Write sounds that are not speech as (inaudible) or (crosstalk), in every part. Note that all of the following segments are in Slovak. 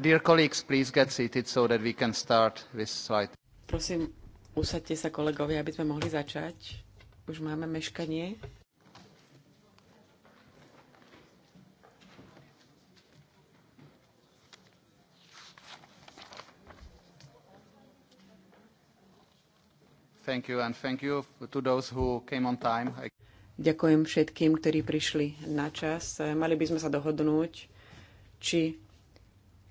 Dear colleagues, please get seated so that we can start this slide. Prosím, usadte sa kolegovia, aby sme mohli začať. Už máme meškanie. Thank you and thank you to those who came on time. Ďakujem všetkým, ktorí prišli na čas. Mali by sme sa dohodnúť, či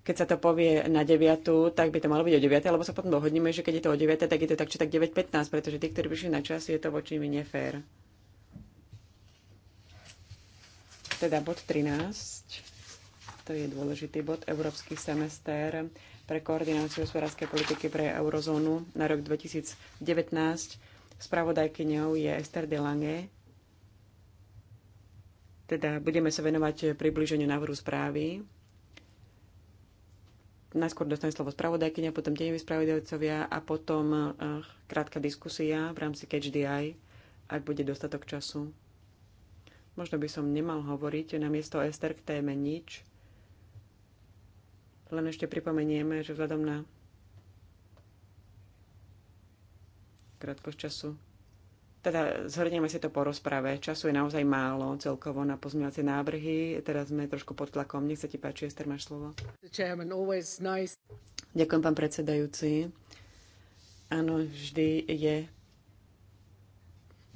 keď sa to povie na 9, tak by to malo byť o 9, lebo sa potom dohodneme, že keď je to o 9, tak je to tak či tak 9.15, pretože tí, ktorí prišli na čas, je to voči mi nefér. Teda bod 13, to je dôležitý bod, Európsky semester pre koordináciu hospodárskej politiky pre eurozónu na rok 2019. Spravodajkyňou je Esther de Lange. Teda budeme sa venovať približeniu návrhu správy najskôr dostane slovo spravodajkynia, potom tieňoví spravodajcovia a potom e, krátka diskusia v rámci CatchDI, ak bude dostatok času. Možno by som nemal hovoriť na miesto Ester k téme nič. Len ešte pripomenieme, že vzhľadom na krátkosť času teda zhrnieme si to po rozprave. Času je naozaj málo celkovo na pozmeňovacie návrhy. Teraz sme trošku pod tlakom. Nech sa ti páči, Ester, máš slovo. nice. Ďakujem, pán predsedajúci. Áno, vždy je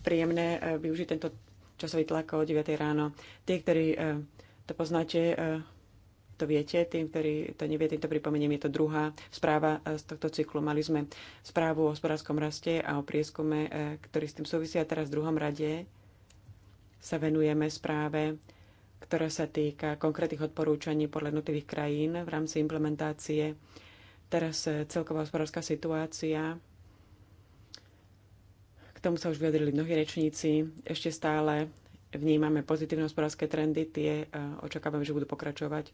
príjemné eh, využiť tento časový tlak o 9 ráno. Tí, ktorí eh, to poznáte, eh, to viete, tým, ktorí to nevie, týmto pripomeniem je to druhá správa e, z tohto cyklu. Mali sme správu o hospodárskom raste a o prieskume, e, ktorý s tým súvisí a teraz v druhom rade sa venujeme správe, ktorá sa týka konkrétnych odporúčaní podľa jednotlivých krajín v rámci implementácie. Teraz e, celková hospodárska situácia. K tomu sa už vyjadrili mnohí rečníci. Ešte stále vnímame pozitívne hospodárske trendy, tie očakávame, že budú pokračovať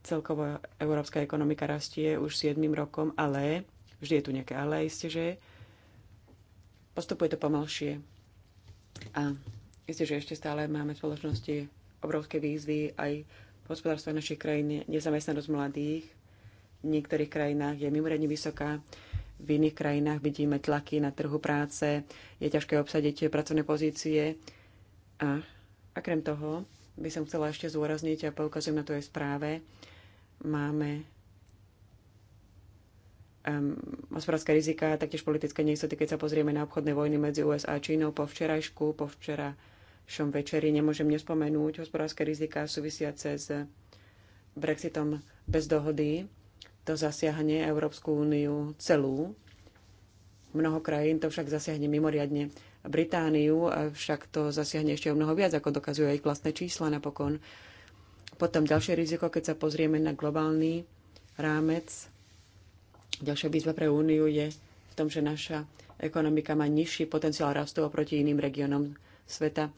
Celkovo európska ekonomika rastie už 7 rokom, ale vždy je tu nejaké ale, isté, že postupuje to pomalšie. A isté, že ešte stále máme v spoločnosti obrovské výzvy aj v hospodárstve našej krajiny, Nezamestnanosť mladých v niektorých krajinách je mimoriadne vysoká. V iných krajinách vidíme tlaky na trhu práce, je ťažké obsadiť pracovné pozície. A okrem toho by som chcela ešte zúrazniť a poukazujem na to aj správe, máme um, hospodárske rizika, taktiež politické neistoty, keď sa pozrieme na obchodné vojny medzi USA a Čínou po včerajšku, po včerajšom večeri, nemôžem nespomenúť hospodárske rizika súvisiace s Brexitom bez dohody. To zasiahne Európsku úniu celú. Mnoho krajín to však zasiahne mimoriadne. Britániu však to zasiahne ešte o mnoho viac, ako dokazujú aj vlastné čísla napokon. Potom ďalšie riziko, keď sa pozrieme na globálny rámec. Ďalšia výzva pre Úniu je v tom, že naša ekonomika má nižší potenciál rastu oproti iným regiónom sveta.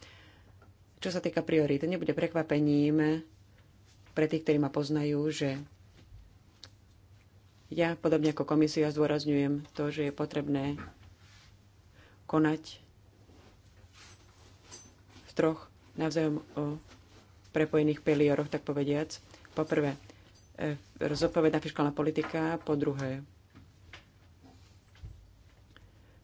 Čo sa týka priorít, nebude prekvapením pre tých, ktorí ma poznajú, že ja, podobne ako komisia, zdôrazňujem to, že je potrebné konať v troch navzájom prepojených pilioroch, tak povediac. Po prvé, e, zodpovedná fiskálna politika, po druhé,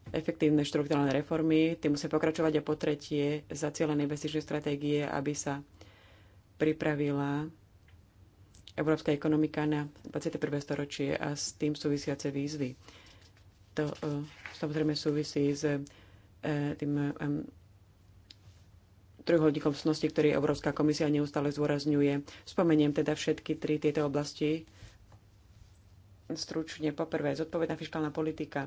efektívne štruktúrálne reformy, Tým musia pokračovať a po tretie, zacielené investičné stratégie, aby sa pripravila európska ekonomika na 21. storočie a s tým súvisiace výzvy. To e, samozrejme súvisí s e, tým trojuholníkom ktorý Európska komisia neustále zdôrazňuje. Spomeniem teda všetky tri tieto oblasti stručne. Poprvé, zodpovedná fiskálna politika.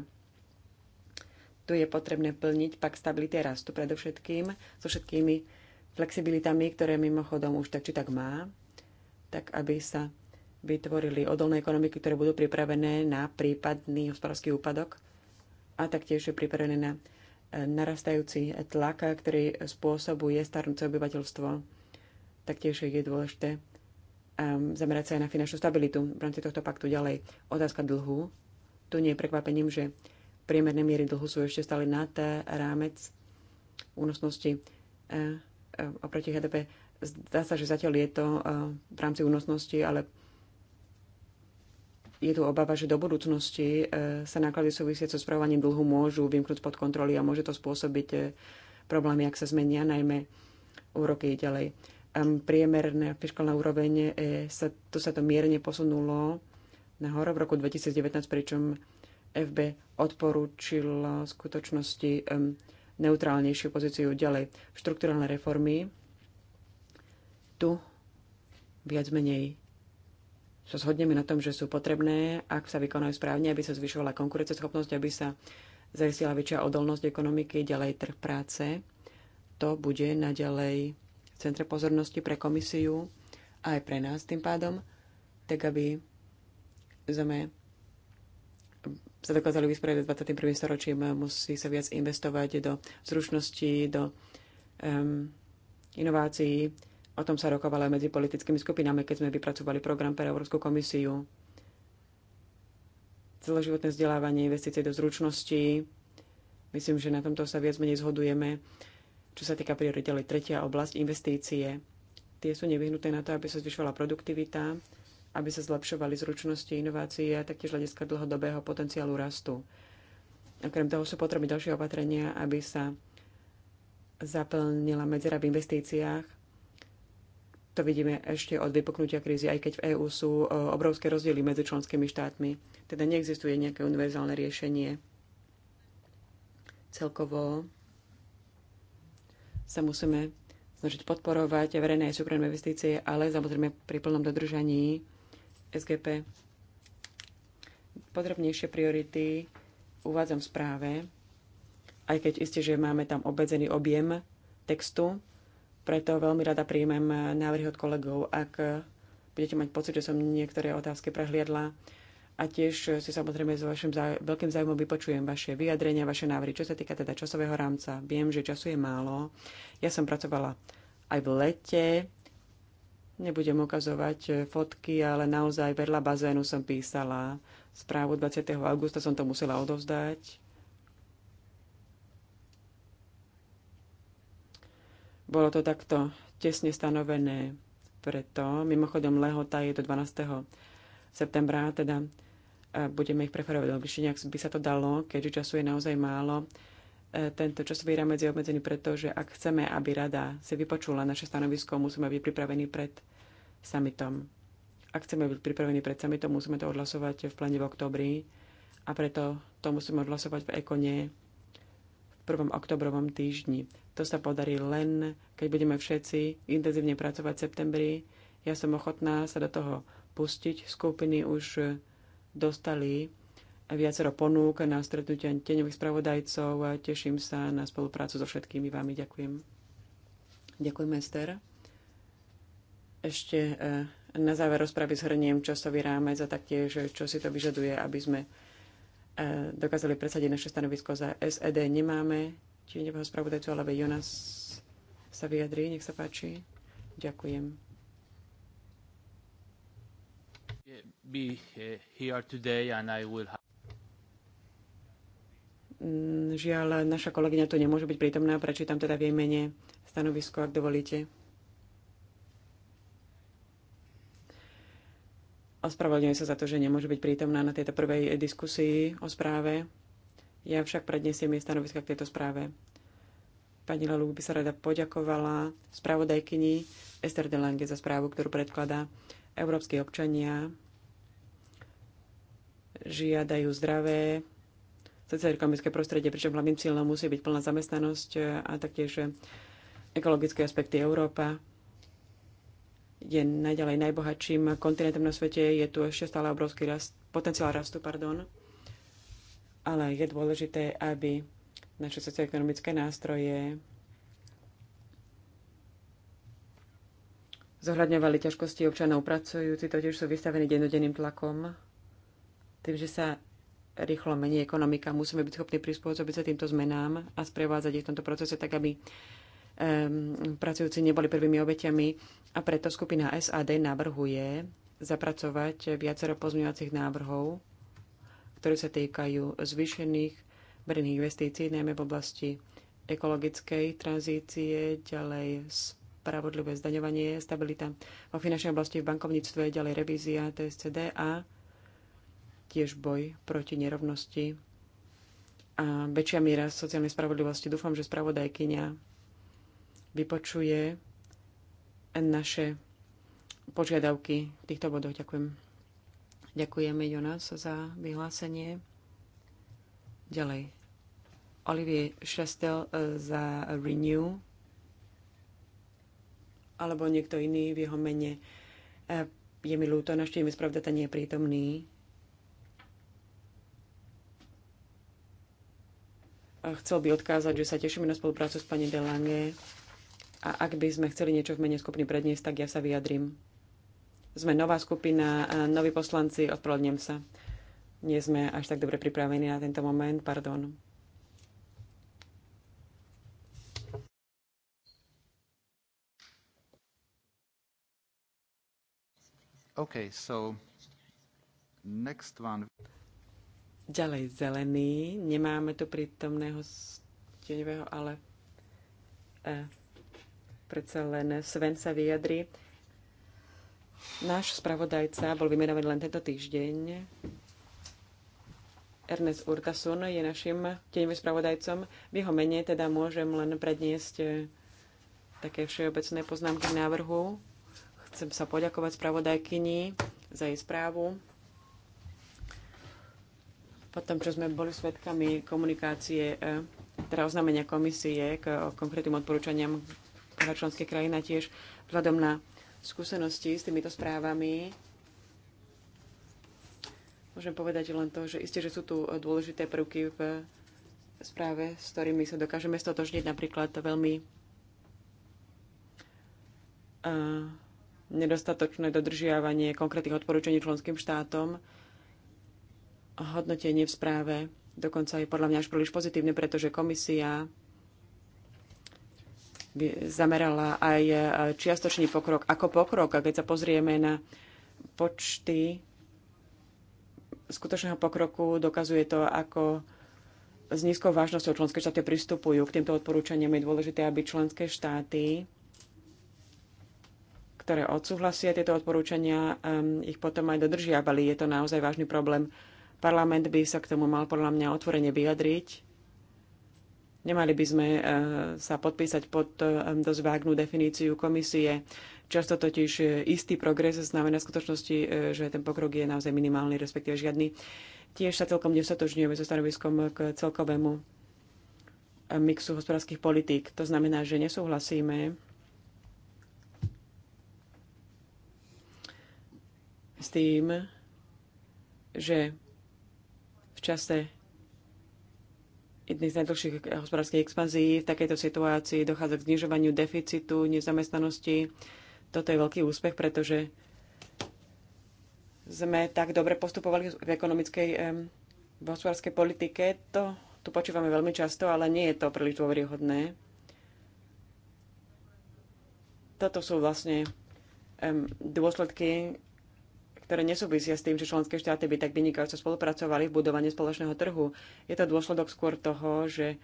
Tu je potrebné plniť pak stability a rastu predovšetkým so všetkými flexibilitami, ktoré mimochodom už tak či tak má, tak aby sa vytvorili odolné ekonomiky, ktoré budú pripravené na prípadný hospodársky úpadok a taktiež je pripravené na narastajúci tlak, ktorý spôsobuje starnúce obyvateľstvo. Taktiež je dôležité um, zamerať sa aj na finančnú stabilitu v rámci tohto paktu ďalej. Otázka dlhu. Tu nie je prekvapením, že priemerné miery dlhu sú ešte stále nad eh, rámec únosnosti eh, eh, oproti HDP. Zdá sa, že zatiaľ je to v rámci únosnosti, ale je tu obava, že do budúcnosti e, sa náklady súvisiace so spravovaním dlhu môžu vymknúť pod kontroly a môže to spôsobiť e, problémy, ak sa zmenia, najmä úroky ďalej. Priemerná fiskálna úroveň, e, sa, tu sa to mierne posunulo nahor v roku 2019, pričom FB odporúčilo v skutočnosti neutrálnejšiu pozíciu ďalej. Štrukturálne reformy tu viac menej sa zhodneme na tom, že sú potrebné, ak sa vykonajú správne, aby sa zvyšovala konkurenceschopnosť, aby sa zaistila väčšia odolnosť ekonomiky, ďalej trh práce. To bude naďalej v centre pozornosti pre komisiu a aj pre nás tým pádom, tak aby sme sa dokázali vysporiadať 21. storočím, musí sa viac investovať do zručností, do um, inovácií, O tom sa rokovala medzi politickými skupinami, keď sme vypracovali program pre Európsku komisiu. Celoživotné vzdelávanie, investície do zručností. Myslím, že na tomto sa viac menej zhodujeme. Čo sa týka priority, tretia oblasť, investície. Tie sú nevyhnuté na to, aby sa zvyšovala produktivita, aby sa zlepšovali zručnosti, inovácie a taktiež hľadiska dlhodobého potenciálu rastu. Okrem toho sú potrebné ďalšie opatrenia, aby sa zaplnila medzera v investíciách to vidíme ešte od vypuknutia krízy, aj keď v EÚ sú e, obrovské rozdiely medzi členskými štátmi. Teda neexistuje nejaké univerzálne riešenie. Celkovo sa musíme snažiť podporovať verejné a súkromné investície, ale samozrejme pri plnom dodržaní SGP. Podrobnejšie priority uvádzam v správe, aj keď isté, že máme tam obmedzený objem textu, preto veľmi rada príjmem návrhy od kolegov, ak budete mať pocit, že som niektoré otázky prehliadla. A tiež si samozrejme s vašim záj- veľkým záujmom vypočujem vaše vyjadrenia, vaše návrhy. Čo sa týka teda časového rámca, viem, že času je málo. Ja som pracovala aj v lete, nebudem ukazovať fotky, ale naozaj vedľa bazénu som písala správu 20. augusta, som to musela odovzdať. Bolo to takto tesne stanovené preto. Mimochodom, lehota je do 12. septembra, teda e, budeme ich preferovať do angličtiny, ak by sa to dalo, keďže času je naozaj málo. E, tento časový rámec je obmedzený preto, že ak chceme, aby rada si vypočula naše stanovisko, musíme byť pripravení pred summitom. Ak chceme byť pripravení pred summitom, musíme to odhlasovať v plene v oktobri a preto to musíme odhlasovať v ekone prvom oktobrovom týždni. To sa podarí len, keď budeme všetci intenzívne pracovať v septembri. Ja som ochotná sa do toho pustiť. Skupiny už dostali viacero ponúk na stretnutia teňových spravodajcov a teším sa na spoluprácu so všetkými vami. Ďakujem. Ďakujem, Ester. Ešte eh, na záver rozpravy zhrniem časový rámec a taktiež, eh, čo si to vyžaduje, aby sme E, dokázali presadiť naše stanovisko za SED. Nemáme tieňového spravodajcu, ale Jonas sa vyjadrí, nech sa páči. Ďakujem. Eh, mm, žiaľ, naša kolegyňa tu nemôže byť prítomná, prečítam teda v jej mene stanovisko, ak dovolíte. Ospravedlňujem sa za to, že nemôže byť prítomná na tejto prvej diskusii o správe. Ja však prednesiem jej stanoviska k tejto správe. Pani Lelúk by sa rada poďakovala spravodajkyni Ester Delange za správu, ktorú predkladá Európsky občania. Žiadajú zdravé socioekonomické prostredie, pričom hlavným cieľom musí byť plná zamestnanosť a taktiež ekologické aspekty Európa je naďalej najbohatším kontinentom na svete, je tu ešte stále obrovský rast, potenciál rastu, pardon. Ale je dôležité, aby naše socioekonomické nástroje zohľadňovali ťažkosti občanov pracujúci, totiž sú vystavení dennodenným tlakom. Tým, že sa rýchlo mení ekonomika, musíme byť schopní prispôsobiť sa týmto zmenám a sprevádzať ich v tomto procese tak, aby pracujúci neboli prvými obeťami a preto skupina SAD navrhuje zapracovať viacero pozmeňovacích návrhov, ktoré sa týkajú zvýšených verejných investícií, najmä v oblasti ekologickej tranzície, ďalej spravodlivé zdaňovanie, stabilita vo finančnej oblasti v bankovníctve, ďalej revízia TSCD a tiež boj proti nerovnosti a väčšia miera sociálnej spravodlivosti. Dúfam, že spravodajkynia vypočuje naše požiadavky v týchto bodoch. Ďakujem. Ďakujeme Jonas za vyhlásenie. Ďalej. Olivier Šestel eh, za Renew alebo niekto iný v jeho mene. Eh, je mi ľúto, spravda, ten nie je prítomný. Eh, chcel by odkázať, že sa tešíme na spoluprácu s pani Delange a ak by sme chceli niečo v mene skupiny predniesť, tak ja sa vyjadrím. Sme nová skupina, noví poslanci, odprodnem sa. Nie sme až tak dobre pripravení na tento moment, pardon. so next one. Ďalej zelený. Nemáme tu prítomného steňového, ale... E, predsa len Sven sa vyjadri. Náš spravodajca bol vymenovaný len tento týždeň. Ernest Urtasun je našim tieňovým spravodajcom. V jeho mene teda môžem len predniesť také všeobecné poznámky k návrhu. Chcem sa poďakovať spravodajkyni za jej správu. Potom, čo sme boli svedkami komunikácie, e, teda oznámenia komisie k konkrétnym odporúčaniam práva členské krajina tiež vzhľadom na skúsenosti s týmito správami môžem povedať len to, že isté, že sú tu dôležité prvky v správe, s ktorými sa dokážeme stotožniť, napríklad veľmi uh, nedostatočné dodržiavanie konkrétnych odporúčaní členským štátom. Hodnotenie v správe dokonca je podľa mňa až príliš pozitívne, pretože komisia zamerala aj e, čiastočný pokrok ako pokrok. A keď sa pozrieme na počty skutočného pokroku, dokazuje to, ako s nízkou vážnosťou členské štáty pristupujú k týmto odporúčaniam. Je dôležité, aby členské štáty, ktoré odsúhlasia tieto odporúčania, ich potom aj dodržiavali. Je to naozaj vážny problém. Parlament by sa k tomu mal podľa mňa otvorene vyjadriť Nemali by sme eh, sa podpísať pod eh, dosť vágnú definíciu komisie. Často totiž eh, istý progres znamená v skutočnosti, že ten pokrok je naozaj minimálny, respektíve žiadny. Tiež sa celkom nesatočňujeme so stanoviskom k celkovému mixu hospodárskych politík. To znamená, že nesúhlasíme s tým, že v čase jednej z najdlhších hospodárskej expanzií. V takejto situácii dochádza k znižovaniu deficitu, nezamestnanosti. Toto je veľký úspech, pretože sme tak dobre postupovali v ekonomickej, v hospodárskej politike. To tu počúvame veľmi často, ale nie je to príliš dôveryhodné. Toto sú vlastne dôsledky ktoré nesúvisia s tým, že členské štáty by tak vynikajúco spolupracovali v budovaní spoločného trhu. Je to dôsledok skôr toho, že e,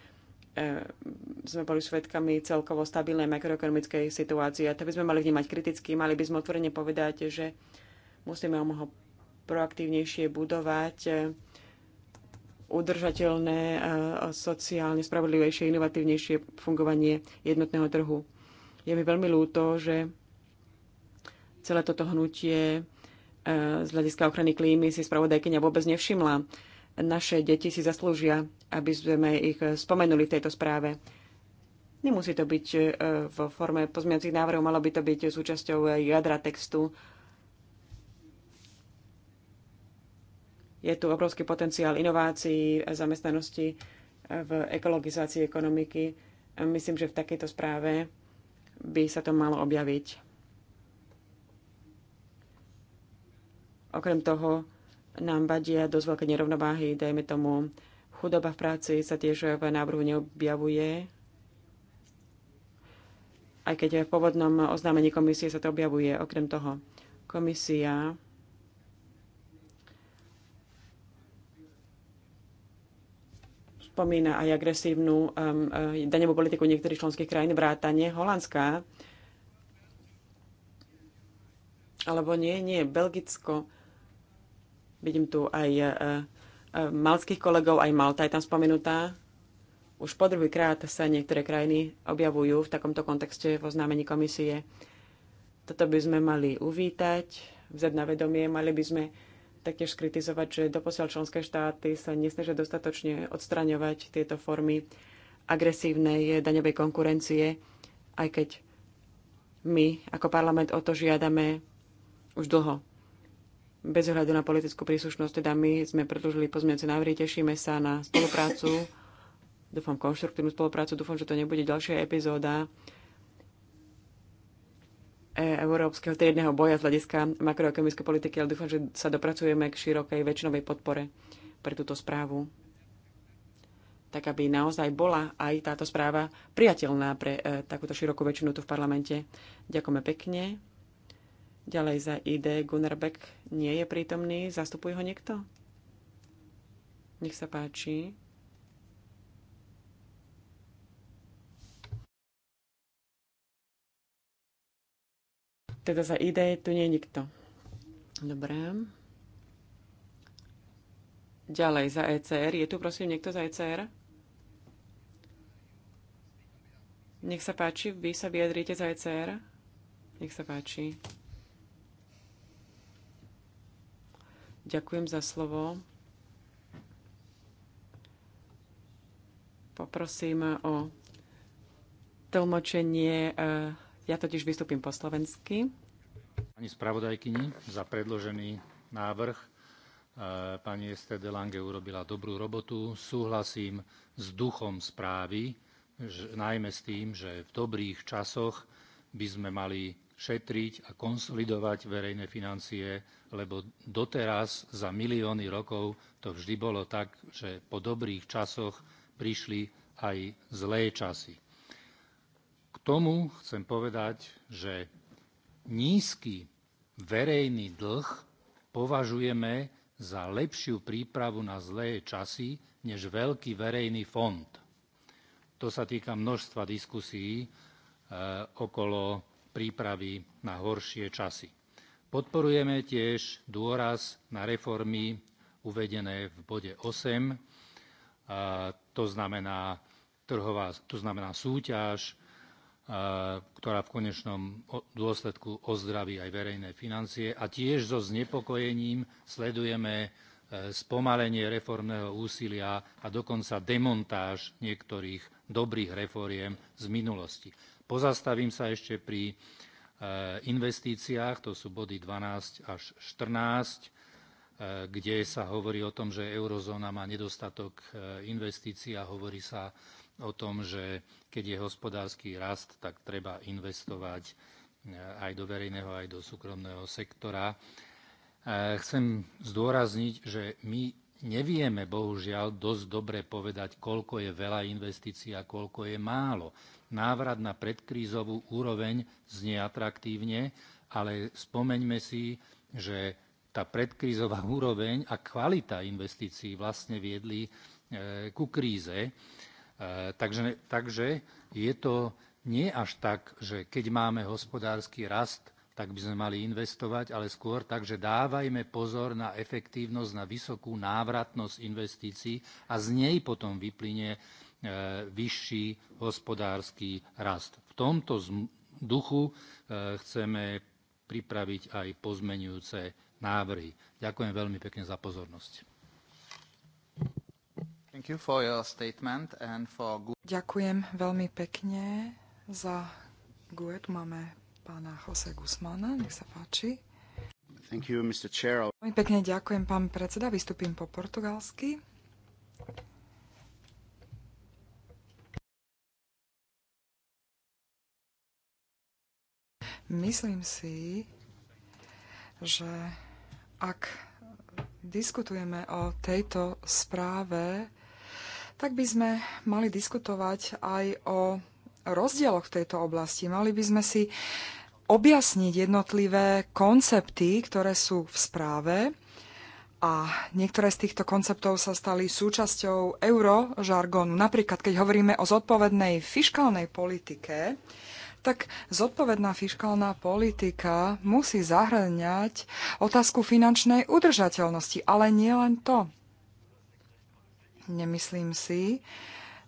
sme boli svedkami celkovo stabilnej makroekonomickej situácie. A to by sme mali vnímať kriticky, mali by sme otvorene povedať, že musíme o mnoho proaktívnejšie budovať e, udržateľné, sociálne spravodlivejšie, inovatívnejšie fungovanie jednotného trhu. Je mi veľmi ľúto, že celé toto hnutie z hľadiska ochrany klímy si spravodajkyňa vôbec nevšimla. Naše deti si zaslúžia, aby sme ich spomenuli v tejto správe. Nemusí to byť e, v forme pozmiacich návrhov, malo by to byť súčasťou jadra textu. Je tu obrovský potenciál inovácií, zamestnanosti e, v ekologizácii ekonomiky. Myslím, že v takejto správe by sa to malo objaviť. Okrem toho nám vadia dosť veľké nerovnováhy, dajme tomu chudoba v práci sa tiež v návrhu neobjavuje, aj keď v pôvodnom oznámení komisie sa to objavuje. Okrem toho, komisia spomína aj agresívnu um, um daňovú politiku niektorých členských krajín, vrátanie Holandská, alebo nie, nie, Belgicko Vidím tu aj e, e, malských kolegov, aj Malta je tam spomenutá. Už po druhýkrát sa niektoré krajiny objavujú v takomto kontexte v oznámení komisie. Toto by sme mali uvítať, vzať na vedomie, mali by sme taktiež kritizovať, že doposiaľ členské štáty sa nesnažia dostatočne odstraňovať tieto formy agresívnej daňovej konkurencie, aj keď my ako parlament o to žiadame už dlho bez ohľadu na politickú príslušnosť. Teda my sme predložili pozmeňujúce návrhy, tešíme sa na spoluprácu, (laughs) dúfam konštruktívnu spoluprácu, dúfam, že to nebude ďalšia epizóda e, európskeho triedneho boja z hľadiska makroekonomickej politiky, ale dúfam, že sa dopracujeme k širokej väčšinovej podpore pre túto správu tak aby naozaj bola aj táto správa priateľná pre e, takúto širokú väčšinu tu v parlamente. Ďakujeme pekne. Ďalej za ID Gunnar Beck nie je prítomný. Zastupuje ho niekto? Nech sa páči. Teda za ID tu nie je nikto. Dobre. Ďalej za ECR. Je tu prosím niekto za ECR? Nech sa páči, vy sa vyjadrite za ECR. Nech sa páči. Ďakujem za slovo. Poprosím o tlmočenie. Ja totiž vystúpim po slovensky. Pani spravodajkyni za predložený návrh. Pani Ester de Lange urobila dobrú robotu. Súhlasím s duchom správy, najmä s tým, že v dobrých časoch by sme mali šetriť a konsolidovať verejné financie, lebo doteraz za milióny rokov to vždy bolo tak, že po dobrých časoch prišli aj zlé časy. K tomu chcem povedať, že nízky verejný dlh považujeme za lepšiu prípravu na zlé časy než veľký verejný fond. To sa týka množstva diskusí e, okolo prípravy na horšie časy. Podporujeme tiež dôraz na reformy uvedené v bode 8, to znamená, trhová, to znamená súťaž, ktorá v konečnom dôsledku ozdraví aj verejné financie. A tiež so znepokojením sledujeme e, spomalenie reformného úsilia a dokonca demontáž niektorých dobrých refóriem z minulosti. Pozastavím sa ešte pri e, investíciách, to sú body 12 až 14, e, kde sa hovorí o tom, že eurozóna má nedostatok e, investícií a hovorí sa o tom, že keď je hospodársky rast, tak treba investovať aj do verejného, aj do súkromného sektora. Chcem zdôrazniť, že my nevieme bohužiaľ dosť dobre povedať, koľko je veľa investícií a koľko je málo. Návrat na predkrízovú úroveň znie atraktívne, ale spomeňme si, že tá predkrízová (laughs) úroveň a kvalita investícií vlastne viedli e, ku kríze. E, takže, takže je to nie až tak, že keď máme hospodársky rast, tak by sme mali investovať, ale skôr tak, že dávajme pozor na efektívnosť, na vysokú návratnosť investícií a z nej potom vyplynie e, vyšší hospodársky rast. V tomto duchu e, chceme pripraviť aj pozmenujúce návrhy. Ďakujem veľmi pekne za pozornosť. Ďakujem veľmi pekne za GUED. Máme pána Jose Guzmana. Nech sa páči. Thank you, Mr. Chair. Veľmi pekne ďakujem, pán predseda. Vystupím po portugalsky. Myslím si, že ak diskutujeme o tejto správe, tak by sme mali diskutovať aj o rozdieloch v tejto oblasti. Mali by sme si objasniť jednotlivé koncepty, ktoré sú v správe a niektoré z týchto konceptov sa stali súčasťou eurožargonu. Napríklad, keď hovoríme o zodpovednej fiškálnej politike, tak zodpovedná fiškálna politika musí zahrňať otázku finančnej udržateľnosti, ale nie len to. Nemyslím si,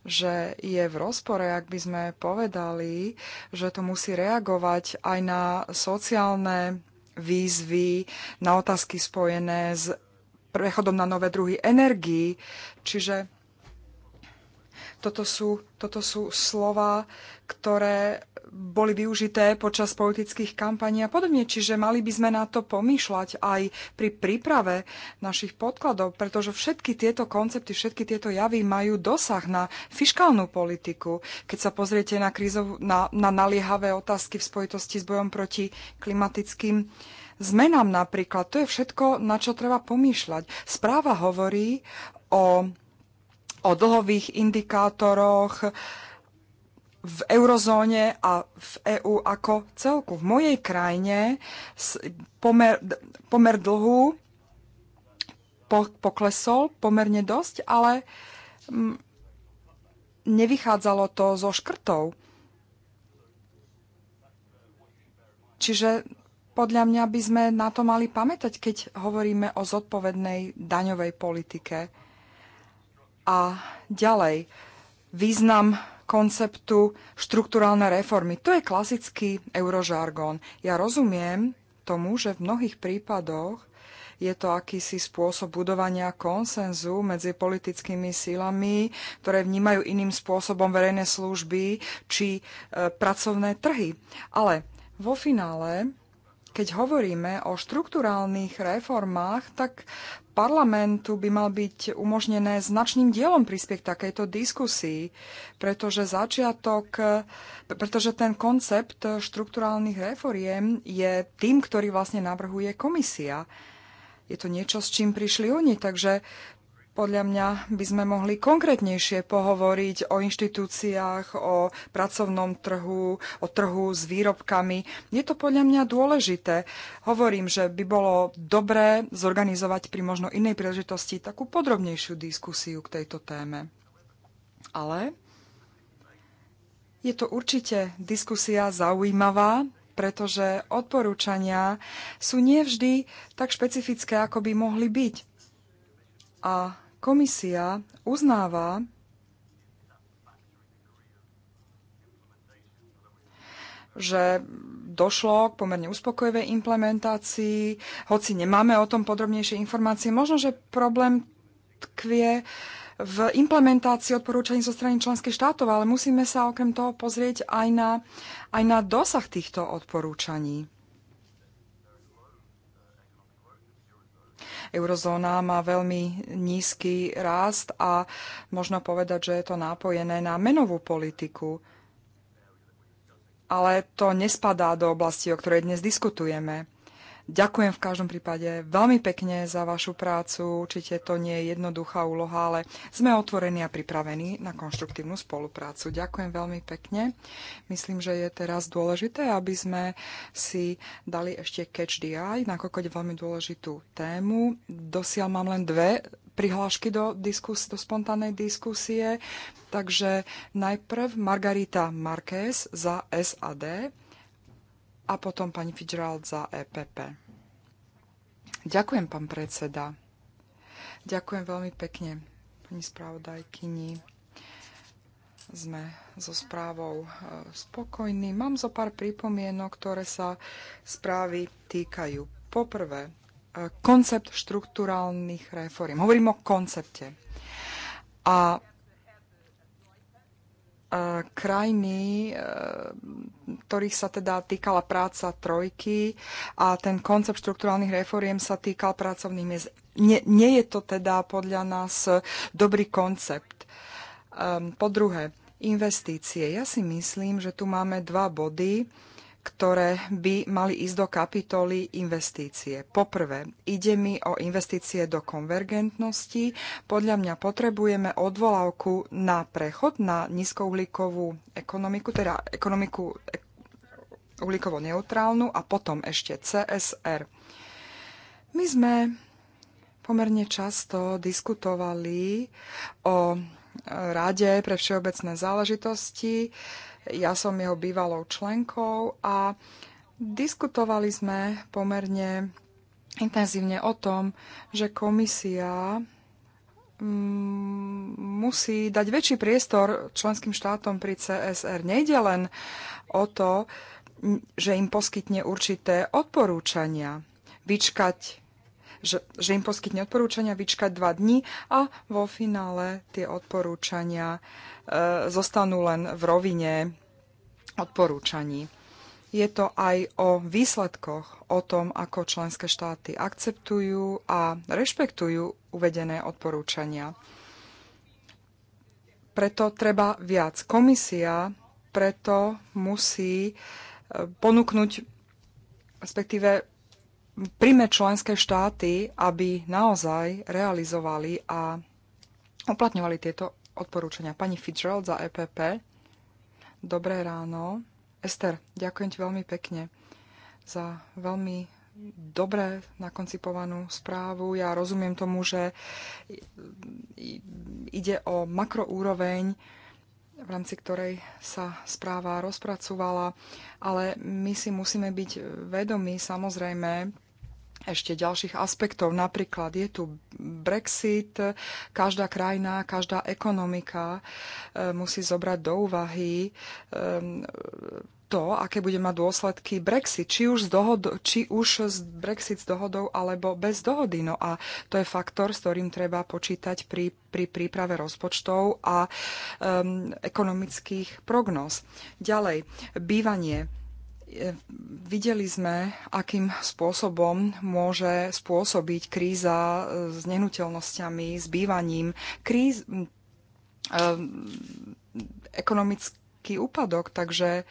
že je v rozpore, ak by sme povedali, že to musí reagovať aj na sociálne výzvy, na otázky spojené s prechodom na nové druhy energií. Čiže toto sú, toto sú slova, ktoré boli využité počas politických kampaní a podobne. Čiže mali by sme na to pomýšľať aj pri príprave našich podkladov, pretože všetky tieto koncepty, všetky tieto javy majú dosah na fiškálnu politiku. Keď sa pozriete na, krízov, na, na naliehavé otázky v spojitosti s bojom proti klimatickým zmenám napríklad, to je všetko, na čo treba pomýšľať. Správa hovorí o, o dlhových indikátoroch, v eurozóne a v EÚ ako celku. V mojej krajine pomer, pomer dlhu po, poklesol pomerne dosť, ale m, mm, nevychádzalo to zo škrtov. Čiže podľa mňa by sme na to mali pamätať, keď hovoríme o zodpovednej daňovej politike. A ďalej, význam konceptu štruktúrálne reformy. To je klasický eurožargón. Ja rozumiem tomu, že v mnohých prípadoch je to akýsi spôsob budovania konsenzu medzi politickými sílami, ktoré vnímajú iným spôsobom verejné služby či e, pracovné trhy. Ale vo finále keď hovoríme o štruktúrálnych reformách, tak parlamentu by mal byť umožnené značným dielom prispieť takejto diskusii, pretože začiatok, pretože ten koncept štrukturálnych reforiem je tým, ktorý vlastne navrhuje komisia. Je to niečo, s čím prišli oni, takže podľa mňa by sme mohli konkrétnejšie pohovoriť o inštitúciách, o pracovnom trhu, o trhu s výrobkami. Je to podľa mňa dôležité. Hovorím, že by bolo dobré zorganizovať pri možno inej príležitosti takú podrobnejšiu diskusiu k tejto téme. Ale je to určite diskusia zaujímavá, pretože odporúčania sú nevždy tak špecifické, ako by mohli byť. A Komisia uznáva že došlo k pomerne uspokojivej implementácii, hoci nemáme o tom podrobnejšie informácie. Možno, že problém tkvie v implementácii odporúčaní zo strany členských štátov, ale musíme sa okrem toho pozrieť aj na, aj na dosah týchto odporúčaní. Eurozóna má veľmi nízky rast a možno povedať, že je to nápojené na menovú politiku. Ale to nespadá do oblasti, o ktorej dnes diskutujeme. Ďakujem v každom prípade veľmi pekne za vašu prácu. Určite to nie je jednoduchá úloha, ale sme otvorení a pripravení na konštruktívnu spoluprácu. Ďakujem veľmi pekne. Myslím, že je teraz dôležité, aby sme si dali ešte catch the eye, nakoľko je veľmi dôležitú tému. Dosiaľ mám len dve prihlášky do, diskus, do spontánnej diskusie. Takže najprv Margarita Marquez za SAD a potom pani Fitzgerald za EPP. Ďakujem, pán predseda. Ďakujem veľmi pekne, pani spravodajkyni. Sme so správou e, spokojní. Mám zo pár pripomienok, ktoré sa správy týkajú. Poprvé, e, koncept štruktúrálnych reform. Hovorím o koncepte. A krajiny, e, ktorých sa teda týkala práca trojky a ten koncept štruktúrálnych reforiem sa týkal pracovných miest. Nie, nie je to teda podľa nás dobrý koncept. Ehm, po druhé, investície. Ja si myslím, že tu máme dva body ktoré by mali ísť do kapitoly investície. Poprvé, ide mi o investície do konvergentnosti. Podľa mňa potrebujeme odvolávku na prechod na nízkouhlíkovú ekonomiku, teda ekonomiku uhlíkovo neutrálnu a potom ešte CSR. My sme pomerne často diskutovali o e, Rade pre všeobecné záležitosti ja som jeho bývalou členkou a diskutovali sme pomerne intenzívne o tom, že komisia mm, musí dať väčší priestor členským štátom pri CSR. Nejde len o to, mm, že im poskytne určité odporúčania. Vyčkať že, že im poskytne odporúčania, vyčkať dva dní a vo finále tie odporúčania e, zostanú len v rovine odporúčaní. Je to aj o výsledkoch, o tom, ako členské štáty akceptujú a rešpektujú uvedené odporúčania. Preto treba viac. Komisia preto musí e, ponúknuť, respektíve príjme členské štáty, aby naozaj realizovali a uplatňovali tieto odporúčania. Pani Fitzgerald za EPP. Dobré ráno. Ester, ďakujem ti veľmi pekne za veľmi dobre nakoncipovanú správu. Ja rozumiem tomu, že ide o makroúroveň, v rámci ktorej sa správa rozpracovala, ale my si musíme byť vedomí samozrejme ešte ďalších aspektov. Napríklad je tu Brexit, každá krajina, každá ekonomika e, musí zobrať do úvahy e, to, aké bude mať dôsledky Brexit, či už, z dohod- či už z Brexit s dohodou alebo bez dohody. No a to je faktor, s ktorým treba počítať pri, pri príprave rozpočtov a um, ekonomických prognóz. Ďalej, bývanie Videli sme, akým spôsobom môže spôsobiť kríza s nehnuteľnosťami, s bývaním. Kríz, eh, ekonomický úpadok, takže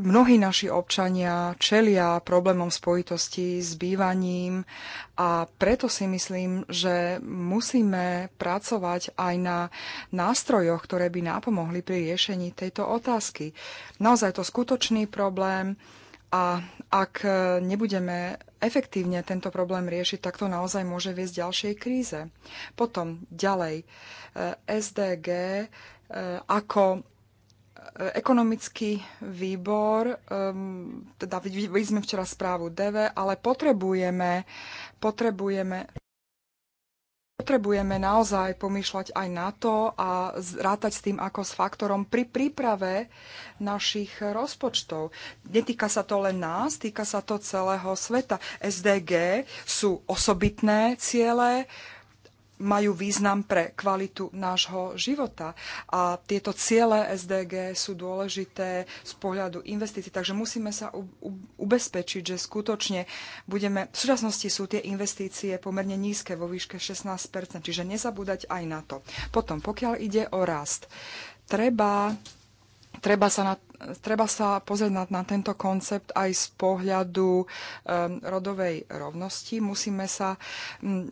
mnohí naši občania čelia problémom spojitosti s bývaním a preto si myslím, že musíme pracovať aj na nástrojoch, ktoré by napomohli pri riešení tejto otázky. Naozaj to skutočný problém a ak nebudeme efektívne tento problém riešiť, tak to naozaj môže viesť ďalšej kríze. Potom ďalej eh, SDG eh, ako ekonomický výbor, um, teda videli sme včera správu DV, ale potrebujeme, potrebujeme potrebujeme naozaj pomýšľať aj na to a zrátať s tým ako s faktorom pri príprave našich rozpočtov. Netýka sa to len nás, týka sa to celého sveta. SDG sú osobitné ciele, majú význam pre kvalitu nášho života. A tieto ciele SDG sú dôležité z pohľadu investícií, takže musíme sa ubezpečiť, že skutočne budeme... V súčasnosti sú tie investície pomerne nízke, vo výške 16%, čiže nezabúdať aj na to. Potom, pokiaľ ide o rast, treba treba sa, na, treba sa pozrieť na, na tento koncept aj z pohľadu um, rodovej rovnosti. Musíme sa um,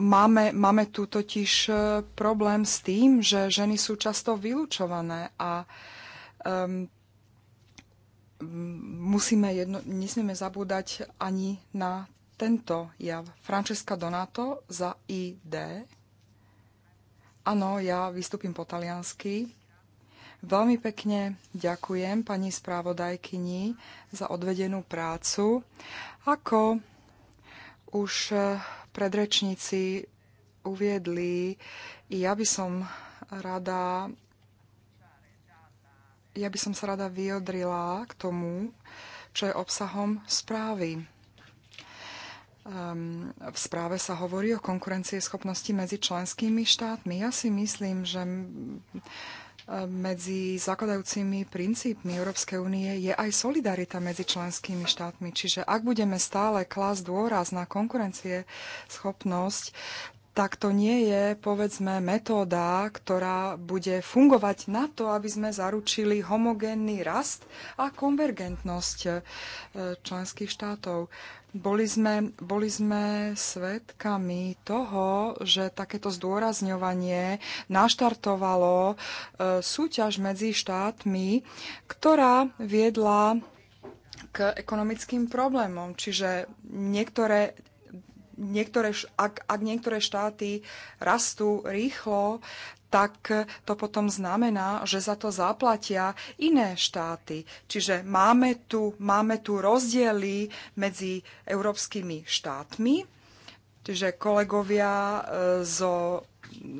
Máme, máme tu totiž e, problém s tým, že ženy sú často vylúčované a um, musíme jedno, nesmieme zabúdať ani na tento jav. Francesca Donato za ID. Áno, ja vystúpim po taliansky. Veľmi pekne ďakujem pani správodajkyni za odvedenú prácu. Ako už e, predrečníci uviedli, ja by som rada ja by som sa rada vyjadrila k tomu, čo je obsahom správy. Um, v správe sa hovorí o konkurencieschopnosti medzi členskými štátmi. Ja si myslím, že medzi zakladajúcimi princípmi Európskej únie je aj solidarita medzi členskými štátmi. Čiže ak budeme stále klásť dôraz na konkurencie schopnosť, tak to nie je, povedzme, metóda, ktorá bude fungovať na to, aby sme zaručili homogénny rast a konvergentnosť e, členských štátov. Boli sme, boli sme svedkami toho, že takéto zdôrazňovanie naštartovalo e, súťaž medzi štátmi, ktorá viedla k ekonomickým problémom. Čiže niektoré niektoré, ak, ak niektoré štáty rastú rýchlo, tak to potom znamená, že za to zaplatia iné štáty. Čiže máme tu, máme tu rozdiely medzi európskymi štátmi, čiže kolegovia e, zo,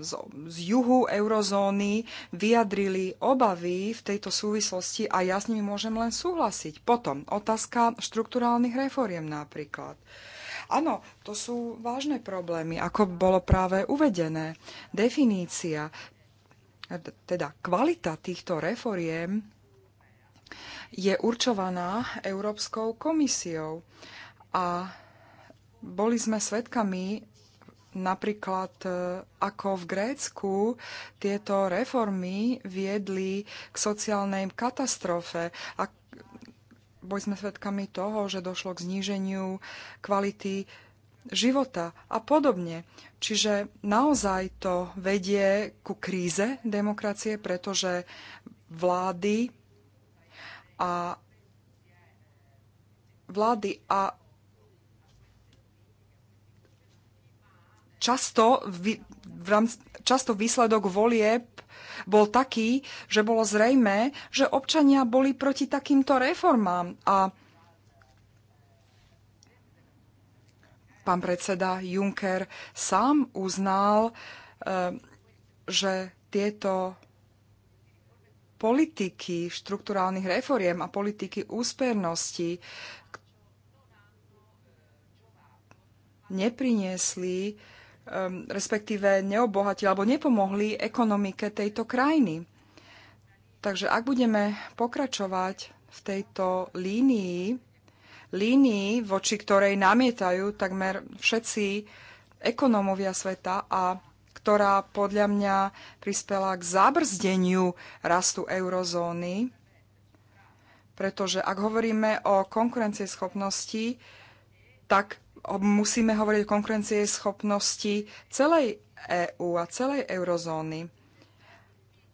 zo, z juhu eurozóny vyjadrili obavy v tejto súvislosti a ja s nimi môžem len súhlasiť. Potom otázka štrukturálnych refóriem napríklad. Uh, Áno, to sú vážne problémy, ako bolo práve uvedené. Definícia, teda kvalita týchto reforiem je určovaná Európskou komisiou. A boli sme svedkami napríklad e, ako v Grécku tieto reformy viedli k sociálnej katastrofe a boli sme svedkami toho, že došlo k zníženiu kvality života a podobne. Čiže naozaj to vedie ku kríze demokracie, pretože vlády a vlády a často, vy, v rámci, často výsledok volieb bol taký, že bolo zrejme, že občania boli proti takýmto reformám. A pán predseda Juncker sám uznal, e, že tieto politiky štruktúrálnych reforiem a politiky úspernosti nepriniesli um, respektíve neobohatili alebo nepomohli ekonomike tejto krajiny. Takže ak budeme pokračovať v tejto línii, línii, voči ktorej namietajú takmer všetci ekonómovia sveta a ktorá podľa mňa prispela k zabrzdeniu rastu eurozóny, pretože ak hovoríme o konkurencieschopnosti, tak musíme hovoriť o konkurencie schopnosti celej EÚ a celej eurozóny.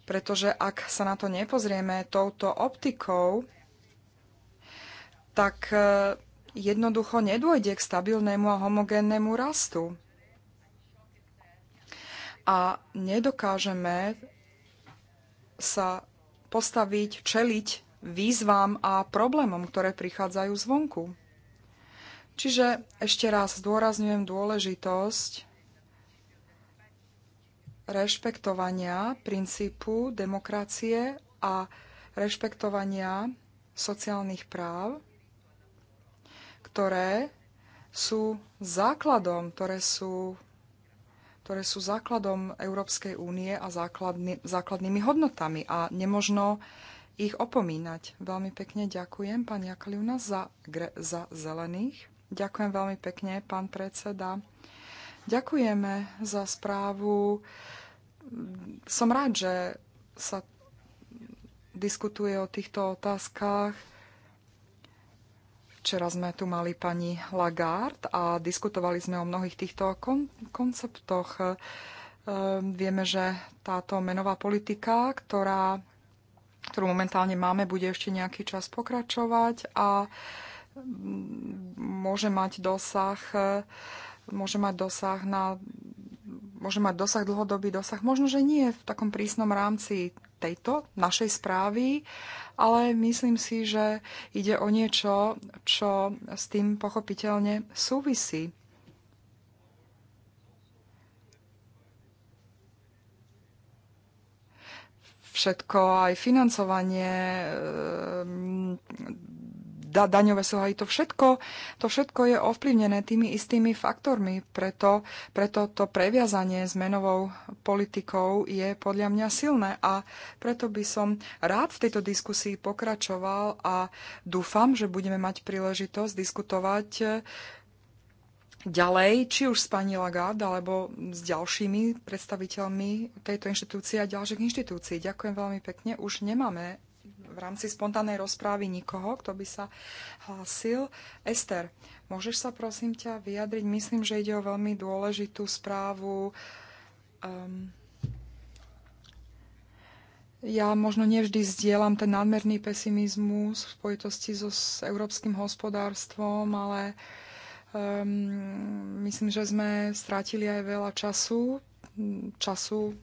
Pretože ak sa na to nepozrieme touto optikou, tak e, jednoducho nedôjde k stabilnému a homogénnemu rastu. A nedokážeme sa postaviť, čeliť výzvam a problémom, ktoré prichádzajú zvonku. Čiže ešte raz zdôrazňujem dôležitosť rešpektovania princípu demokracie a rešpektovania sociálnych práv, ktoré sú základom, ktoré sú, ktoré sú základom Európskej únie a základný, základnými hodnotami a nemožno ich opomínať. Veľmi pekne ďakujem, pani Jakaliuna, za, za zelených. Ďakujem veľmi pekne, pán predseda. Ďakujeme za správu. Som rád, že sa diskutuje o týchto otázkach. Včera sme tu mali pani Lagarde a diskutovali sme o mnohých týchto kon- konceptoch. Ehm, vieme, že táto menová politika, ktorá, ktorú momentálne máme, bude ešte nejaký čas pokračovať a môže mať dosah, môže mať dosah na môže mať dosah, dlhodobý dosah. Možno, že nie v takom prísnom rámci tejto našej správy, ale myslím si, že ide o niečo, čo s tým pochopiteľne súvisí. Všetko, aj financovanie da, daňové aj to všetko, to všetko je ovplyvnené tými istými faktormi, preto, preto to previazanie s menovou politikou je podľa mňa silné a preto by som rád v tejto diskusii pokračoval a dúfam, že budeme mať príležitosť diskutovať eh, ďalej, či už s pani Lagarde alebo s ďalšími predstaviteľmi tejto inštitúcie a ďalších inštitúcií. Ďakujem veľmi pekne. Už nemáme v rámci spontánnej rozprávy nikoho, kto by sa hlásil. Ester, môžeš sa prosím ťa vyjadriť? Myslím, že ide o veľmi dôležitú správu. Um, ja možno nevždy zdieľam ten nadmerný pesimizmus v spojitosti so s európskym hospodárstvom, ale um, myslím, že sme strátili aj veľa času, času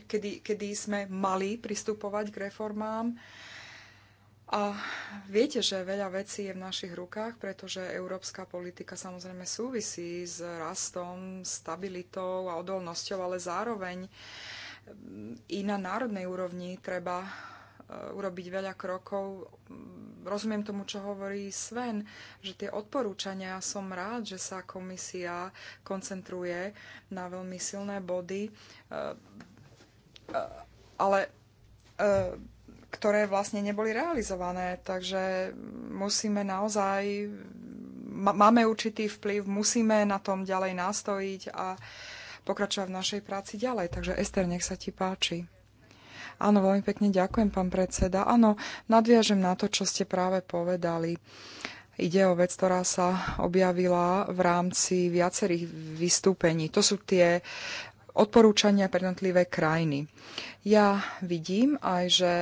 kedy, kedy sme mali pristupovať k reformám. A viete, že veľa vecí je v našich rukách, pretože európska politika samozrejme súvisí s rastom, stabilitou a odolnosťou, ale zároveň mm, i na národnej úrovni treba e, urobiť veľa krokov. Rozumiem tomu, čo hovorí Sven, že tie odporúčania som rád, že sa komisia koncentruje na veľmi silné body. E, ale e, ktoré vlastne neboli realizované. Takže musíme naozaj, máme určitý vplyv, musíme na tom ďalej nastojiť a pokračovať v našej práci ďalej. Takže Ester, nech sa ti páči. Áno, veľmi pekne ďakujem, pán predseda. Áno, nadviažem na to, čo ste práve povedali. Ide o vec, ktorá sa objavila v rámci viacerých vystúpení. To sú tie odporúčania pre jednotlivé krajiny. Ja vidím aj, že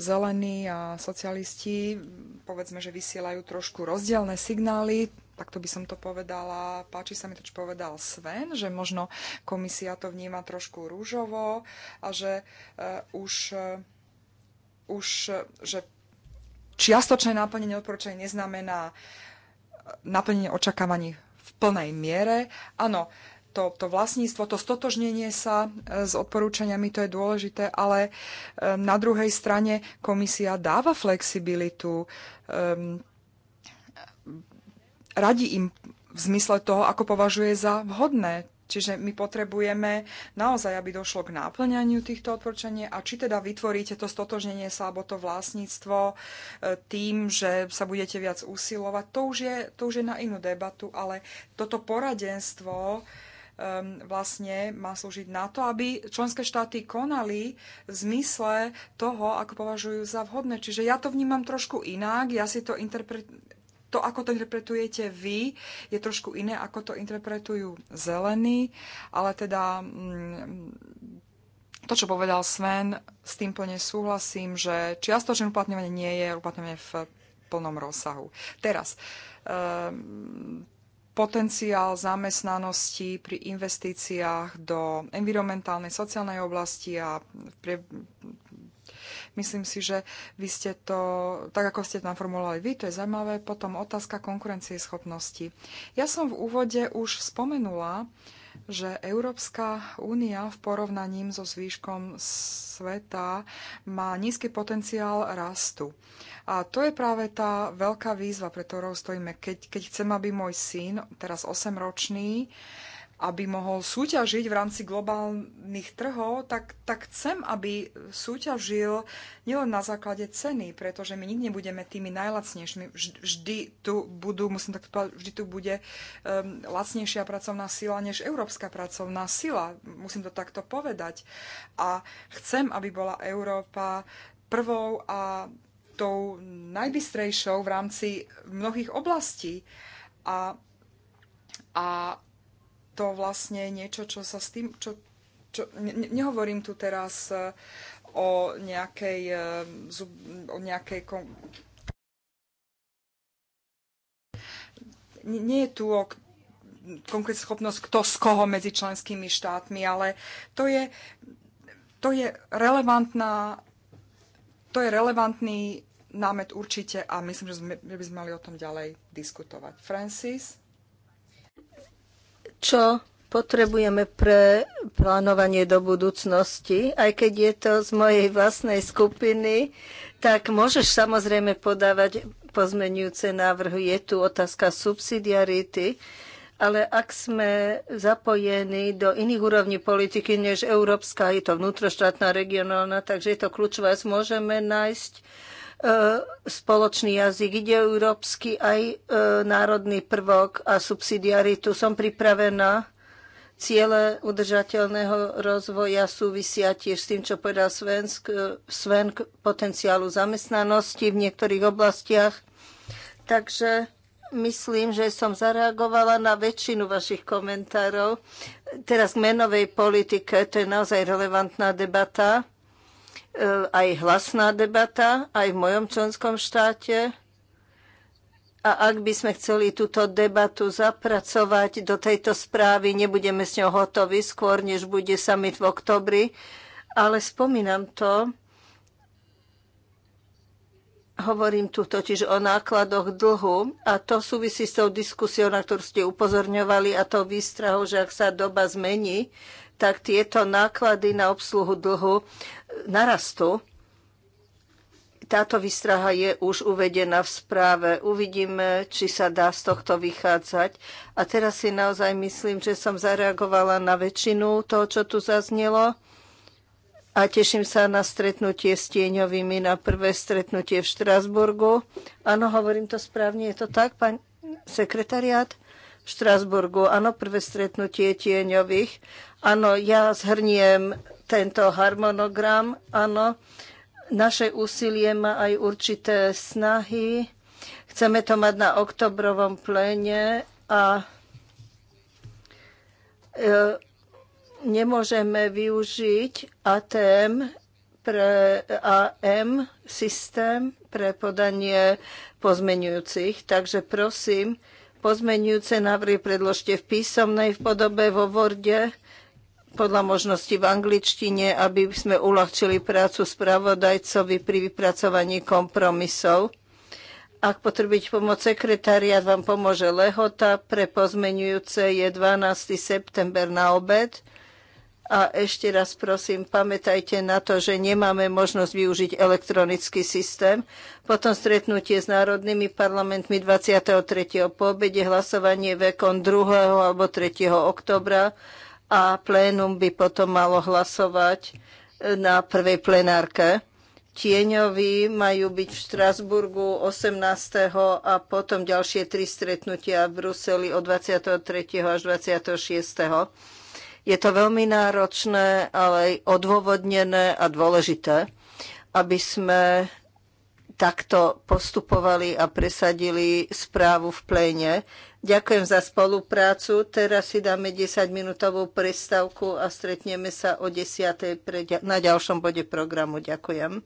zelení a socialisti povedzme, že vysielajú trošku rozdielne signály, takto by som to povedala, páči sa mi to, čo povedal Sven, že možno komisia to vníma trošku rúžovo a že uh, už, uh, už eh, že čiastočné naplnenie odporúčaní neznamená naplnenie očakávaní v plnej miere. Áno, uh, to, to vlastníctvo, to stotožnenie sa e, s odporúčaniami, to je dôležité, ale na druhej strane komisia dáva flexibilitu, um, radí im v zmysle toho, ako považuje za vhodné. Čiže my potrebujeme naozaj, aby došlo k náplňaniu týchto odporúčaní a či teda vytvoríte to stotožnenie sa alebo to vlastníctvo e, tým, že sa budete viac usilovať, to už je, to už je na inú debatu, ale toto poradenstvo um, vlastne má slúžiť na to, aby členské štáty konali v zmysle toho, ako považujú za vhodné. Čiže ja to vnímam trošku inak, ja si to interpretujem to, ako to interpretujete vy, je trošku iné, ako to interpretujú zelení, ale teda mm, to, čo povedal Sven, s tým plne súhlasím, že čiastočné uplatňovanie nie je uplatňovanie v plnom rozsahu. Teraz, um, potenciál zamestnanosti pri investíciách do environmentálnej, sociálnej oblasti a pre... myslím si, že vy ste to, tak ako ste tam formulovali vy, to je zaujímavé. Potom otázka konkurencieschopnosti. Ja som v úvode už spomenula, že Európska únia v porovnaní so zvýškom sveta má nízky potenciál rastu. A to je práve tá veľká výzva, pre ktorou stojíme. Keď, keď chcem, aby môj syn, teraz 8-ročný, aby mohol súťažiť v rámci globálnych trhov, tak, tak chcem, aby súťažil nielen na základe ceny, pretože my nikdy nebudeme tými najlacnejšími. Vždy tu budú, musím tak povedať, vždy tu bude um, lacnejšia pracovná sila než európska pracovná sila. Musím to takto povedať. A chcem, aby bola Európa prvou a tou najbystrejšou v rámci mnohých oblastí. A, a to vlastne niečo, čo sa s tým, čo, čo ne, nehovorím tu teraz e, o nejakej, e, o nejakej kon... nie je tu o konkrétne schopnosť kto z koho medzi členskými štátmi, ale to je, to je relevantná to je relevantný námet určite a myslím, že, sme, že by sme mali o tom ďalej diskutovať. Francis? čo potrebujeme pre plánovanie do budúcnosti. Aj keď je to z mojej vlastnej skupiny, tak môžeš samozrejme podávať pozmenujúce návrhy. Je tu otázka subsidiarity, ale ak sme zapojení do iných úrovní politiky než európska, je to vnútroštátna, regionálna, takže je to kľúčové. Môžeme nájsť E, spoločný jazyk. Ide európsky aj e, národný prvok a subsidiaritu. Som pripravená. Ciele udržateľného rozvoja súvisia tiež s tým, čo povedal Sven, e, Sven k potenciálu zamestnanosti v niektorých oblastiach. Takže myslím, že som zareagovala na väčšinu vašich komentárov. Teraz k menovej politike, to je naozaj relevantná debata. E, aj hlasná debata, aj v mojom členskom štáte. A ak by sme chceli túto debatu zapracovať do tejto správy, nebudeme s ňou hotovi skôr, než bude summit v oktobri. Ale spomínam to, hovorím tu totiž o nákladoch dlhu a to súvisí s tou diskusiou, na ktorú ste upozorňovali a tou výstrahou, že ak sa doba zmení, tak tieto náklady na obsluhu dlhu e, narastú. Táto výstraha je už uvedená v správe. Uvidíme, či sa dá z tohto vychádzať. A teraz si naozaj myslím, že som zareagovala na väčšinu toho, čo tu zaznelo. A teším sa na stretnutie s tieňovými, na prvé stretnutie v Štrásburgu. Áno, hovorím to správne, je to tak, pán sekretariát? V Štrásburgu, áno, prvé stretnutie tieňových Áno, ja zhrniem tento harmonogram. Áno, naše úsilie má aj určité snahy. Chceme to mať na oktobrovom pléne a e, nemôžeme využiť ATM pre AM systém pre podanie pozmenujúcich. Takže prosím, pozmenujúce návrhy predložte v písomnej v podobe vo Worde podľa možnosti v angličtine, aby sme uľahčili prácu spravodajcovi pri vypracovaní kompromisov. Ak potrebujete pomoc sekretariat, vám pomôže lehota. Pre pozmenujúce je 12. september na obed. A ešte raz prosím, pamätajte na to, že nemáme možnosť využiť elektronický systém. Potom stretnutie s národnými parlamentmi 23. po obede, hlasovanie vekom 2. alebo 3. oktobra a plénum by potom malo hlasovať e, na prvej plenárke. Tieňoví majú byť v Štrasburgu 18. a potom ďalšie tri stretnutia v Bruseli od 23. až 26. Je to veľmi náročné, ale aj odôvodnené a dôležité, aby sme takto postupovali a presadili správu v pléne. Ďakujem za spoluprácu. Teraz si dáme 10-minútovú prestávku a stretneme sa o 10.00 na ďalšom bode programu. Ďakujem.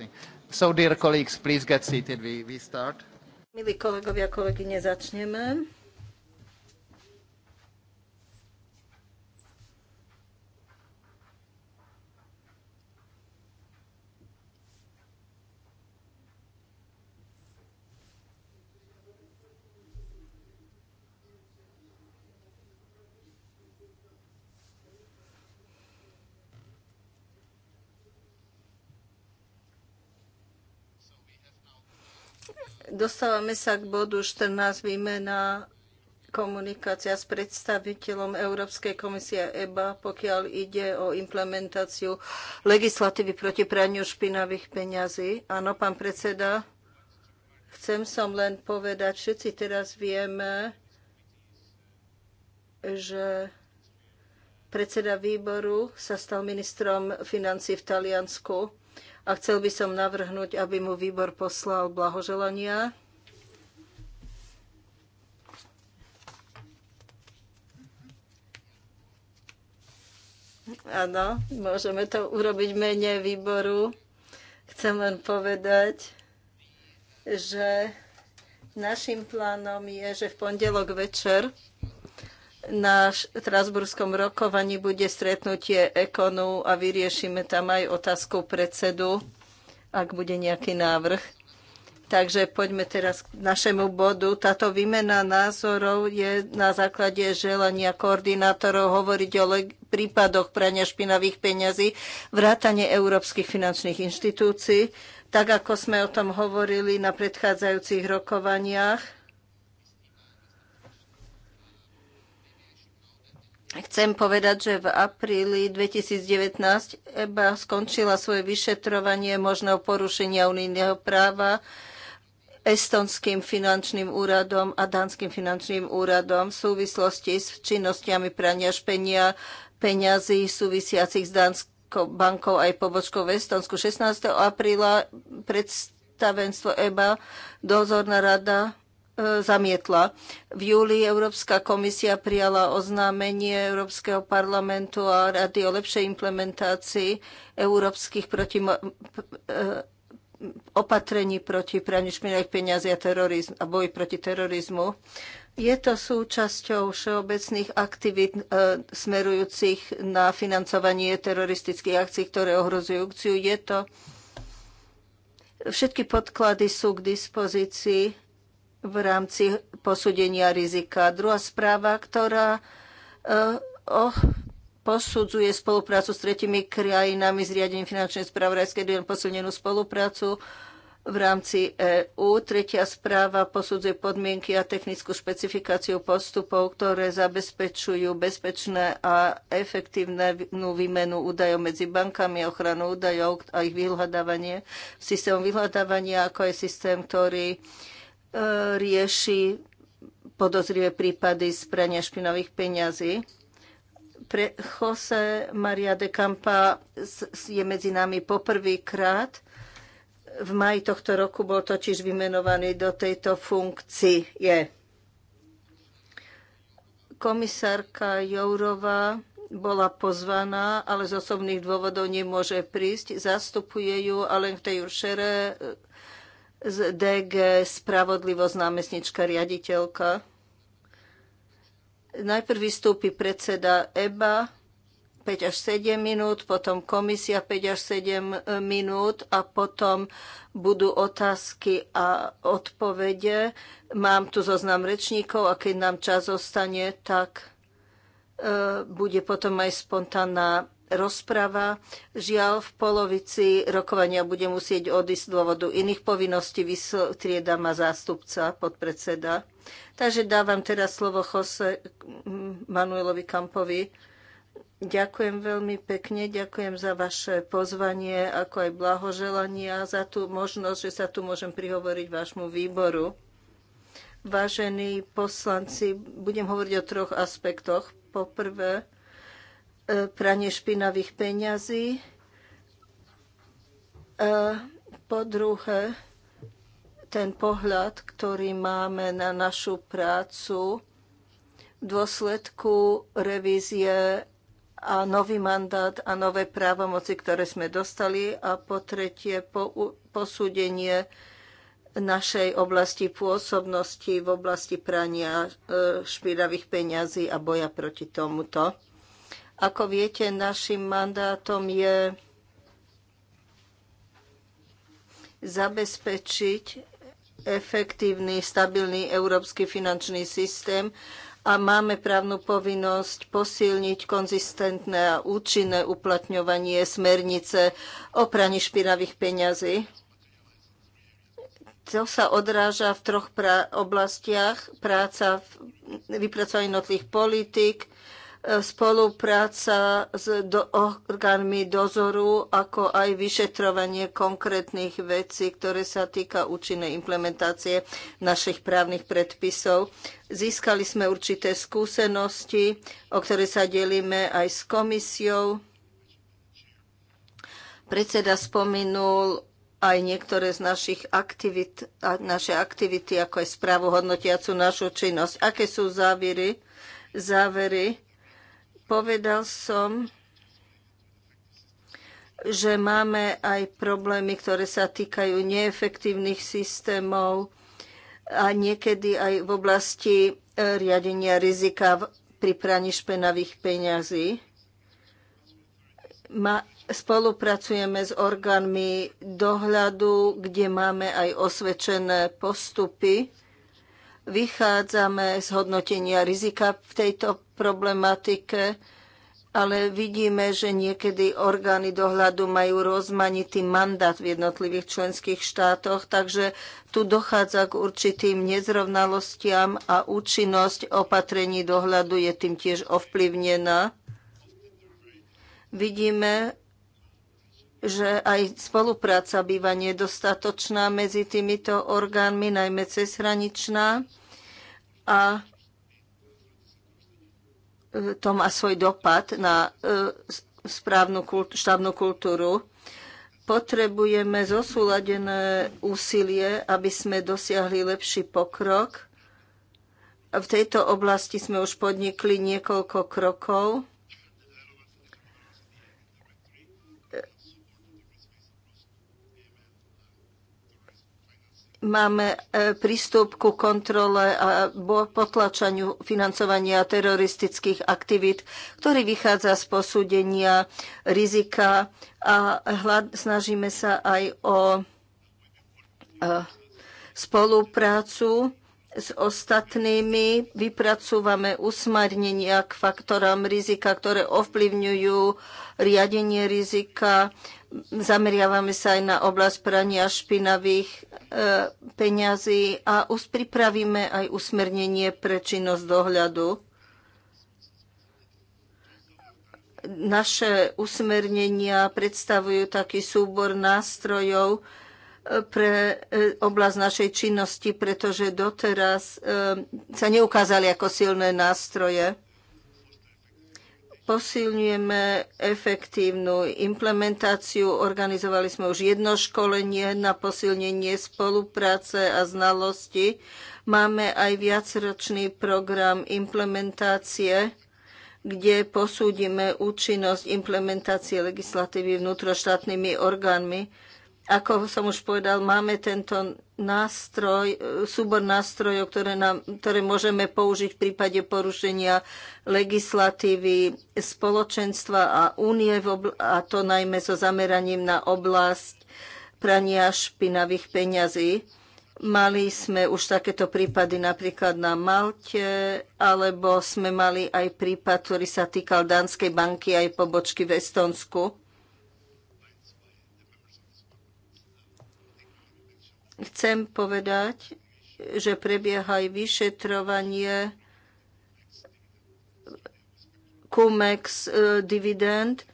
interesting. So, dear colleagues, please get seated. We, we start. Milí kolegovia, kolegyne, začneme. Dostávame sa k bodu 14 výmena komunikácia s predstaviteľom Európskej komisie EBA, pokiaľ ide o implementáciu legislatívy proti praniu špinavých peňazí. Áno, pán predseda, chcem som len povedať, všetci teraz vieme, že predseda výboru sa stal ministrom financí v Taliansku a chcel by som navrhnúť, aby mu výbor poslal blahoželania. Áno, môžeme to urobiť menej výboru. Chcem len povedať, že našim plánom je, že v pondelok večer na Strasburskom rokovaní bude stretnutie ekonu a vyriešime tam aj otázku predsedu, ak bude nejaký návrh. Takže poďme teraz k našemu bodu. Táto výmena názorov je na základe želania koordinátorov hovoriť o prípadoch prania špinavých peňazí, vrátanie európskych finančných inštitúcií, tak ako sme o tom hovorili na predchádzajúcich rokovaniach Chcem povedať, že v apríli 2019 EBA skončila svoje vyšetrovanie možného porušenia unijného práva estonským finančným úradom a dánskym finančným úradom v súvislosti s činnosťami prania špenia, peňazí súvisiacich s Dánskou bankou aj pobočkou v Estonsku. 16. apríla predstavenstvo EBA, dozorná rada E, zamietla. V júli Európska komisia prijala oznámenie Európskeho parlamentu a rady o lepšej implementácii európskych proti, e, opatrení proti praniu špinavých peniazí a, a boji proti terorizmu. Je to súčasťou všeobecných aktivít e, smerujúcich na financovanie teroristických akcií, ktoré ohrozujú akciu. Je to Všetky podklady sú k dispozícii v rámci posúdenia rizika. Druhá správa, ktorá eh, oh, posudzuje spoluprácu s tretimi krajinami, s riadením finančnej spravodajskej dojom posilnenú spoluprácu v rámci EÚ. Tretia správa posudzuje podmienky a technickú špecifikáciu postupov, ktoré zabezpečujú bezpečné a efektívnu výmenu údajov medzi bankami, ochranu údajov a ich vyhľadávanie, systém vyhľadávania, ako je systém, ktorý uh, rieši podozrivé prípady z prania špinových peňazí. Pre Jose Maria de Campa je medzi nami poprvýkrát. V maji tohto roku bol totiž vymenovaný do tejto funkcie. Komisárka Jourová bola pozvaná, ale z osobných dôvodov nemôže prísť. Zastupuje ju Alenktejur Šere, z DG Spravodlivosť námestnička riaditeľka. Najprv vystúpi predseda EBA 5 až 7 minút, potom komisia 5 až 7 e, minút a potom budú otázky a odpovede. Mám tu zoznam rečníkov a keď nám čas zostane, tak e, bude potom aj spontánna rozprava. Žiaľ, v polovici rokovania bude musieť odísť z dôvodu iných povinností, vystrieda ma zástupca, podpredseda. Takže dávam teraz slovo Jose Manuelovi Kampovi. Ďakujem veľmi pekne, ďakujem za vaše pozvanie, ako aj blahoželania, za tú možnosť, že sa tu môžem prihovoriť vášmu výboru. Vážení poslanci, budem hovoriť o troch aspektoch. Poprvé, E, pranie špinavých peňazí. E, po druhé, ten pohľad, ktorý máme na našu prácu v dôsledku revízie a nový mandát a nové právomoci, ktoré sme dostali a po tretie po, posúdenie našej oblasti pôsobnosti v oblasti prania e, špinavých peňazí a boja proti tomuto. Ako viete, našim mandátom je zabezpečiť efektívny, stabilný európsky finančný systém a máme právnu povinnosť posilniť konzistentné a účinné uplatňovanie smernice o praní špinavých peňazí. To sa odráža v troch oblastiach. Práca, vypracovanie notlých politik spolupráca s do, orgánmi dozoru, ako aj vyšetrovanie konkrétnych vecí, ktoré sa týka účinnej implementácie našich právnych predpisov. Získali sme určité skúsenosti, o ktoré sa delíme aj s komisiou. Predseda spomenul aj niektoré z našich aktivít, naše aktivity, ako aj správu hodnotiacu našu činnosť. Aké sú závery? závery? Povedal som, že máme aj problémy, ktoré sa týkajú neefektívnych systémov a niekedy aj v oblasti e, riadenia rizika pri praní špenavých peňazí. Ma, spolupracujeme s orgánmi dohľadu, kde máme aj osvedčené postupy Vychádzame z hodnotenia rizika v tejto problematike, ale vidíme, že niekedy orgány dohľadu majú rozmanitý mandát v jednotlivých členských štátoch, takže tu dochádza k určitým nezrovnalostiam a účinnosť opatrení dohľadu je tým tiež ovplyvnená. Vidíme, že aj spolupráca býva nedostatočná medzi týmito orgánmi, najmä cezhraničná a e, to má svoj dopad na e, správnu kultúru, štávnu kultúru. Potrebujeme zosúladené úsilie, aby sme dosiahli lepší pokrok. V tejto oblasti sme už podnikli niekoľko krokov máme e, prístup ku kontrole a potlačaniu financovania teroristických aktivít, ktorý vychádza z posúdenia rizika a snažíme sa aj o e, spoluprácu s ostatnými vypracúvame usmernenia k faktorom rizika, ktoré ovplyvňujú riadenie rizika. Zameriavame sa aj na oblasť prania špinavých e, peňazí a us pripravíme aj usmernenie pre činnosť dohľadu. Naše usmernenia predstavujú taký súbor nástrojov, pre e, oblasť našej činnosti, pretože doteraz e, sa neukázali ako silné nástroje. Posilňujeme efektívnu implementáciu. Organizovali sme už jedno školenie na posilnenie spolupráce a znalosti. Máme aj viacročný program implementácie kde posúdime účinnosť implementácie legislatívy vnútroštátnymi orgánmi. Ako som už povedal, máme tento nástroj, e, súbor nástrojov, ktoré, nám, ktoré môžeme použiť v prípade porušenia legislatívy spoločenstva a únie, a to najmä so zameraním na oblasť prania špinavých peňazí. Mali sme už takéto prípady napríklad na Malte, alebo sme mali aj prípad, ktorý sa týkal Dánskej banky aj pobočky v Estonsku. Chcem povedať, že prebieha aj vyšetrovanie Cumex e, dividend,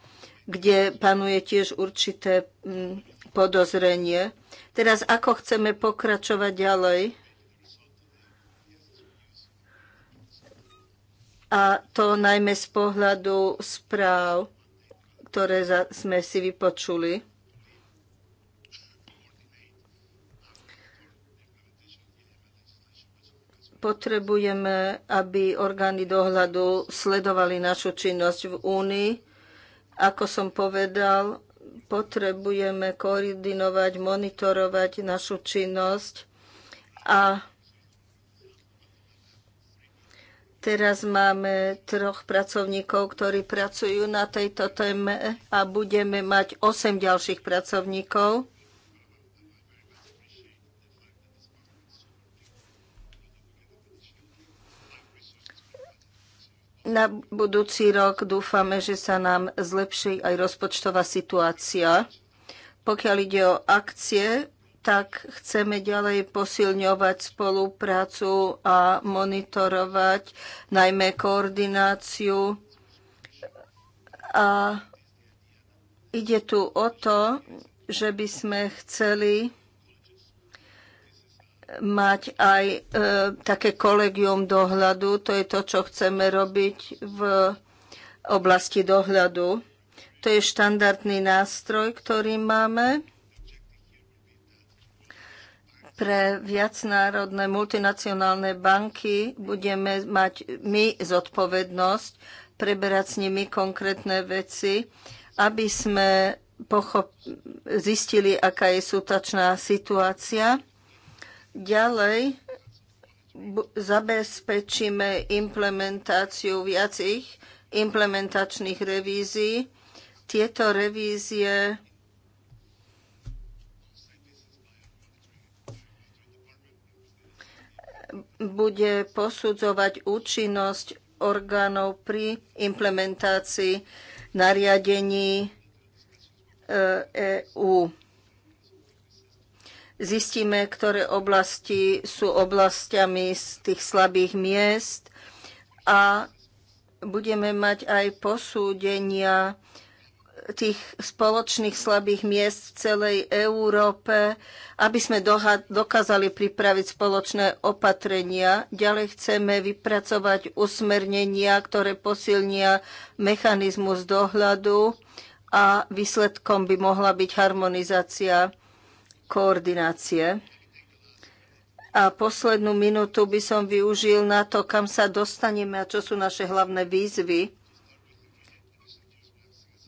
kde panuje tiež určité mm, podozrenie. Teraz ako chceme pokračovať ďalej? A to najmä z pohľadu správ, ktoré sme si vypočuli. Potrebujeme, aby orgány dohľadu sledovali našu činnosť v Únii. Ako som povedal, potrebujeme koordinovať, monitorovať našu činnosť a Teraz máme troch pracovníkov, ktorí pracujú na tejto téme a budeme mať osem ďalších pracovníkov. Na budúci rok dúfame, že sa nám zlepší aj rozpočtová situácia. Pokiaľ ide o akcie, tak chceme ďalej posilňovať spoluprácu a monitorovať najmä koordináciu. A ide tu o to, že by sme chceli mať aj e, také kolegium dohľadu. To je to, čo chceme robiť v oblasti dohľadu. To je štandardný nástroj, ktorý máme pre viacnárodné multinacionálne banky. Budeme mať my zodpovednosť preberať s nimi konkrétne veci, aby sme zistili, aká je sútačná situácia Ďalej zabezpečíme implementáciu viacich implementačných revízií. Tieto revízie bude posudzovať účinnosť orgánov pri implementácii nariadení EÚ. E Zistíme, ktoré oblasti sú oblastiami z tých slabých miest a budeme mať aj posúdenia tých spoločných slabých miest v celej Európe, aby sme dokázali pripraviť spoločné opatrenia. Ďalej chceme vypracovať usmernenia, ktoré posilnia mechanizmus dohľadu a výsledkom by mohla byť harmonizácia koordinácie. A poslednú minútu by som využil na to, kam sa dostaneme a čo sú naše hlavné výzvy.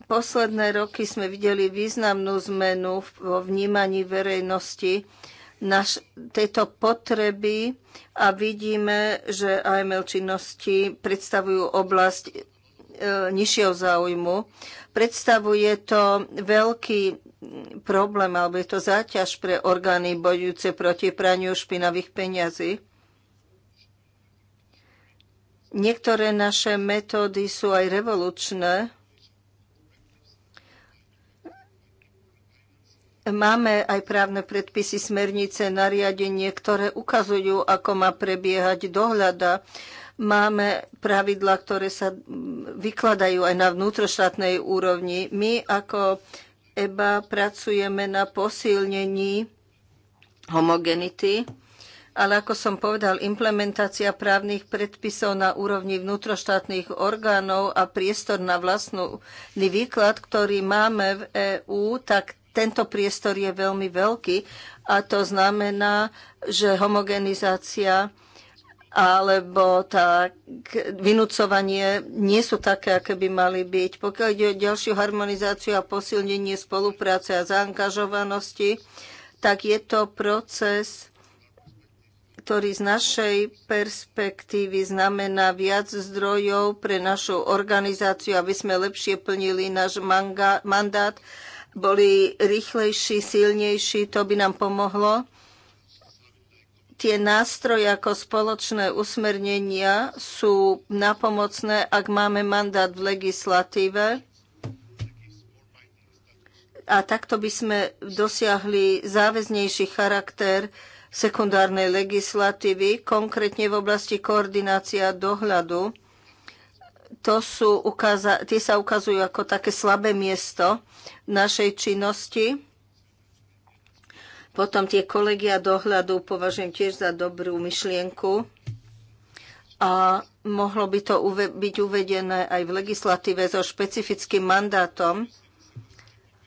Posledné roky sme videli významnú zmenu vo vnímaní verejnosti naš, tejto potreby a vidíme, že AML činnosti predstavujú oblasť e, nižšieho záujmu. Predstavuje to veľký problém alebo je to záťaž pre orgány bojujúce proti praniu špinavých peňazí. Niektoré naše metódy sú aj revolučné. Máme aj právne predpisy, smernice, nariadenie, ktoré ukazujú, ako má prebiehať dohľada. Máme pravidla, ktoré sa vykladajú aj na vnútroštátnej úrovni. My ako EBA pracujeme na posilnení homogenity, ale ako som povedal, implementácia právnych predpisov na úrovni vnútroštátnych orgánov a priestor na vlastný výklad, ktorý máme v EÚ, tak tento priestor je veľmi veľký a to znamená, že homogenizácia alebo tak vynúcovanie nie sú také, aké by mali byť. Pokiaľ ide o ďalšiu harmonizáciu a posilnenie spolupráce a zaangažovanosti, tak je to proces, ktorý z našej perspektívy znamená viac zdrojov pre našu organizáciu, aby sme lepšie plnili náš mandát, boli rýchlejší, silnejší, to by nám pomohlo tie nástroje ako spoločné usmernenia sú napomocné, ak máme mandát v legislatíve. A takto by sme dosiahli záväznejší charakter sekundárnej legislatívy, konkrétne v oblasti koordinácia a dohľadu. To sú, tie sa ukazujú ako také slabé miesto našej činnosti potom tie kolegia dohľadu považujem tiež za dobrú myšlienku a mohlo by to uve- byť uvedené aj v legislatíve so špecifickým mandátom.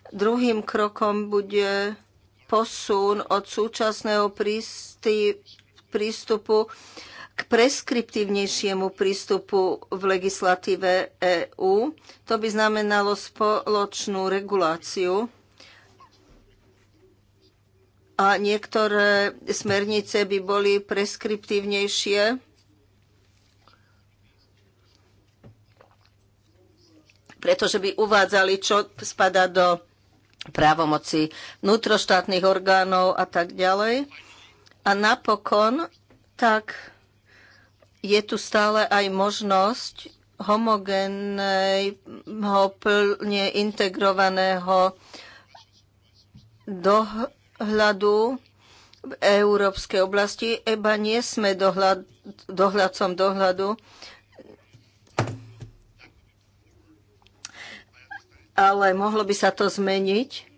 Druhým krokom bude posun od súčasného prístupu k preskriptívnejšiemu prístupu v legislatíve EÚ. To by znamenalo spoločnú reguláciu a niektoré smernice by boli preskriptívnejšie. pretože by uvádzali, čo spada do právomoci vnútroštátnych orgánov a tak ďalej. A napokon, tak je tu stále aj možnosť homogénneho, plne integrovaného dohľadu hľadu v európskej oblasti, eba nie sme dohľad, dohľadcom dohľadu. Ale mohlo by sa to zmeniť.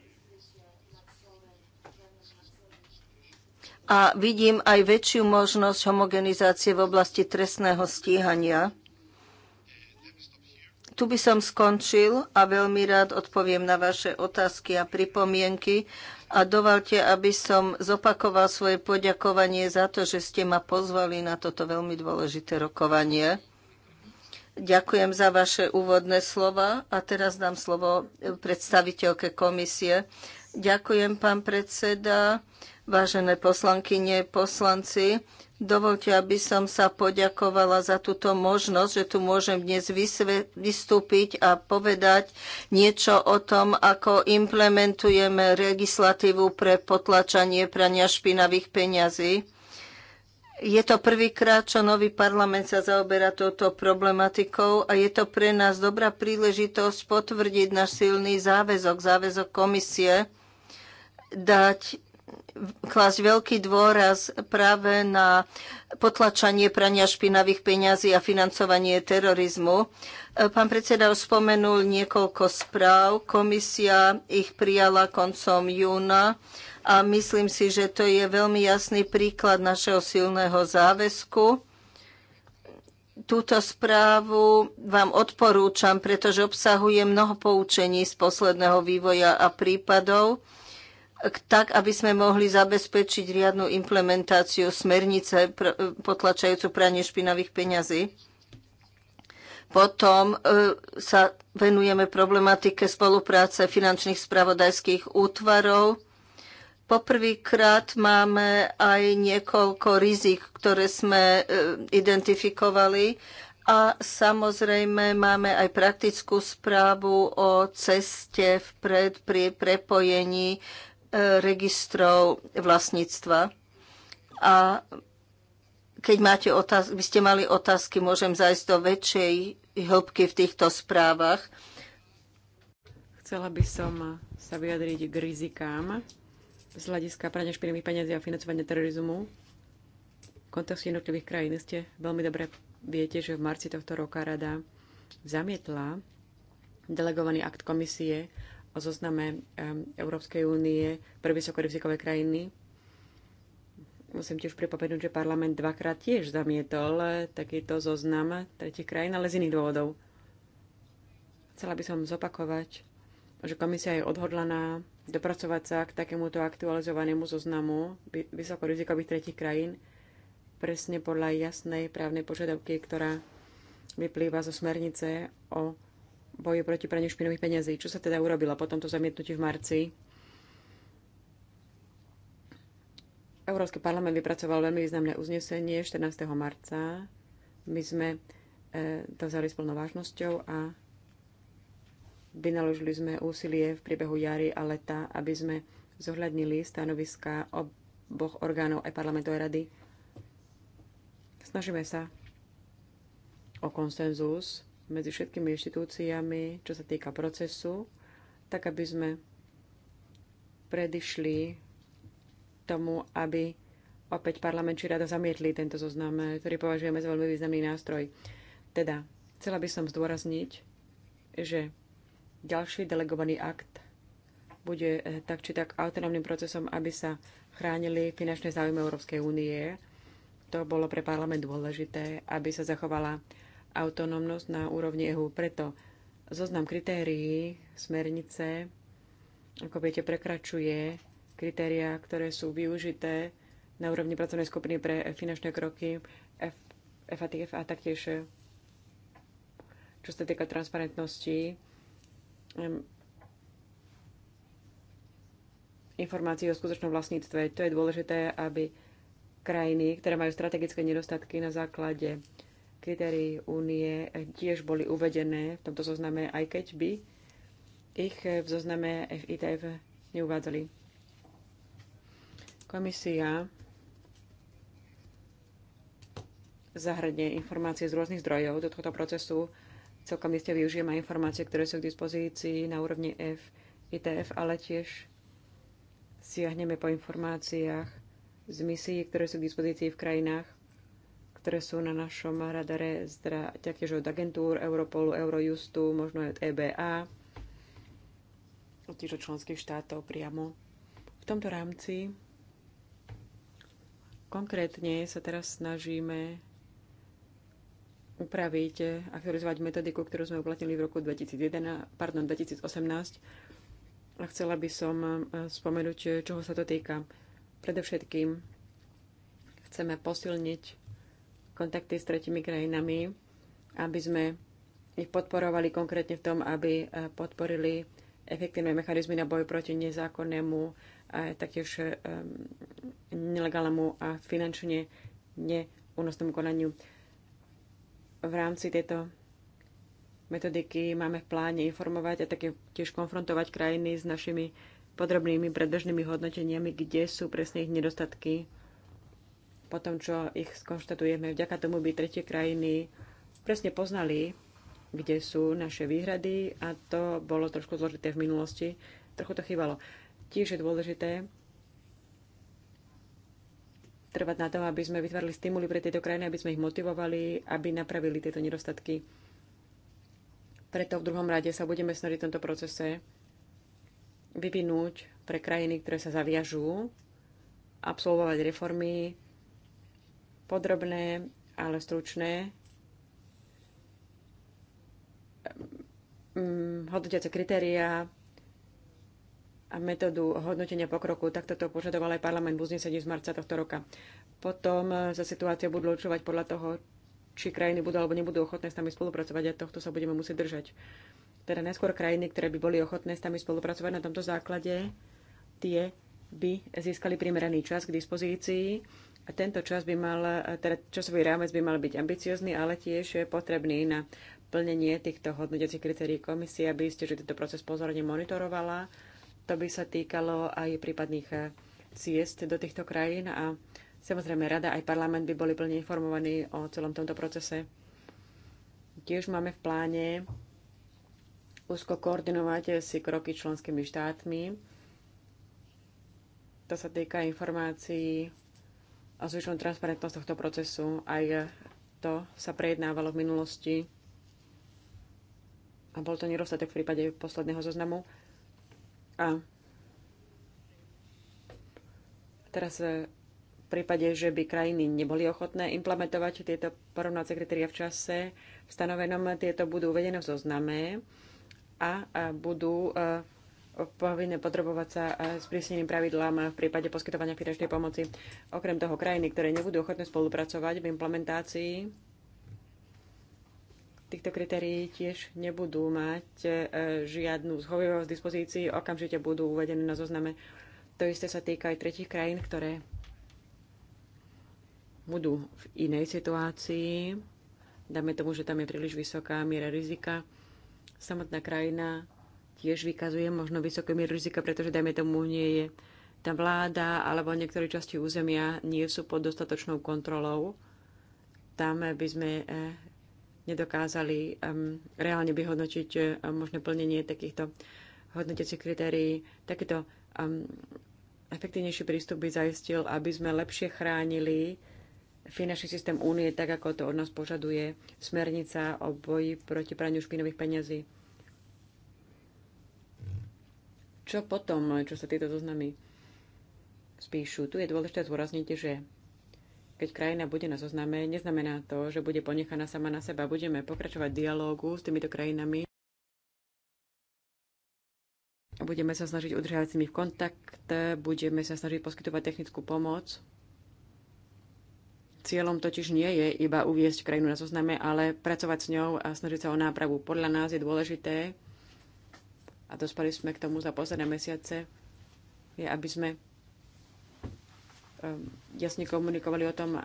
A vidím aj väčšiu možnosť homogenizácie v oblasti trestného stíhania. Tu by som skončil a veľmi rád odpoviem na vaše otázky a pripomienky a dovolte, aby som zopakoval svoje poďakovanie za to, že ste ma pozvali na toto veľmi dôležité rokovanie. Ďakujem za vaše úvodné slova a teraz dám slovo predstaviteľke komisie. Ďakujem, pán predseda, vážené poslankyne, poslanci. Dovolte, aby som sa poďakovala za túto možnosť, že tu môžem dnes vystúpiť a povedať niečo o tom, ako implementujeme legislatívu pre potlačanie prania špinavých peňazí. Je to prvýkrát, čo nový parlament sa zaoberá touto problematikou a je to pre nás dobrá príležitosť potvrdiť náš silný záväzok, záväzok komisie dať klásť veľký dôraz práve na potlačanie prania špinavých peňazí a financovanie terorizmu. Pán predseda už spomenul niekoľko správ. Komisia ich prijala koncom júna a myslím si, že to je veľmi jasný príklad našeho silného záväzku. Túto správu vám odporúčam, pretože obsahuje mnoho poučení z posledného vývoja a prípadov tak, aby sme mohli zabezpečiť riadnu implementáciu smernice potlačajúcu pranie špinavých peňazí. Potom e, sa venujeme problematike spolupráce finančných spravodajských útvarov. Poprvýkrát máme aj niekoľko rizik, ktoré sme e, identifikovali a samozrejme máme aj praktickú správu o ceste vpred pri prepojení registrov vlastníctva. A keď máte otázky, by ste mali otázky, môžem zajsť do väčšej hĺbky v týchto správach. Chcela by som sa vyjadriť k rizikám z hľadiska prania špinavých peniazí a financovania terorizmu. V kontexte jednotlivých krajín ste veľmi dobre viete, že v marci tohto roka rada zamietla delegovaný akt komisie o zozname Európskej únie pre vysokorizikové krajiny. Musím tiež pripomenúť, že parlament dvakrát tiež zamietol eh, takýto zoznam tretich krajín, ale z iných dôvodov. Chcela by som zopakovať, že komisia je odhodlaná dopracovať sa k takémuto aktualizovanému zoznamu vysokorizikových tretich krajín presne podľa jasnej právnej požiadavky, ktorá vyplýva zo smernice o boju proti praniu špinových peniazí. Čo sa teda urobilo po tomto zamietnutí v marci? Európsky parlament vypracoval veľmi významné uznesenie 14. marca. My sme e, to vzali s plnou vážnosťou a vynaložili sme úsilie v priebehu jary a leta, aby sme zohľadnili stanoviska oboch orgánov aj parlamentov rady. Snažíme sa o konsenzus medzi všetkými inštitúciami, čo sa týka procesu, tak aby sme predišli tomu, aby opäť parlament či rada zamietli tento zoznam, ktorý považujeme za veľmi významný nástroj. Teda, chcela by som zdôrazniť, že ďalší delegovaný akt bude eh, tak či tak autonómnym procesom, aby sa chránili finančné záujmy Európskej únie. To bolo pre parlament dôležité, aby sa zachovala autonómnosť na úrovni EÚ. Preto zoznam kritérií smernice, ako viete, prekračuje kritériá, ktoré sú využité na úrovni pracovnej skupiny pre finančné kroky F, FATF a taktiež čo sa týka transparentnosti, informácií o skutočnom vlastníctve. To je dôležité, aby krajiny, ktoré majú strategické nedostatky na základe kritérií únie tiež boli uvedené v tomto zozname, aj keď by ich v zozname FITF neuvádzali. Komisia zahrnie informácie z rôznych zdrojov do tohto procesu. Celkom iste využijem aj informácie, ktoré sú k dispozícii na úrovni FITF, ale tiež siahneme po informáciách z misií, ktoré sú k dispozícii v krajinách, ktoré sú na našom radare, zdra, taktiež od agentúr Europolu, Eurojustu, možno aj od EBA, od tých členských štátov priamo. V tomto rámci konkrétne sa teraz snažíme upraviť, aktualizovať metodiku, ktorú sme uplatnili v roku 2011, pardon, 2018. A chcela by som e, spomenúť, e, čoho sa to týka. Predovšetkým chceme posilniť kontakty s tretimi krajinami, aby sme ich podporovali konkrétne v tom, aby e, podporili efektívne mechanizmy na boj proti nezákonnému, a taktiež e, nelegálnemu a finančne neúnosnému konaniu. V rámci tejto metodiky máme v pláne informovať a taktiež konfrontovať krajiny s našimi podrobnými predbežnými hodnoteniami, kde sú presne ich nedostatky po tom, čo ich skonštatujeme. Vďaka tomu by tretie krajiny presne poznali, kde sú naše výhrady a to bolo trošku zložité v minulosti. Trochu to chýbalo. Tiež je dôležité trvať na tom, aby sme vytvárali stimuly pre tieto krajiny, aby sme ich motivovali, aby napravili tieto nedostatky. Preto v druhom rade sa budeme snažiť v tomto procese vyvinúť pre krajiny, ktoré sa zaviažú absolvovať reformy, podrobné, ale stručné ehm, ehm, hodnotiace kritériá a metódu hodnotenia pokroku. Takto to požadoval aj parlament v uznesení z marca tohto roka. Potom sa eh, situácia budú určovať podľa toho, či krajiny budú alebo nebudú ochotné s nami spolupracovať a tohto sa budeme musieť držať. Teda najskôr krajiny, ktoré by boli ochotné s nami spolupracovať na tomto základe, tie by získali primeraný čas k dispozícii tento čas by mal, teda časový rámec by mal byť ambiciozný, ale tiež je potrebný na plnenie týchto hodnotiacich kritérií komisie, aby ste, že tento proces pozorne monitorovala. To by sa týkalo aj prípadných eh, ciest do týchto krajín a samozrejme rada aj parlament by boli plne informovaní o celom tomto procese. Tiež máme v pláne úzko koordinovať si kroky členskými štátmi. To sa týka informácií a zvyšujem transparentnosť tohto procesu. Aj to sa prejednávalo v minulosti a bol to nerostatek v prípade posledného zoznamu. A teraz v prípade, že by krajiny neboli ochotné implementovať tieto porovnáce kritéria v čase, v stanovenom tieto budú uvedené v zozname a budú e, povinné podrobovať sa e, sprísneným pravidlám v prípade poskytovania finančnej pomoci. Okrem toho, krajiny, ktoré nebudú ochotné spolupracovať v implementácii týchto kritérií, tiež nebudú mať e, žiadnu zhovivosť v dispozícii, okamžite budú uvedené na zozname. To isté sa týka aj tretich krajín, ktoré budú v inej situácii. Dáme tomu, že tam je príliš vysoká miera rizika. Samotná krajina tiež vykazuje možno vysoké miery rizika, pretože dajme tomu nie je tá vláda alebo niektoré časti územia nie sú pod dostatočnou kontrolou. Tam eh, by sme eh, nedokázali reálne vyhodnotiť eh, možné plnenie takýchto hodnotiacich kritérií. Takýto efektívnejší prístup by zaistil, aby sme lepšie chránili finančný systém únie, tak ako to od nás požaduje smernica o boji proti praniu špinových peňazí čo potom, čo sa tieto zoznamy spíšu? Tu je dôležité zúrazniť, že keď krajina bude na zozname, neznamená to, že bude ponechaná sama na seba. Budeme pokračovať dialógu s týmito krajinami a budeme sa snažiť udržiavať s nimi v kontakte, budeme sa snažiť poskytovať technickú pomoc. Cieľom totiž nie je iba uviesť krajinu na zozname, ale pracovať s ňou a snažiť sa o nápravu. Podľa nás je dôležité, a dospali sme k tomu za posledné mesiace, je, aby sme ehm, jasne komunikovali o tom,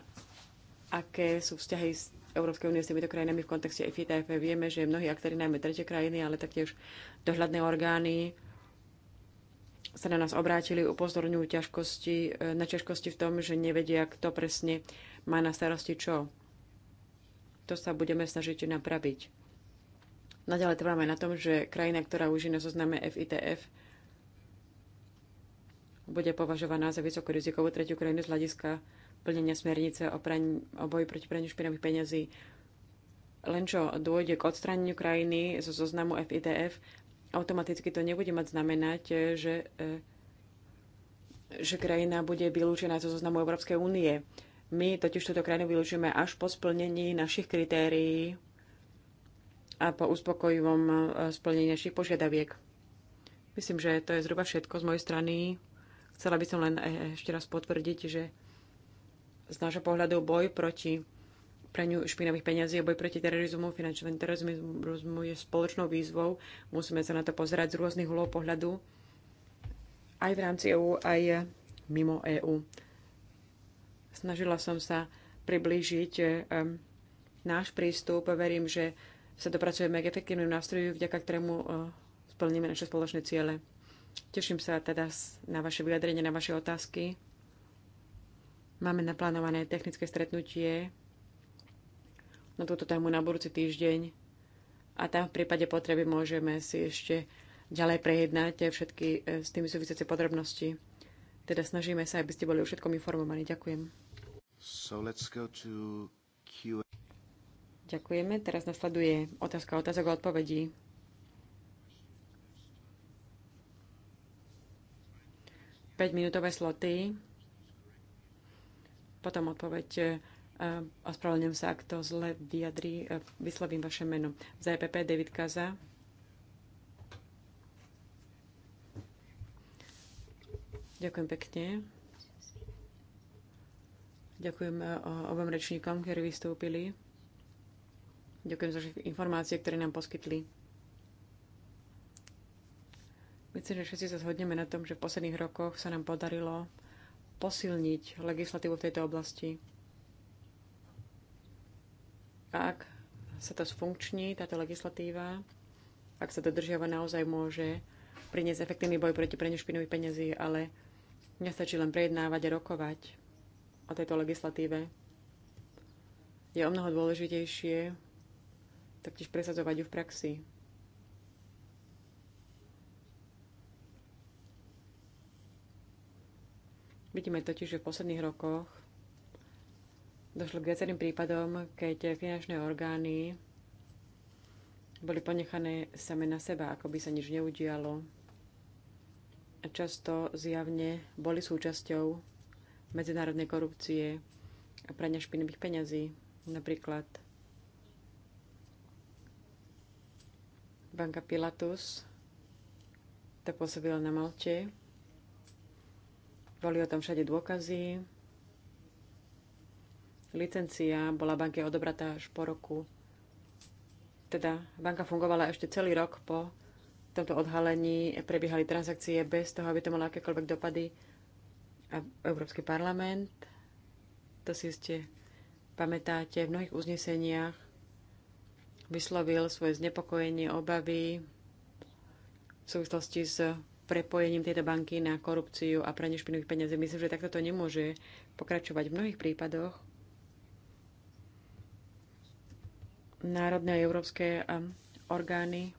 aké sú vzťahy s Európskej únie s týmito krajinami v kontexte FITF. E. Vieme, že mnohí aktéry, najmä tretie krajiny, ale taktiež dohľadné orgány, sa na nás obrátili, upozorňujú ťažkosti, e, na ťažkosti v tom, že nevedia, kto presne má na starosti čo. To sa budeme snažiť napraviť. Naďalej trváme na tom, že krajina, ktorá už je na zozname FITF, bude považovaná za vysokú rizikovú tretiu krajinu z hľadiska plnenia smernice o, praň, o boji proti praniu špinavých peňazí. Len čo dôjde k odstraneniu krajiny zo zoznamu FITF, automaticky to nebude mať znamenať, že, e, že krajina bude vylúčená zo zoznamu Európskej únie. My totiž túto krajinu vylúčime až po splnení našich kritérií a po uspokojivom e, splnení našich požiadaviek. Myslím, že to je zhruba všetko z mojej strany. Chcela by som len e, e, ešte raz potvrdiť, že z nášho pohľadu boj proti praniu špinavých peniazí a boj proti terorizmu, finančnému terorizmu je spoločnou výzvou. Musíme sa na to pozerať z rôznych uhlov pohľadu aj v rámci EÚ, aj mimo EÚ. Snažila som sa priblížiť náš prístup. Verím, že sa dopracujeme k efektívnym nástroju, vďaka ktorému eh, splníme naše spoločné ciele. Teším sa teda na vaše vyjadrenie, na vaše otázky. Máme naplánované technické stretnutie na túto tému na budúci týždeň a tam v prípade potreby môžeme si ešte ďalej prejednať všetky eh, s tými súvisiace podrobnosti. Teda snažíme sa, aby ste boli o všetkom informovaní. Ďakujem. So let's go to Q&A. Ďakujeme. Teraz nasleduje otázka otázok a odpovedí. minútové sloty, potom odpoveď e, spravedlňujem sa, ak to zle vyjadrí, e, vyslovím vaše meno. Za EPP David Kaza. Ďakujem pekne. Ďakujem e, obom rečníkom, ktorí vystúpili. Ďakujem za informácie, ktoré nám poskytli. Myslím, že všetci sa zhodneme na tom, že v posledných rokoch sa nám podarilo posilniť legislatívu v tejto oblasti. ak sa to sfunkční, táto legislatíva, ak sa dodržiava, naozaj môže priniesť efektívny boj proti preňu špinových peniazí, ale nestačí len prejednávať a rokovať o tejto legislatíve. Je o mnoho dôležitejšie taktiež presadzovať ju v praxi. Vidíme totiž, že v posledných rokoch došlo k viacerým prípadom, keď finančné orgány boli ponechané same na seba, ako by sa nič neudialo. A často zjavne boli súčasťou medzinárodnej korupcie a prania špinavých peňazí napríklad. Banka Pilatus, tá pôsobila na Malte. Boli o tom všade dôkazy. Licencia bola banke odobratá až po roku. Teda banka fungovala ešte celý rok po tomto odhalení. Prebiehali transakcie bez toho, aby to malo akékoľvek dopady. A Európsky parlament, to si ste pamätáte, v mnohých uzneseniach vyslovil svoje znepokojenie, obavy v súvislosti s prepojením tejto banky na korupciu a pranie špinových peniazí. Myslím, že takto to nemôže pokračovať v mnohých prípadoch. Národné a európske um, orgány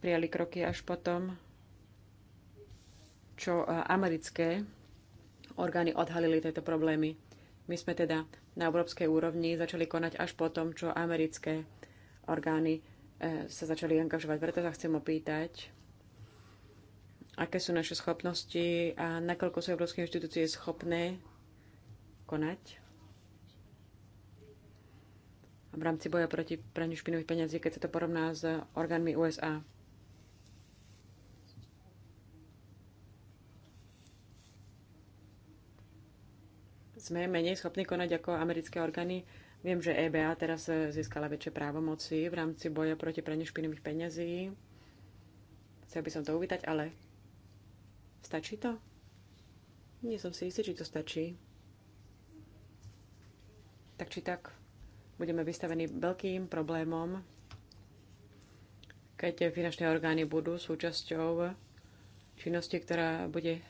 prijali kroky až potom, čo uh, americké orgány odhalili tieto problémy. My sme teda na európskej úrovni začali konať až po tom, čo americké orgány e, sa začali angažovať. Preto sa chcem opýtať, aké sú naše schopnosti a nakoľko sú európske inštitúcie schopné konať v rámci boja proti praniu špinových peniazí, keď sa to porovná s orgánmi USA. sme menej schopní konať ako americké orgány. Viem, že EBA teraz e, získala väčšie právomoci v rámci boja proti praniu špinových peňazí. Chcel by som to uvítať, ale stačí to? Nie som si istý, či to stačí. Tak či tak, budeme vystavení veľkým problémom, keď tie finančné orgány budú súčasťou činnosti, ktorá bude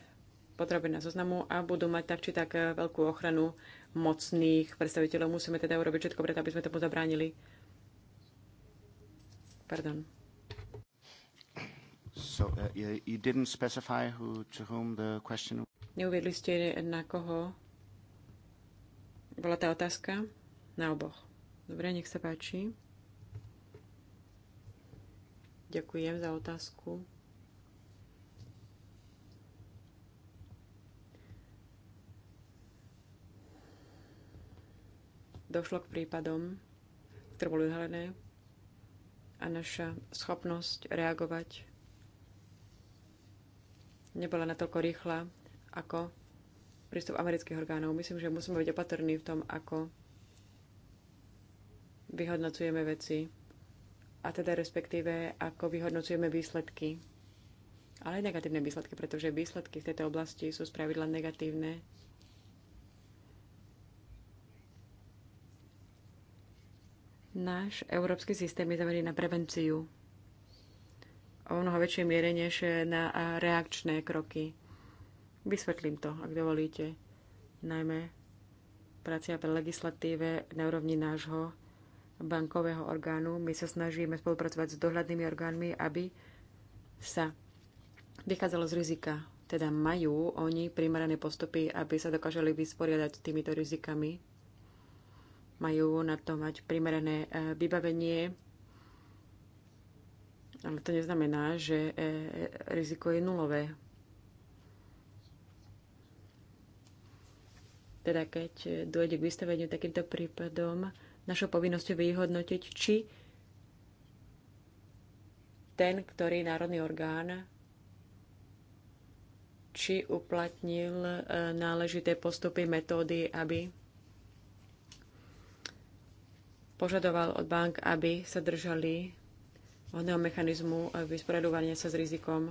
na zoznamu a budú mať tak či tak e, veľkú ochranu mocných predstaviteľov. Musíme teda urobiť všetko preto, aby sme tomu zabránili. Pardon. So, uh, you didn't specify who, to whom the question... Neuviedli ste, e, na koho bola tá otázka? Na oboch. Dobre, nech sa páči. Ďakujem za otázku. došlo k prípadom, ktoré boli odhalené a naša schopnosť reagovať nebola natoľko rýchla ako prístup amerických orgánov. Myslím, že musíme byť opatrní v tom, ako vyhodnocujeme veci a teda respektíve ako vyhodnocujeme výsledky. Ale aj negatívne výsledky, pretože výsledky v tejto oblasti sú spravidla negatívne Náš európsky systém je zameraný na prevenciu o mnoho väčšej miere než na reakčné kroky. Vysvetlím to, ak dovolíte. Najmä prácia pre legislatíve na úrovni nášho bankového orgánu. My sa snažíme spolupracovať s dohľadnými orgánmi, aby sa vychádzalo z rizika. Teda majú oni primerané postupy, aby sa dokážali vysporiadať s týmito rizikami majú na to mať primerané e, vybavenie, ale to neznamená, že e, riziko je nulové. Teda keď dojde k vystaveniu takýmto prípadom, našou povinnosťou vyhodnotiť, či ten, ktorý národný orgán, či uplatnil e, náležité postupy, metódy, aby požadoval od bank, aby sa držali vhodného mechanizmu vysporadovania sa s rizikom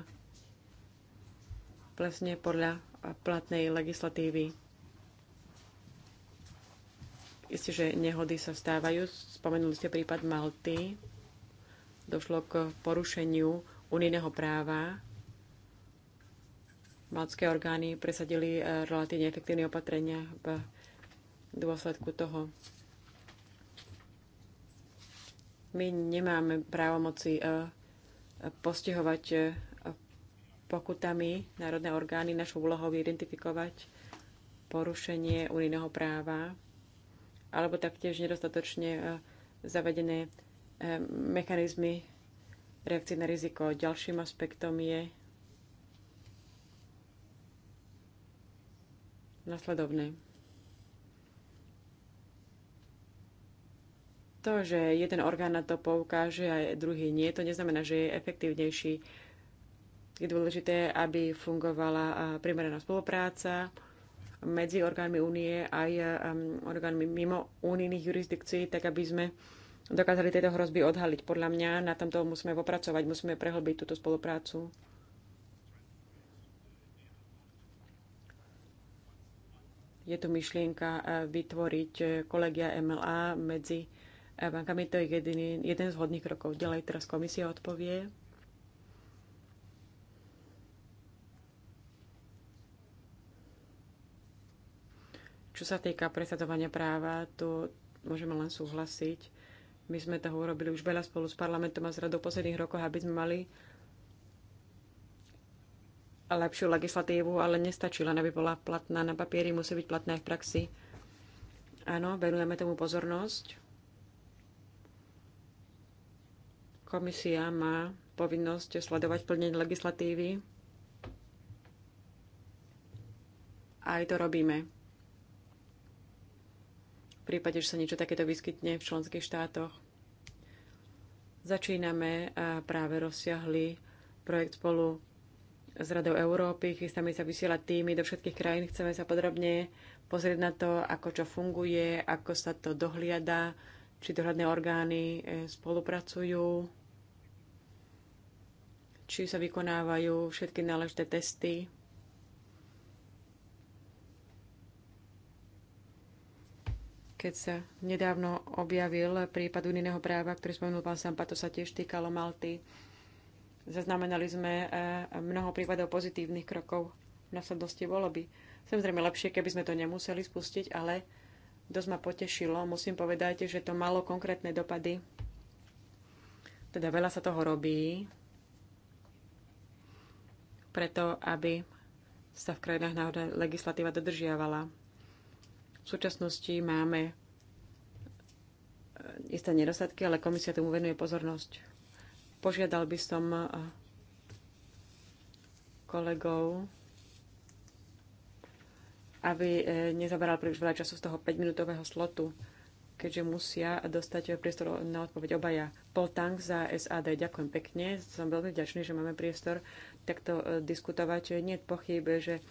vlastne podľa platnej legislatívy. Isté, že nehody sa stávajú. Spomenuli ste prípad Malty. Došlo k porušeniu unijného práva. Maltské orgány presadili relatívne efektívne opatrenia v dôsledku toho. My nemáme právomoci e, postihovať e, pokutami národné orgány. Našou úlohou je identifikovať porušenie unijného práva alebo taktiež nedostatočne e, zavedené mechanizmy reakcie na riziko. Ďalším aspektom je nasledovné. To, že jeden orgán na to poukáže a druhý nie, to neznamená, že je efektívnejší. Je dôležité, aby fungovala primeraná spolupráca medzi orgánmi únie aj orgánmi mimo únijných jurisdikcií, tak aby sme dokázali tieto hrozby odhaliť. Podľa mňa na tomto musíme popracovať, musíme prehlbiť túto spoluprácu. Je tu myšlienka vytvoriť e, kolegia MLA medzi bankami. To je jediný, jeden z hodných krokov. Ďalej teraz komisia odpovie. Čo sa týka presadzovania práva, tu môžeme len súhlasiť. My sme toho urobili už veľa spolu s parlamentom a s radou posledných rokoch, aby sme mali lepšiu legislatívu, ale nestačí len, aby bola platná na papieri, musí byť platná aj v praxi. Áno, venujeme tomu pozornosť. Komisia má povinnosť sledovať plnenie legislatívy. Aj to robíme. V prípade, že sa niečo takéto vyskytne v členských štátoch. Začíname práve rozsiahly projekt spolu s Radou Európy. Chystáme sa vysielať týmy do všetkých krajín. Chceme sa podrobne pozrieť na to, ako čo funguje, ako sa to dohliada, či dohľadné orgány e, spolupracujú či sa vykonávajú všetky náležité testy. Keď sa nedávno objavil prípad unijného práva, ktorý spomenul pán Sampa, to sa tiež týkalo Malty. Zaznamenali sme e, mnoho prípadov pozitívnych krokov. V následnosti bolo by samozrejme lepšie, keby sme to nemuseli spustiť, ale dosť ma potešilo. Musím povedať, že to malo konkrétne dopady. Teda veľa sa toho robí preto aby sa v krajinách náhoda legislatíva dodržiavala. V súčasnosti máme e, isté nedostatky, ale komisia tomu venuje pozornosť. Požiadal by som e, kolegov, aby e, nezaberal príliš veľa času z toho 5-minútového slotu, keďže musia dostať priestor na odpoveď obaja. Paul tank za SAD, ďakujem pekne. Som veľmi vďačný, že máme priestor takto e, diskutovať. Nie je pochyb, že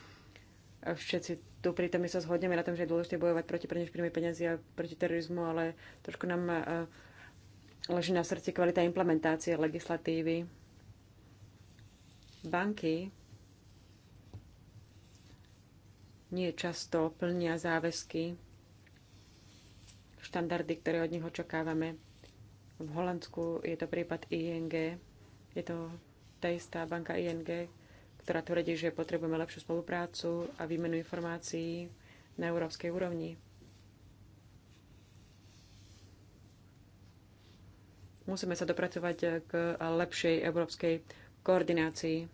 všetci tu prítomne sa zhodneme na tom, že je dôležité bojovať proti prvne špinavých peniazy a proti terorizmu, ale trošku nám e, leží na srdci kvalita implementácie legislatívy. Banky nie často plnia záväzky, štandardy, ktoré od nich očakávame. V Holandsku je to prípad ING, je to tá istá banka ING, ktorá tvrdí, že potrebujeme lepšiu spoluprácu a výmenu informácií na európskej úrovni. Musíme sa dopracovať k lepšej európskej koordinácii.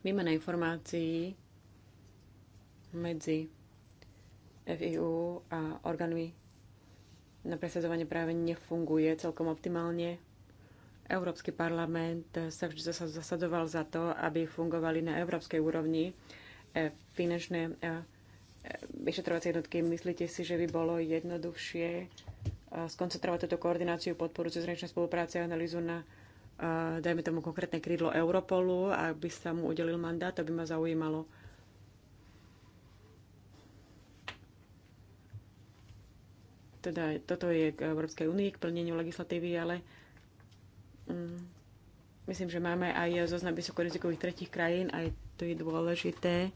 Výmena informácií medzi FIU a orgánmi na presadzovanie práve nefunguje celkom optimálne. Európsky parlament sa vždy zasadoval za to, aby fungovali na európskej úrovni e, finančné e, e, vyšetrovacie jednotky. Myslíte si, že by bolo jednoduchšie skoncentrovať túto koordináciu, podporu cezhraničnej spolupráce a analýzu na, dajme tomu, konkrétne krídlo Europolu, aby sa mu udelil mandát, to by ma zaujímalo. Teda toto je k Európskej únii, k plneniu legislatívy, ale Mm. Myslím, že máme aj zoznam vysokorizikových tretich krajín, A je to je dôležité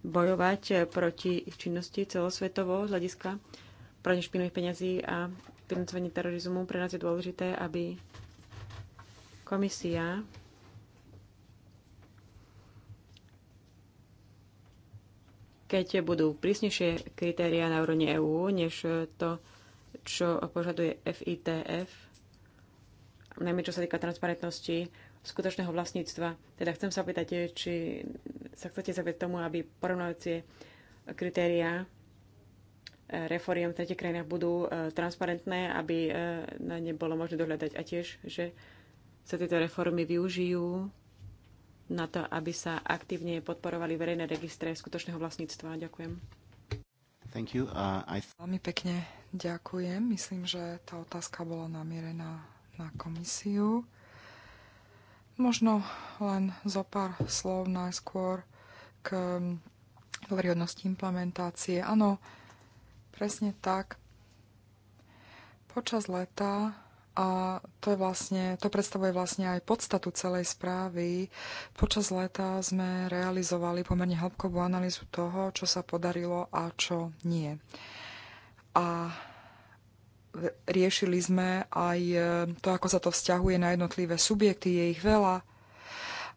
bojovať proti ich činnosti celosvetovo z hľadiska pranie špinových peňazí a financovanie terorizmu. Pre nás je dôležité, aby komisia keď budú prísnejšie kritéria na úrovni EÚ, než to, čo požaduje FITF, najmä čo sa týka transparentnosti skutočného vlastníctva. Teda chcem sa opýtať, eh, či sa chcete zaviesť tomu, aby porovnávacie kritériá eh, reforiem v tretich krajinách budú eh, transparentné, aby na ne bolo možné dohľadať a tiež, že sa tieto reformy využijú na to, aby sa aktívne podporovali verejné registre skutočného vlastníctva. Ďakujem. Thank you. Uh, I... Veľmi pekne ďakujem. Myslím, že tá otázka bola namierená na komisiu. Možno len zo pár slov najskôr k dôveryhodnosti mm, implementácie. Áno, presne tak. Počas leta a to, je vlastne, to predstavuje vlastne aj podstatu celej správy. Počas leta sme realizovali pomerne hĺbkovú analýzu toho, čo sa podarilo a čo nie. A riešili sme aj e, to, ako sa to vzťahuje na jednotlivé subjekty, je ich veľa.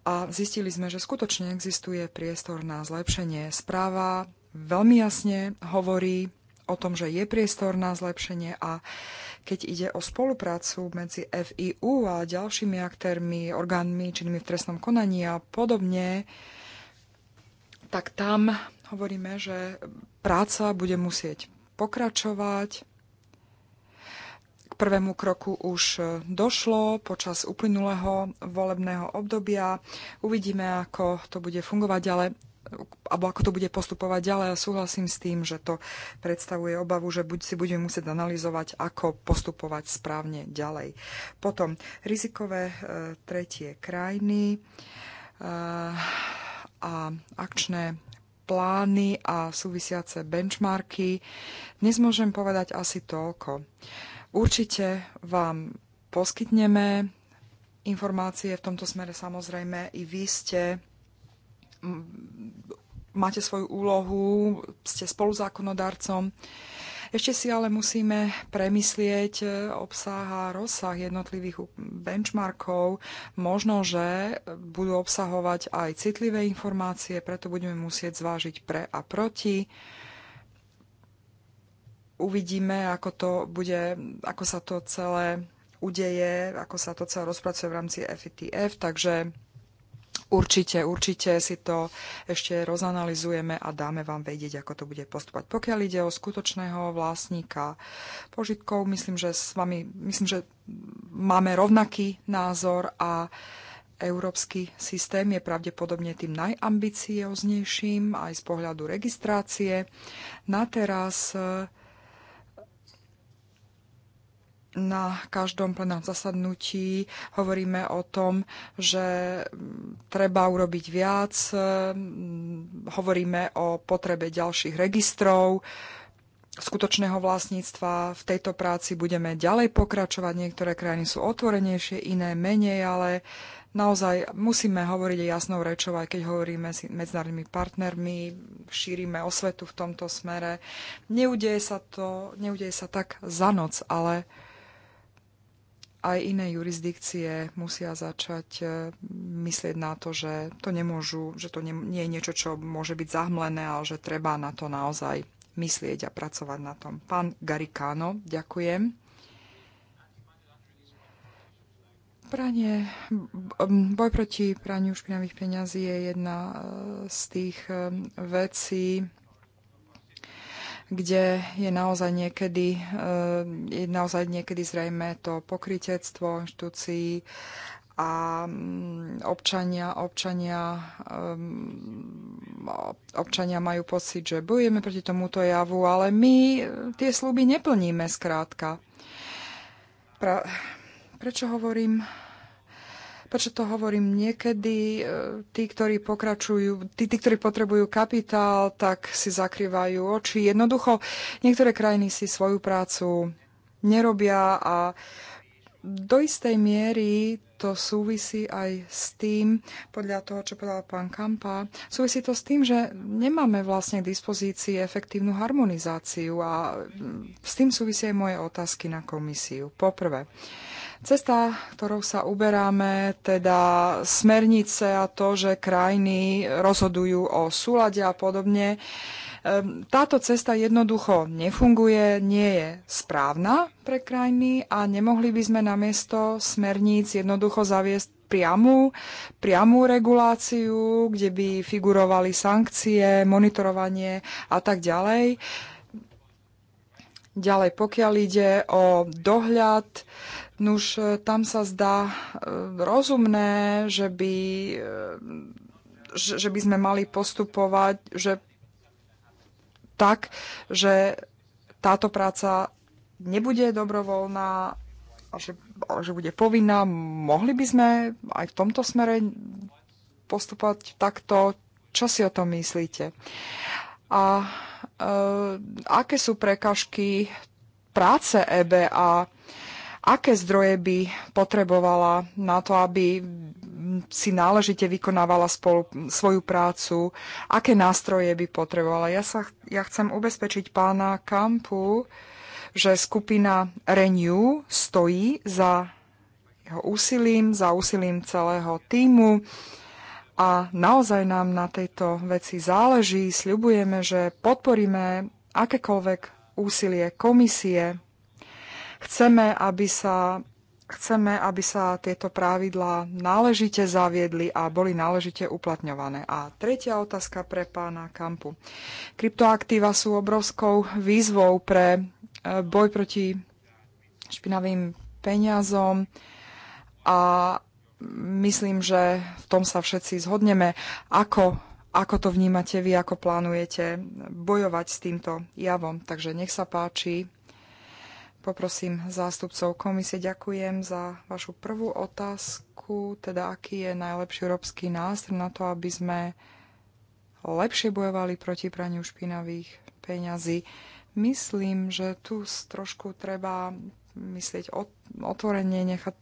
A zistili sme, že skutočne existuje priestor na zlepšenie. Správa veľmi jasne hovorí o tom, že je priestor na zlepšenie a keď ide o spoluprácu medzi FIU a ďalšími aktérmi, orgánmi, činnými v trestnom konaní a podobne, tak tam hovoríme, že práca bude musieť pokračovať, prvému kroku už e, došlo počas uplynulého volebného obdobia. Uvidíme, ako to bude fungovať, ďalej alebo ako to bude postupovať ďalej. Ja súhlasím s tým, že to predstavuje obavu, že buď si budeme musieť analyzovať, ako postupovať správne ďalej. Potom rizikové e, tretie krajiny e, a akčné plány a súvisiace benchmarky. Dnes môžem povedať asi toľko. E, Určite vám poskytneme informácie v tomto smere samozrejme i vy ste máte svoju úlohu, ste spoluzákonodarcom. Ešte si ale musíme premyslieť e, obsah a rozsah jednotlivých benchmarkov. Možno, že budú obsahovať aj citlivé informácie, preto budeme musieť zvážiť pre a proti uvidíme, ako to bude, ako sa to celé udeje, ako sa to celé rozpracuje v rámci FETF, takže určite, určite si to ešte rozanalizujeme a dáme vám vedieť, ako to bude postupovať. Pokiaľ ide o skutočného vlastníka požitkov, myslím, že s vami, myslím, že máme rovnaký názor a Európsky systém je pravdepodobne tým najambicioznejším aj z pohľadu registrácie. Na teraz na každom plenárnom zasadnutí hovoríme o tom, že mm, treba urobiť viac, e, mm, hovoríme o potrebe ďalších registrov, skutočného vlastníctva. V tejto práci budeme ďalej pokračovať. Niektoré krajiny sú otvorenejšie, iné menej, ale naozaj musíme hovoriť jasnou rečou, aj keď hovoríme s medzinárodnými partnermi, šírime osvetu v tomto smere. Neudeje sa to, neudeje sa tak za noc, ale aj iné jurisdikcie musia začať e, myslieť na to, že to nemôžu, že to nie je niečo, čo môže byť zahmlené, ale že treba na to naozaj myslieť a pracovať na tom. Pán Garikáno, ďakujem. Pranie, boj proti praniu špinavých peňazí je jedna e, z tých e, vecí, kde je naozaj niekedy, eh, je naozaj niekedy zrejme to pokrytectvo inštitúcií a mm, občania, občania, eh, občania majú pocit, že bojujeme proti tomuto javu, ale my eh, tie sluby neplníme zkrátka. Pra, prečo hovorím Prečo to hovorím? Niekedy e, tí, ktorí pokračujú, tí, tí, ktorí potrebujú kapitál, tak si zakrývajú oči. Jednoducho, niektoré krajiny si svoju prácu nerobia a do istej miery to súvisí aj s tým, podľa toho, čo povedal pán Kampa, súvisí to s tým, že nemáme vlastne k dispozícii efektívnu harmonizáciu a s tým súvisia aj moje otázky na komisiu. Poprvé, uh, Cesta, ktorou sa uberáme, teda smernice a to, že krajiny rozhodujú o súlade a podobne, ehm, táto cesta jednoducho nefunguje, nie je správna pre krajiny a nemohli by sme namiesto smerníc jednoducho zaviesť priamu, priamu reguláciu, kde by figurovali sankcie, monitorovanie a tak ďalej. Ďalej, pokiaľ ide o dohľad, Nuž e, tam sa zdá e, rozumné, že by, e, že by sme mali postupovať že tak, že táto práca nebude dobrovoľná že, že bude povinná. Mohli by sme aj v tomto smere postupovať takto? Čo si o tom myslíte? A e, aké sú prekažky práce EBA? aké zdroje by potrebovala na to, aby si náležite vykonávala spolu, svoju prácu, aké nástroje by potrebovala. Ja, sa, ja chcem ubezpečiť pána Kampu, že skupina Renew stojí za jeho úsilím, za úsilím celého týmu a naozaj nám na tejto veci záleží. Sľubujeme, že podporíme akékoľvek úsilie komisie Chceme, aby sa Chceme, aby sa tieto pravidlá náležite zaviedli a boli náležite uplatňované. A tretia otázka pre pána Kampu. Kryptoaktíva sú obrovskou výzvou pre e, boj proti špinavým peniazom a myslím, že v tom sa všetci zhodneme. Ako ako to vnímate vy, ako plánujete bojovať s týmto javom. Takže nech sa páči, Poprosím zástupcov komisie, ďakujem za vašu prvú otázku, teda aký je najlepší európsky nástroj na to, aby sme lepšie bojovali proti praniu špinavých peňazí. Myslím, že tu trošku treba myslieť otvorenie, nechať,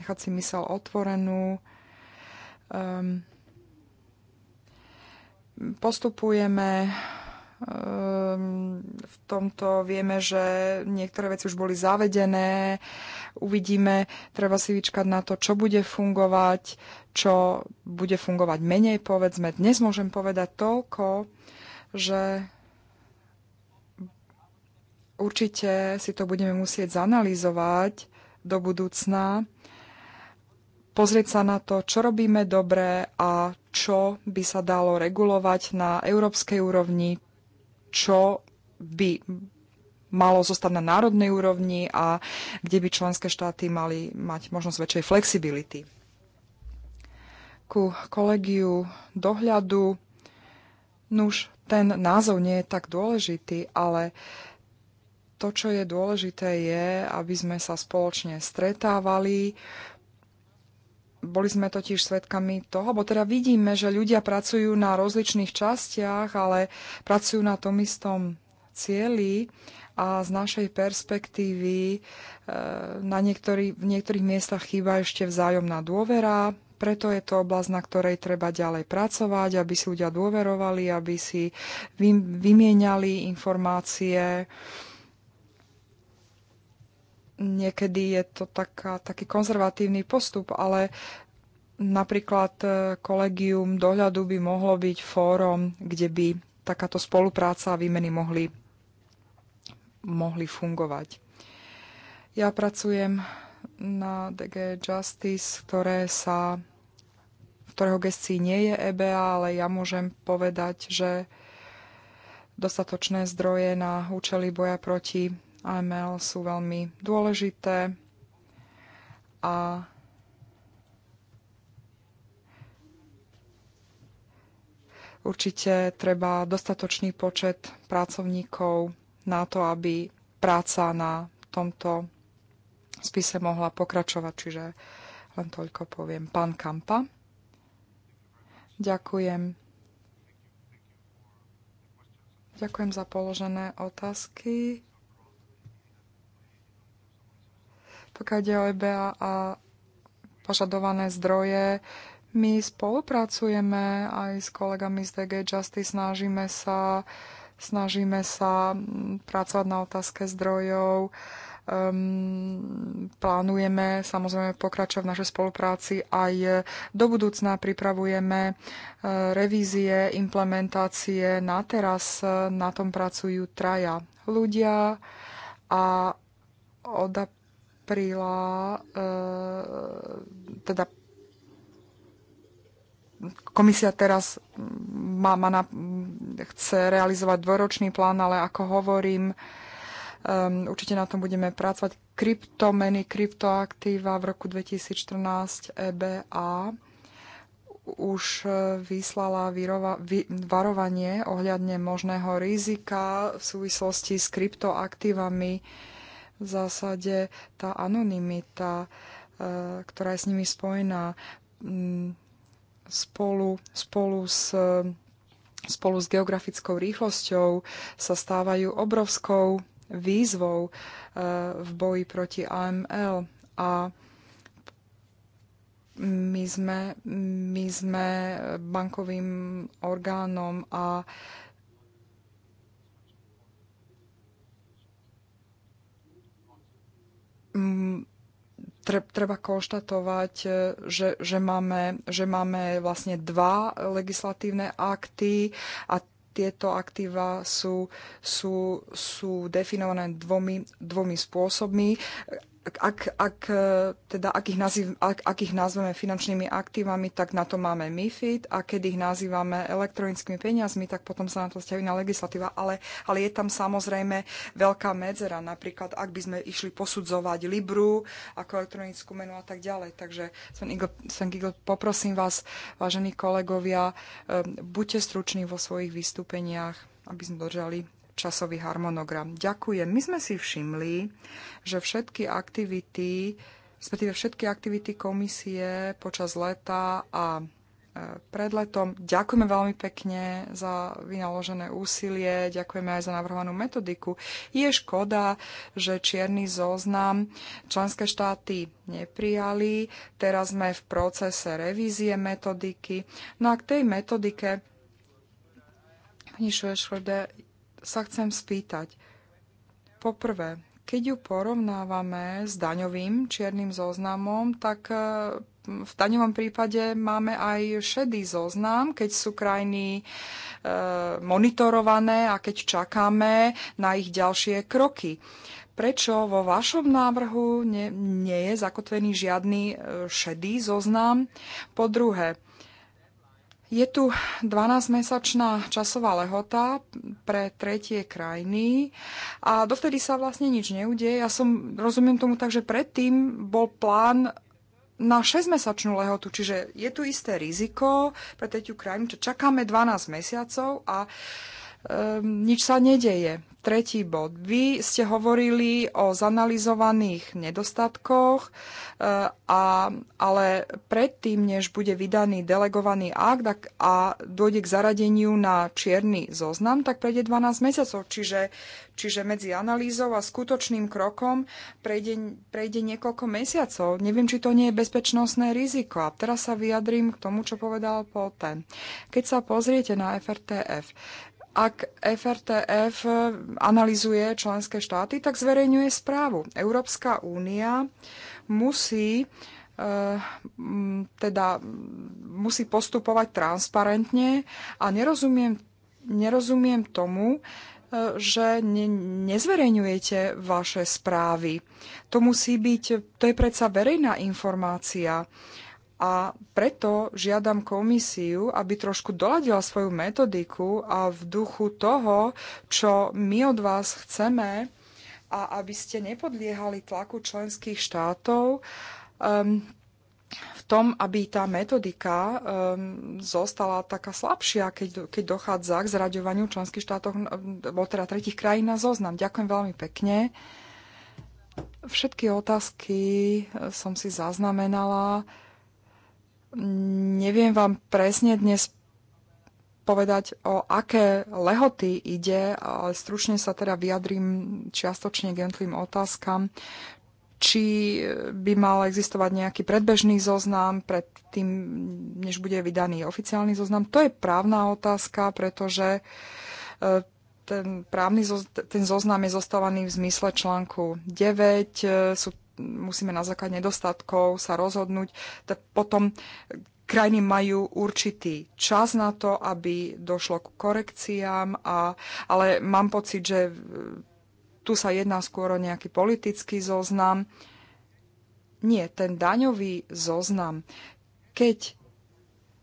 nechať si mysel otvorenú. Um, postupujeme Ehm, v tomto vieme, že niektoré veci už boli zavedené. Uvidíme, treba si vyčkať na to, čo bude fungovať, čo bude fungovať menej, povedzme. Dnes môžem povedať toľko, že určite si to budeme musieť zanalýzovať do budúcna, pozrieť sa na to, čo robíme dobre a čo by sa dalo regulovať na európskej úrovni, čo by malo zostať na národnej úrovni a kde by členské štáty mali mať možnosť väčšej flexibility. Ku kolegiu dohľadu, nuž ten názov nie je tak dôležitý, ale to, čo je dôležité, je, aby sme sa spoločne stretávali, boli sme totiž svedkami toho, bo teda vidíme, že ľudia pracujú na rozličných častiach, ale pracujú na tom istom cieli a z našej perspektívy e, na niektorý, v niektorých miestach chýba ešte vzájomná dôvera, preto je to oblasť, na ktorej treba ďalej pracovať, aby si ľudia dôverovali, aby si vymieňali informácie, Niekedy je to taká, taký konzervatívny postup, ale napríklad e, kolegium dohľadu by mohlo byť fórom, kde by takáto spolupráca a výmeny mohli, mohli fungovať. Ja pracujem na DG Justice, ktoré sa, v ktorého gestii nie je EBA, ale ja môžem povedať, že dostatočné zdroje na účely boja proti AML sú veľmi dôležité a určite treba dostatočný počet pracovníkov na to, aby práca na tomto spise mohla pokračovať. Čiže len toľko poviem. Pán Kampa. Ďakujem. Ďakujem za položené otázky. pokiaľ ide o EBA a požadované zdroje, my spolupracujeme aj s kolegami z DG Justice, snažíme sa, snažíme sa mm, pracovať na otázke zdrojov, um, plánujeme samozrejme pokračovať v našej spolupráci aj do budúcna, pripravujeme uh, revízie, implementácie, na teraz uh, na tom pracujú traja ľudia a od apríla e, teda komisia teraz má, má na, chce realizovať dvoročný plán, ale ako hovorím, Um, určite na tom budeme pracovať. Kryptomeny, kryptoaktíva v roku 2014 EBA už vyslala vyrova, vy, varovanie ohľadne možného rizika v súvislosti s kryptoaktívami v zásade tá anonimita, e, ktorá je s nimi spojená spolu, spolu s spolu s geografickou rýchlosťou sa stávajú obrovskou výzvou e, v boji proti AML. A my sme, my sme bankovým orgánom a Mm, treba konštatovať, e, že, že, máme, že máme vlastne dva legislatívne akty a tieto aktíva sú, sú, sú definované dvomi, dvomi spôsobmi ak, ak, ak, e, teda, ak, ich nazýv, ak, ak ich nazveme finančnými aktívami, tak na to máme MIFID a keď ich nazývame elektronickými peniazmi, tak potom sa na to stiaví na legislatíva. Ale, ale je tam samozrejme veľká medzera. Napríklad, ak by sme išli posudzovať Libru ako elektronickú menu a tak ďalej. Takže, Sven Gigl, poprosím vás, vážení kolegovia, e, buďte struční vo svojich vystúpeniach, aby sme držali časový harmonogram. Ďakujem. My sme si všimli, že všetky aktivity, respektíve všetky aktivity komisie počas leta a e, pred letom. Ďakujeme veľmi pekne za vynaložené úsilie, ďakujeme aj za navrhovanú metodiku. Je škoda, že čierny zoznam členské štáty neprijali. Teraz sme v procese revízie metodiky. No a k tej metodike, pani sa chcem spýtať. Poprvé, keď ju porovnávame s daňovým čiernym zoznamom, tak e, v daňovom prípade máme aj šedý zoznam, keď sú krajiny e, monitorované a keď čakáme na ich ďalšie kroky. Prečo vo vašom návrhu nie, nie je zakotvený žiadny e, šedý zoznam? Po druhé, je tu 12-mesačná časová lehota pre tretie krajiny a dovtedy sa vlastne nič neudeje. Ja som, rozumiem tomu tak, že predtým bol plán na 6-mesačnú lehotu, čiže je tu isté riziko pre tretiu krajinu, čo čakáme 12 mesiacov a uh, Ehm, nič sa nedeje. Tretí bod. Vy ste hovorili o zanalizovaných nedostatkoch, eh, a, ale predtým, než bude vydaný delegovaný akt a, a dôjde k zaradeniu na čierny zoznam, tak prejde 12 mesiacov. Čiže, čiže medzi analýzou a skutočným krokom prejde, prejde niekoľko mesiacov. Neviem, či to nie je bezpečnostné riziko. A teraz sa vyjadrím k tomu, čo povedal Polten. Keď sa pozriete na FRTF, ak FRTF analizuje členské štáty, tak zverejňuje správu. Európska únia musí eh, teda musí postupovať transparentne a nerozumiem, nerozumiem tomu, eh, že ne, nezverejňujete vaše správy. To musí byť, to je predsa verejná informácia. A preto žiadam komisiu, aby trošku doladila svoju metodiku a v duchu toho, čo my od vás chceme, a aby ste nepodliehali tlaku členských štátov um, v tom, aby tá metodika um, zostala taká slabšia, keď, keď dochádza k zraďovaniu členských štátov, alebo teda tretich krajín na zoznam. Ďakujem veľmi pekne. Všetky otázky eh, som si zaznamenala. Neviem vám presne dnes povedať, o aké lehoty ide, ale stručne sa teda vyjadrím čiastočne gentlým otázkam. Či e, by mal existovať nejaký predbežný zoznam pred tým, než bude vydaný oficiálny zoznam, to je právna otázka, pretože e, ten, právny, ten zoznam je zostávaný v zmysle článku 9, e, sú musíme na základe nedostatkov sa rozhodnúť. tak Potom krajiny majú určitý čas na to, aby došlo k korekciám, a, ale mám pocit, že tu sa jedná skôr o nejaký politický zoznam. Nie, ten daňový zoznam. Keď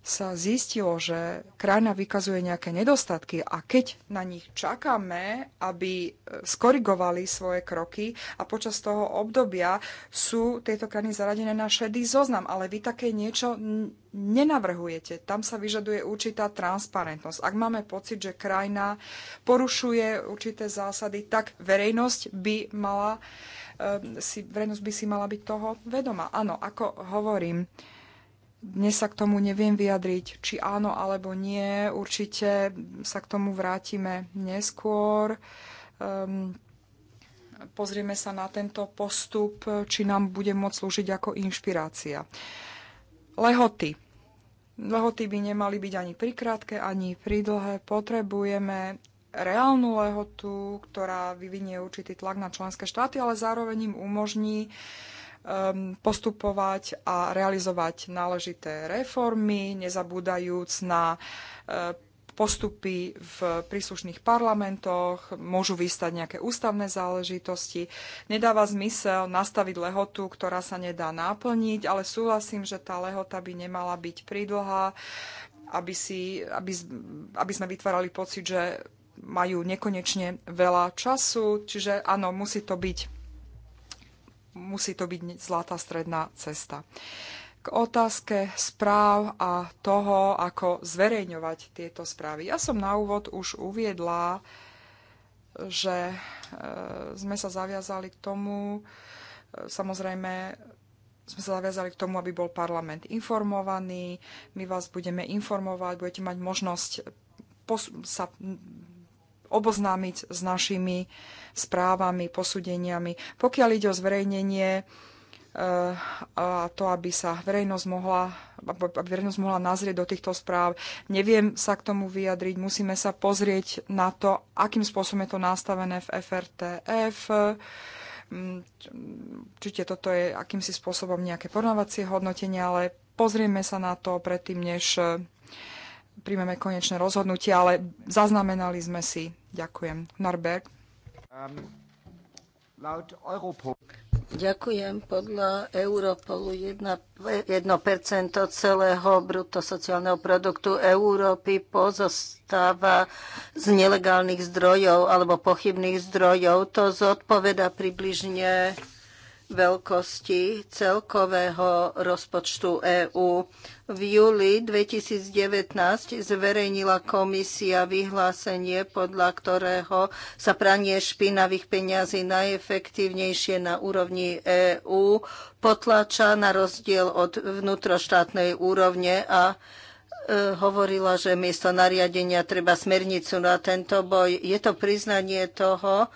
sa zistilo, že krajina vykazuje nejaké nedostatky a keď na nich čakáme, aby e, skorigovali svoje kroky a počas toho obdobia sú tieto krajiny zaradené na šedý zoznam, ale vy také niečo nenavrhujete. Tam sa vyžaduje určitá transparentnosť. Ak máme pocit, že krajina porušuje určité zásady, tak verejnosť by mala, e, si, verejnosť by si mala byť toho vedoma. Áno, ako hovorím, dnes sa k tomu neviem vyjadriť, či áno alebo nie. Určite sa k tomu vrátime neskôr. Um, pozrieme sa na tento postup, či nám bude môcť slúžiť ako inšpirácia. Lehoty. Lehoty by nemali byť ani prikrátke, ani pridlhé. Potrebujeme reálnu lehotu, ktorá vyvinie určitý tlak na členské štáty, ale zároveň im umožní uh, Um, postupovať a realizovať náležité reformy, nezabúdajúc na uh, postupy v príslušných parlamentoch, môžu vystať nejaké ústavné záležitosti. Nedáva zmysel nastaviť lehotu, ktorá sa nedá náplniť, ale súhlasím, že tá lehota by nemala byť pridlhá, aby, si, aby, aby sme vytvárali pocit, že majú nekonečne veľa času. Čiže áno, musí to byť musí to byť zlatá stredná cesta. K otázke správ a toho, ako zverejňovať tieto správy. Ja som na úvod už uviedla, že e, sme sa zaviazali k tomu, e, samozrejme sme sa zaviazali k tomu, aby bol parlament informovaný. My vás budeme informovať, budete mať možnosť sa oboznámiť s našimi správami, posúdeniami. Pokiaľ ide o zverejnenie e, a to, aby sa verejnosť mohla, aby verejnosť mohla nazrieť do týchto správ. Neviem sa k tomu vyjadriť. Musíme sa pozrieť na to, akým spôsobom je to nastavené v FRTF. Čiže toto je akýmsi spôsobom nejaké porovnávacie hodnotenie, ale pozrieme sa na to predtým, než príjmeme konečné rozhodnutie, ale zaznamenali sme si. Ďakujem. Norberg. Um. Ďakujem. Podľa Europolu 1%, 1 celého brutosociálneho produktu Európy pozostáva z nelegálnych zdrojov alebo pochybných zdrojov. To zodpoveda približne veľkosti celkového rozpočtu EÚ. V júli 2019 zverejnila komisia vyhlásenie, podľa ktorého sa pranie špinavých peňazí najefektívnejšie na úrovni EÚ potláča na rozdiel od vnútroštátnej úrovne a e, hovorila, že miesto nariadenia treba smernicu na tento boj. Je to priznanie toho,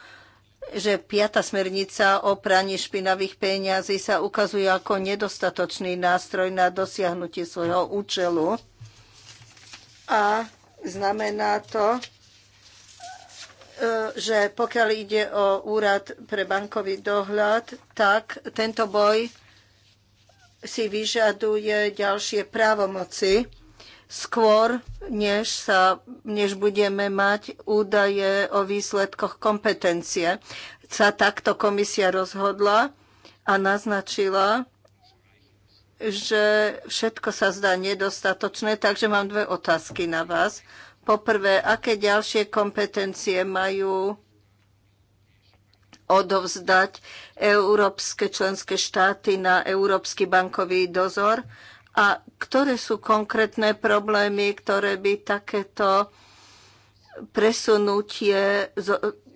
že piata smernica o praní špinavých peňazí sa ukazuje ako nedostatočný nástroj na dosiahnutie svojho účelu. A znamená to, e, že pokiaľ ide o úrad pre bankový dohľad, tak tento boj si vyžaduje ďalšie právomoci skôr, než, sa, než budeme mať údaje o výsledkoch kompetencie. Sa takto komisia rozhodla a naznačila, že všetko sa zdá nedostatočné, takže mám dve otázky na vás. Poprvé, aké ďalšie kompetencie majú odovzdať európske členské štáty na Európsky bankový dozor? a ktoré sú konkrétne problémy, ktoré by takéto presunutie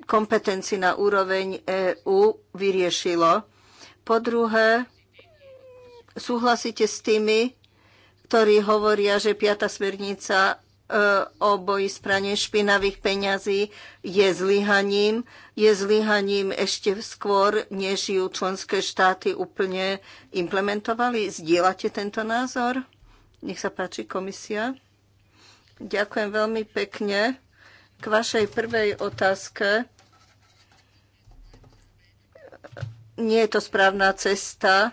kompetencií na úroveň EÚ vyriešilo. Po druhé, súhlasíte s tými, ktorí hovoria, že piata smernica E, o boji s praním špinavých peňazí je zlyhaním. Je zlyhaním ešte skôr, než ju členské štáty úplne implementovali. Zdieľate tento názor? Nech sa páči komisia. Ďakujem veľmi pekne. K vašej prvej otázke. Nie je to správna cesta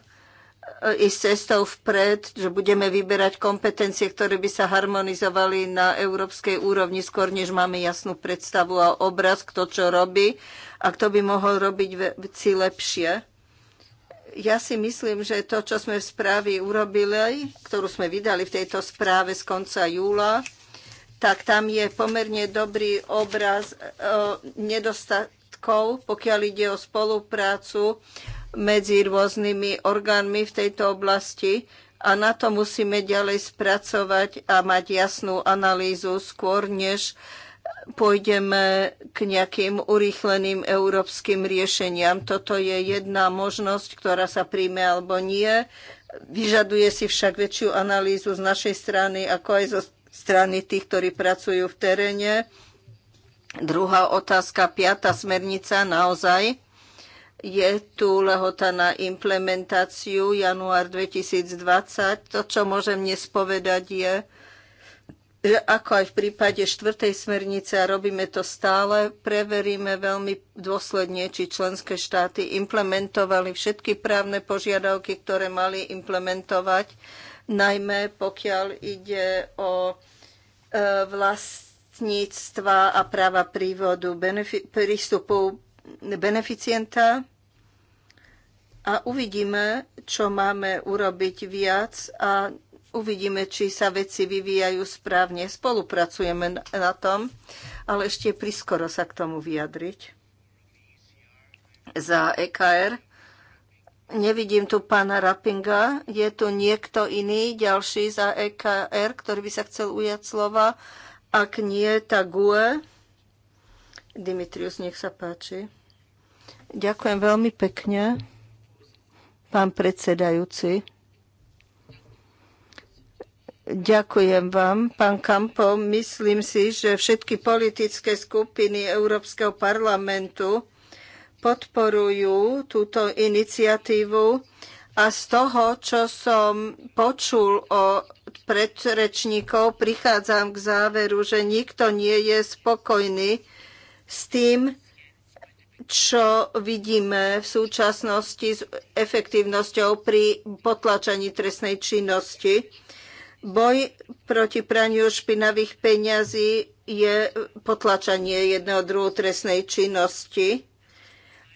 E, ísť cestou vpred, že budeme vyberať kompetencie, ktoré by sa harmonizovali na európskej úrovni, skôr než máme jasnú predstavu a obraz, kto čo robí a kto by mohol robiť veci lepšie. Ja si myslím, že to, čo sme v správe urobili, ktorú sme vydali v tejto správe z konca júla, tak tam je pomerne dobrý obraz e, nedostatkov, pokiaľ ide o spoluprácu medzi rôznymi orgánmi v tejto oblasti a na to musíme ďalej spracovať a mať jasnú analýzu skôr, než pôjdeme k nejakým urýchleným európskym riešeniam. Toto je jedna možnosť, ktorá sa príjme alebo nie. Vyžaduje si však väčšiu analýzu z našej strany, ako aj zo strany tých, ktorí pracujú v teréne. Druhá otázka, piata smernica naozaj je tu lehota na implementáciu január 2020. To, čo môžem dnes povedať, je, že ako aj v prípade štvrtej smernice, a robíme to stále, preveríme veľmi dôsledne, či členské štáty implementovali všetky právne požiadavky, ktoré mali implementovať, najmä pokiaľ ide o e, vlastníctva a práva prívodu benefi- prístupu beneficienta a uvidíme, čo máme urobiť viac a uvidíme, či sa veci vyvíjajú správne. Spolupracujeme na tom, ale ešte priskoro sa k tomu vyjadriť. Za EKR nevidím tu pána Rappinga. Je tu niekto iný, ďalší za EKR, ktorý by sa chcel ujať slova? Ak nie, tak GUE. Dimitrius, nech sa páči. Ďakujem veľmi pekne pán predsedajúci. Ďakujem vám, pán Kampo. Myslím si, že všetky politické skupiny Európskeho parlamentu podporujú túto iniciatívu a z toho, čo som počul o predrečníkov, prichádzam k záveru, že nikto nie je spokojný s tým, čo vidíme v súčasnosti s efektívnosťou pri potlačaní trestnej činnosti. Boj proti praniu špinavých peňazí je potlačanie jedného druhu trestnej činnosti.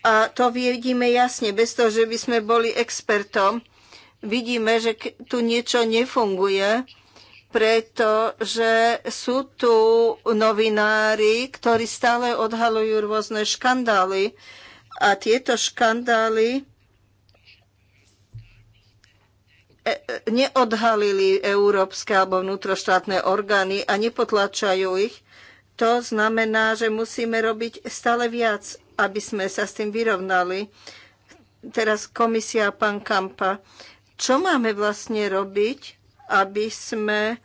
A to vidíme jasne, bez toho, že by sme boli expertom. Vidíme, že tu niečo nefunguje pretože sú tu novinári, ktorí stále odhalujú rôzne škandály a tieto škandály e, e, neodhalili európske alebo vnútroštátne orgány a nepotlačajú ich. To znamená, že musíme robiť stále viac, aby sme sa s tým vyrovnali. Teraz komisia pán Kampa. Čo máme vlastne robiť? aby sme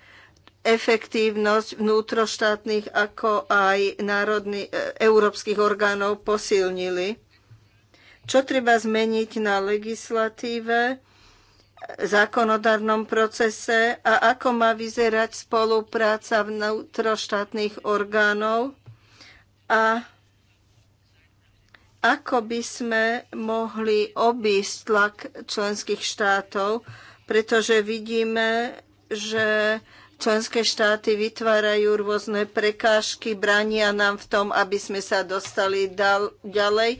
efektívnosť vnútroštátnych ako aj národných e, európskych orgánov posilnili. Čo treba zmeniť na legislatíve, e, zákonodárnom procese a ako má vyzerať spolupráca vnútroštátnych orgánov a ako by sme mohli obísť tlak členských štátov, pretože vidíme, že členské štáty vytvárajú rôzne prekážky, brania nám v tom, aby sme sa dostali ďalej. E,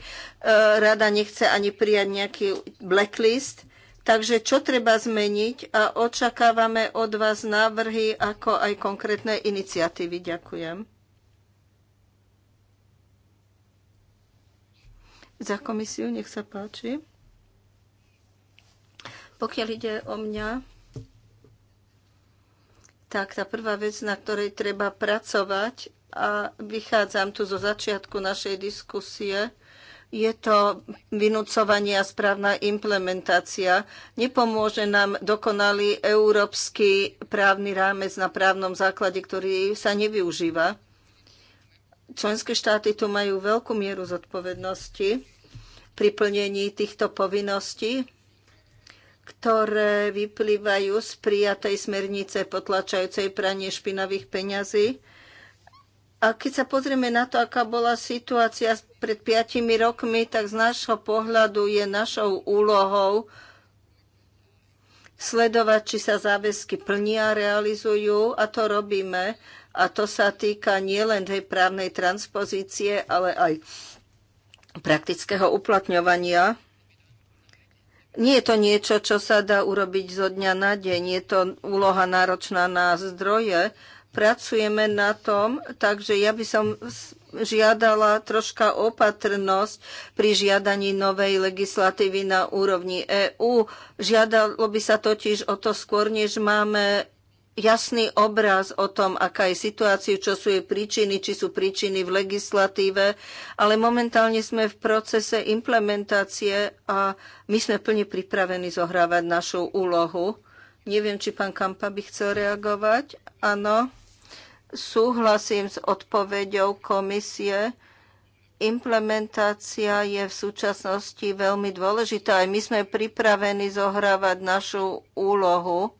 rada nechce ani prijať nejaký blacklist. Takže čo treba zmeniť a očakávame od vás návrhy ako aj konkrétne iniciatívy. Ďakujem. Za komisiu, nech sa páči. Pokiaľ ide o mňa, tak tá prvá vec, na ktorej treba pracovať, a vychádzam tu zo začiatku našej diskusie, je to vynúcovanie a správna implementácia. Nepomôže nám dokonalý európsky právny rámec na právnom základe, ktorý sa nevyužíva. Členské štáty tu majú veľkú mieru zodpovednosti pri plnení týchto povinností ktoré vyplývajú z prijatej smernice potlačajúcej pranie špinavých peňazí. A keď sa pozrieme na to, aká bola situácia pred piatimi rokmi, tak z nášho pohľadu je našou úlohou sledovať, či sa záväzky plnia, realizujú a to robíme. A to sa týka nielen tej právnej transpozície, ale aj praktického uplatňovania nie je to niečo, čo sa dá urobiť zo dňa na deň. Je to úloha náročná na zdroje. Pracujeme na tom, takže ja by som žiadala troška opatrnosť pri žiadaní novej legislatívy na úrovni EÚ. Žiadalo by sa totiž o to skôr, než máme jasný obraz o tom, aká je situácia, čo sú jej príčiny, či sú príčiny v legislatíve, ale momentálne sme v procese implementácie a my sme plne pripravení zohrávať našu úlohu. Neviem, či pán Kampa by chcel reagovať. Áno, súhlasím s odpoveďou komisie. Implementácia je v súčasnosti veľmi dôležitá. Aj my sme pripravení zohrávať našu úlohu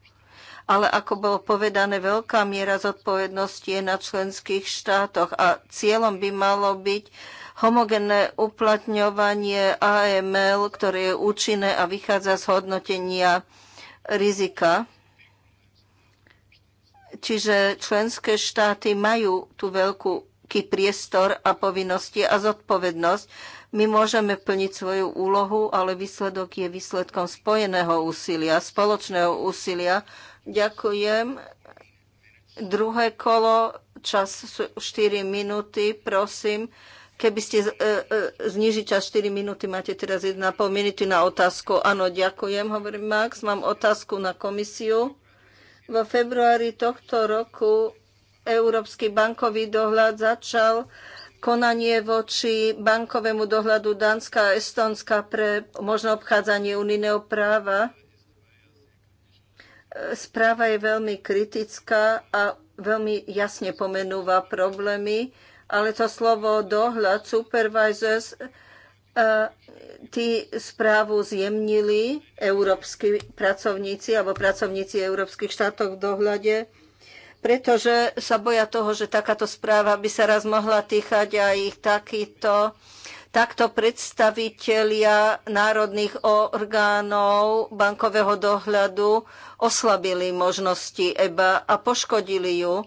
ale ako bolo povedané, veľká miera zodpovednosti je na členských štátoch a cieľom by malo byť homogénne uplatňovanie AML, ktoré je účinné a vychádza z hodnotenia rizika. Čiže členské štáty majú tú veľký priestor a povinnosti a zodpovednosť. My môžeme plniť svoju úlohu, ale výsledok je výsledkom spojeného úsilia, spoločného úsilia, Ďakujem. Druhé kolo, čas 4 minúty, prosím. Keby ste e, e, znižili čas 4 minúty, máte teraz 1,5 minúty na otázku. Áno, ďakujem, hovorí Max. Mám otázku na komisiu. Vo februári tohto roku Európsky bankový dohľad začal konanie voči bankovému dohľadu Dánska a Estónska pre možné obchádzanie unijného práva Správa je veľmi kritická a veľmi jasne pomenúva problémy, ale to slovo dohľad, supervisors, e, tí správu zjemnili európsky pracovníci alebo pracovníci európskych štátov v dohľade, pretože sa boja toho, že takáto správa by sa raz mohla týchať aj ich takýto. Takto predstavitelia národných orgánov bankového dohľadu oslabili možnosti EBA a poškodili ju.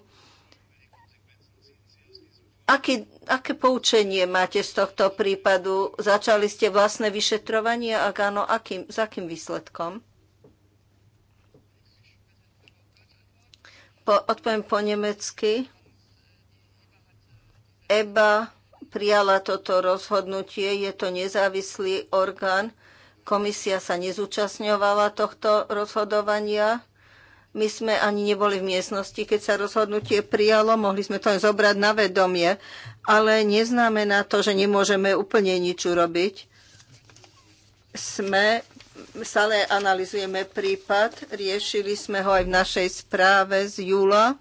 Aký, aké poučenie máte z tohto prípadu? Začali ste vlastné vyšetrovanie? Ak áno, akým, s akým výsledkom? Po, odpoviem po nemecky. EBA prijala toto rozhodnutie. Je to nezávislý orgán. Komisia sa nezúčastňovala tohto rozhodovania. My sme ani neboli v miestnosti, keď sa rozhodnutie prijalo, mohli sme to len zobrať na vedomie, ale neznamená to, že nemôžeme úplne nič urobiť. Sme, stále analizujeme prípad, riešili sme ho aj v našej správe z júla,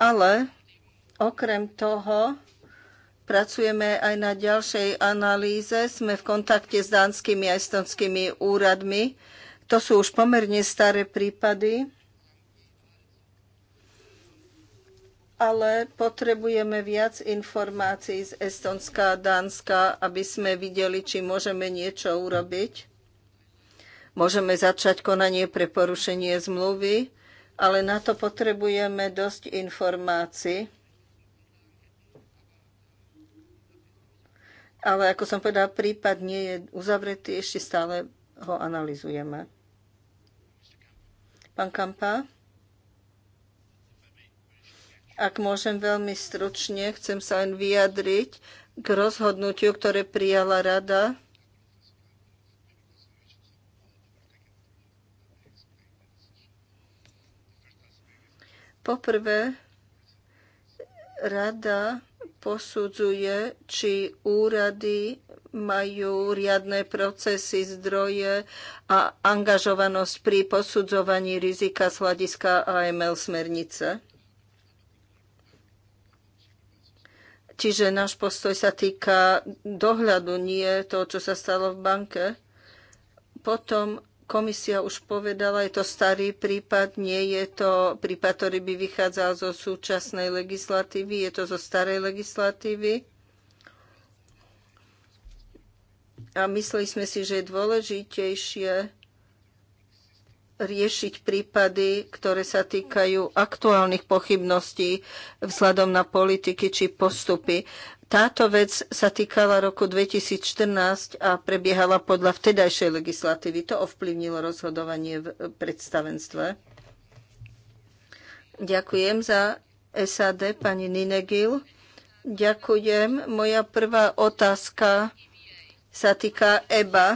ale okrem toho Pracujeme aj na ďalšej analýze. Sme v kontakte s dánskymi a estonskými úradmi. To sú už pomerne staré prípady. ale potrebujeme viac informácií z Estonska a Dánska, aby sme videli, či môžeme niečo urobiť. Môžeme začať konanie pre porušenie zmluvy, ale na to potrebujeme dosť informácií. Ale ako som povedal, prípad nie je uzavretý, ešte stále ho analizujeme. Pán Kampa? Ak môžem veľmi stručne, chcem sa len vyjadriť k rozhodnutiu, ktoré prijala rada. Poprvé, rada posudzuje, či úrady majú riadne procesy, zdroje a angažovanosť pri posudzovaní rizika z hľadiska AML smernice. Čiže náš postoj sa týka dohľadu, nie toho, čo sa stalo v banke. Potom Komisia už povedala, je to starý prípad, nie je to prípad, ktorý by vychádzal zo súčasnej legislatívy, je to zo starej legislatívy. A mysleli sme si, že je dôležitejšie riešiť prípady, ktoré sa týkajú aktuálnych pochybností vzhľadom na politiky či postupy. Táto vec sa týkala roku 2014 a prebiehala podľa vtedajšej legislatívy. To ovplyvnilo rozhodovanie v predstavenstve. Ďakujem za SAD, pani Ninegil. Ďakujem. Moja prvá otázka sa týka EBA.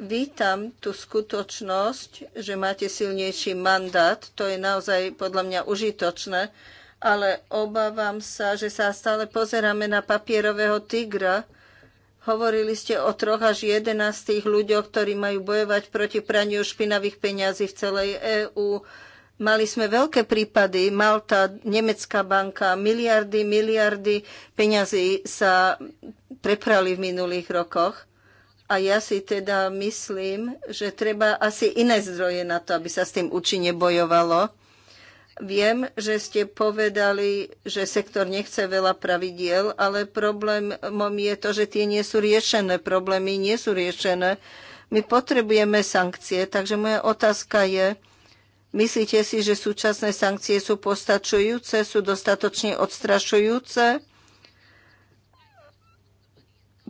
Vítam tú skutočnosť, že máte silnejší mandát. To je naozaj podľa mňa užitočné ale obávam sa, že sa stále pozeráme na papierového tigra. Hovorili ste o troch až jedenastých ľuďoch, ktorí majú bojovať proti praniu špinavých peňazí v celej EÚ. Mali sme veľké prípady, Malta, Nemecká banka, miliardy, miliardy peňazí sa preprali v minulých rokoch. A ja si teda myslím, že treba asi iné zdroje na to, aby sa s tým účinne bojovalo. Viem, že ste povedali, že sektor nechce veľa pravidiel, ale problémom je to, že tie nie sú riešené, problémy nie sú riešené. My potrebujeme sankcie, takže moja otázka je, myslíte si, že súčasné sankcie sú postačujúce, sú dostatočne odstrašujúce?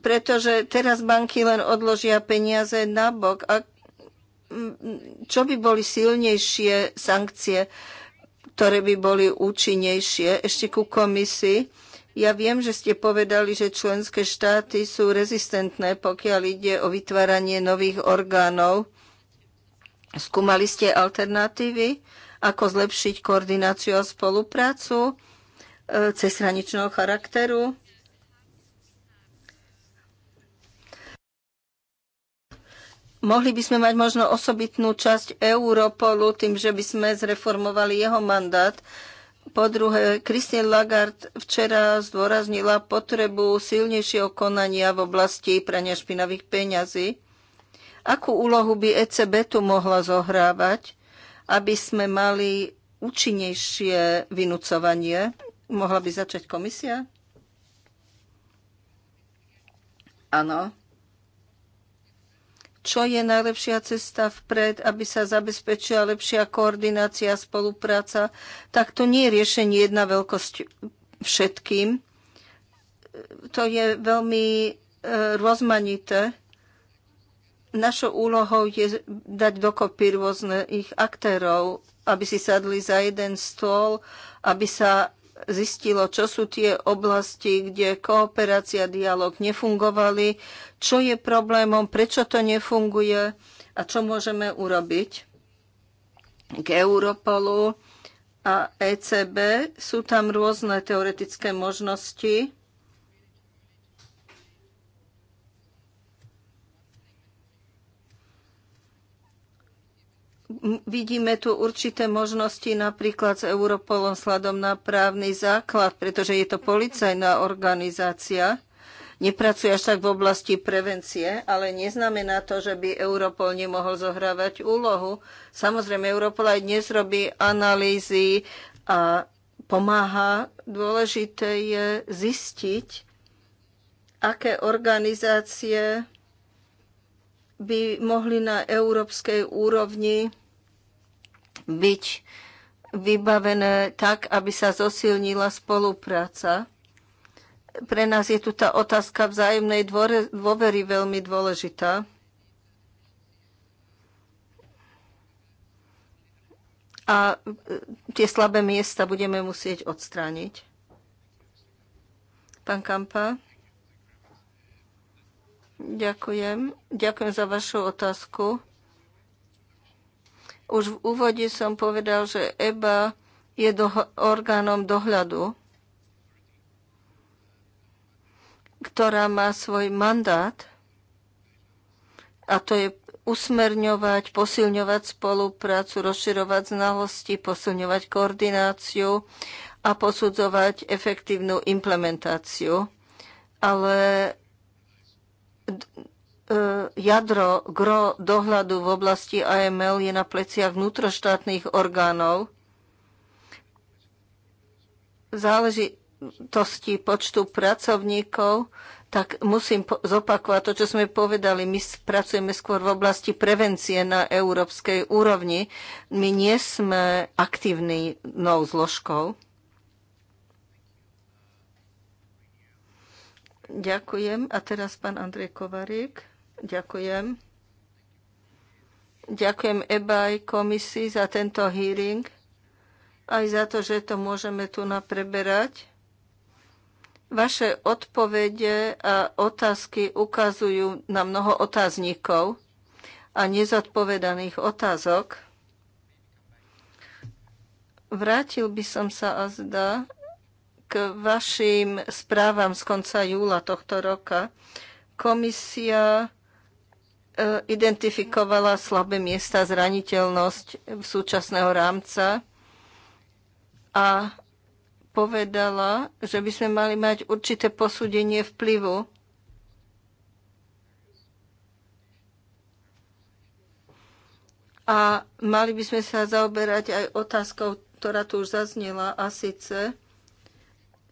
Pretože teraz banky len odložia peniaze na bok. A čo by boli silnejšie sankcie? ktoré by boli účinnejšie. Ešte ku komisii. Ja viem, že ste povedali, že členské štáty sú rezistentné, pokiaľ ide o vytváranie nových orgánov. Skúmali ste alternatívy, ako zlepšiť koordináciu a spoluprácu e, cez hraničného charakteru? Mohli by sme mať možno osobitnú časť Europolu tým, že by sme zreformovali jeho mandát. Po druhé, Christine Lagarde včera zdôraznila potrebu silnejšieho konania v oblasti prania špinavých peňazí. Akú úlohu by ECB tu mohla zohrávať, aby sme mali účinnejšie vynúcovanie? Mohla by začať komisia? Áno čo je najlepšia cesta vpred, aby sa zabezpečila lepšia koordinácia a spolupráca, tak to nie je riešenie jedna veľkosť všetkým. To je veľmi e, rozmanité. Našou úlohou je dať dokopy rôzne ich aktérov, aby si sadli za jeden stôl, aby sa zistilo, čo sú tie oblasti, kde kooperácia, dialog nefungovali, čo je problémom, prečo to nefunguje a čo môžeme urobiť. K Europolu a ECB sú tam rôzne teoretické možnosti Vidíme tu určité možnosti napríklad s Europolom sladom na právny základ, pretože je to policajná organizácia. Nepracuje až tak v oblasti prevencie, ale neznamená to, že by Europol nemohol zohrávať úlohu. Samozrejme, Europol aj dnes robí analýzy a pomáha. Dôležité je zistiť, aké organizácie by mohli na európskej úrovni byť vybavené tak, aby sa zosilnila spolupráca. Pre nás je tu tá otázka vzájomnej dvore, dôvery veľmi dôležitá. A e, tie slabé miesta budeme musieť odstrániť. Pán Kampa. Ďakujem. Ďakujem za vašu otázku. Už v úvode som povedal, že EBA je orgánom dohľadu, ktorá má svoj mandát a to je usmerňovať, posilňovať spoluprácu, rozširovať znalosti, posilňovať koordináciu a posudzovať efektívnu implementáciu. Ale E, jadro, gro dohľadu v oblasti AML je na pleciach vnútroštátnych orgánov. Záležitosti počtu pracovníkov, tak musím zopakovať to, čo sme povedali. My pracujeme skôr v oblasti prevencie na európskej úrovni. My nie sme aktívnou zložkou. Ďakujem. A teraz pán Andrej Kovarík. Ďakujem. Ďakujem EBAJ komisii za tento hearing, aj za to, že to môžeme tu napreberať. Vaše odpovede a otázky ukazujú na mnoho otáznikov a nezodpovedaných otázok. Vrátil by som sa a zda k vašim správam z konca júla tohto roka. Komisia E, identifikovala slabé miesta, zraniteľnosť súčasného rámca a povedala, že by sme mali mať určité posúdenie vplyvu. A mali by sme sa zaoberať aj otázkou, ktorá tu už zaznela, a síce,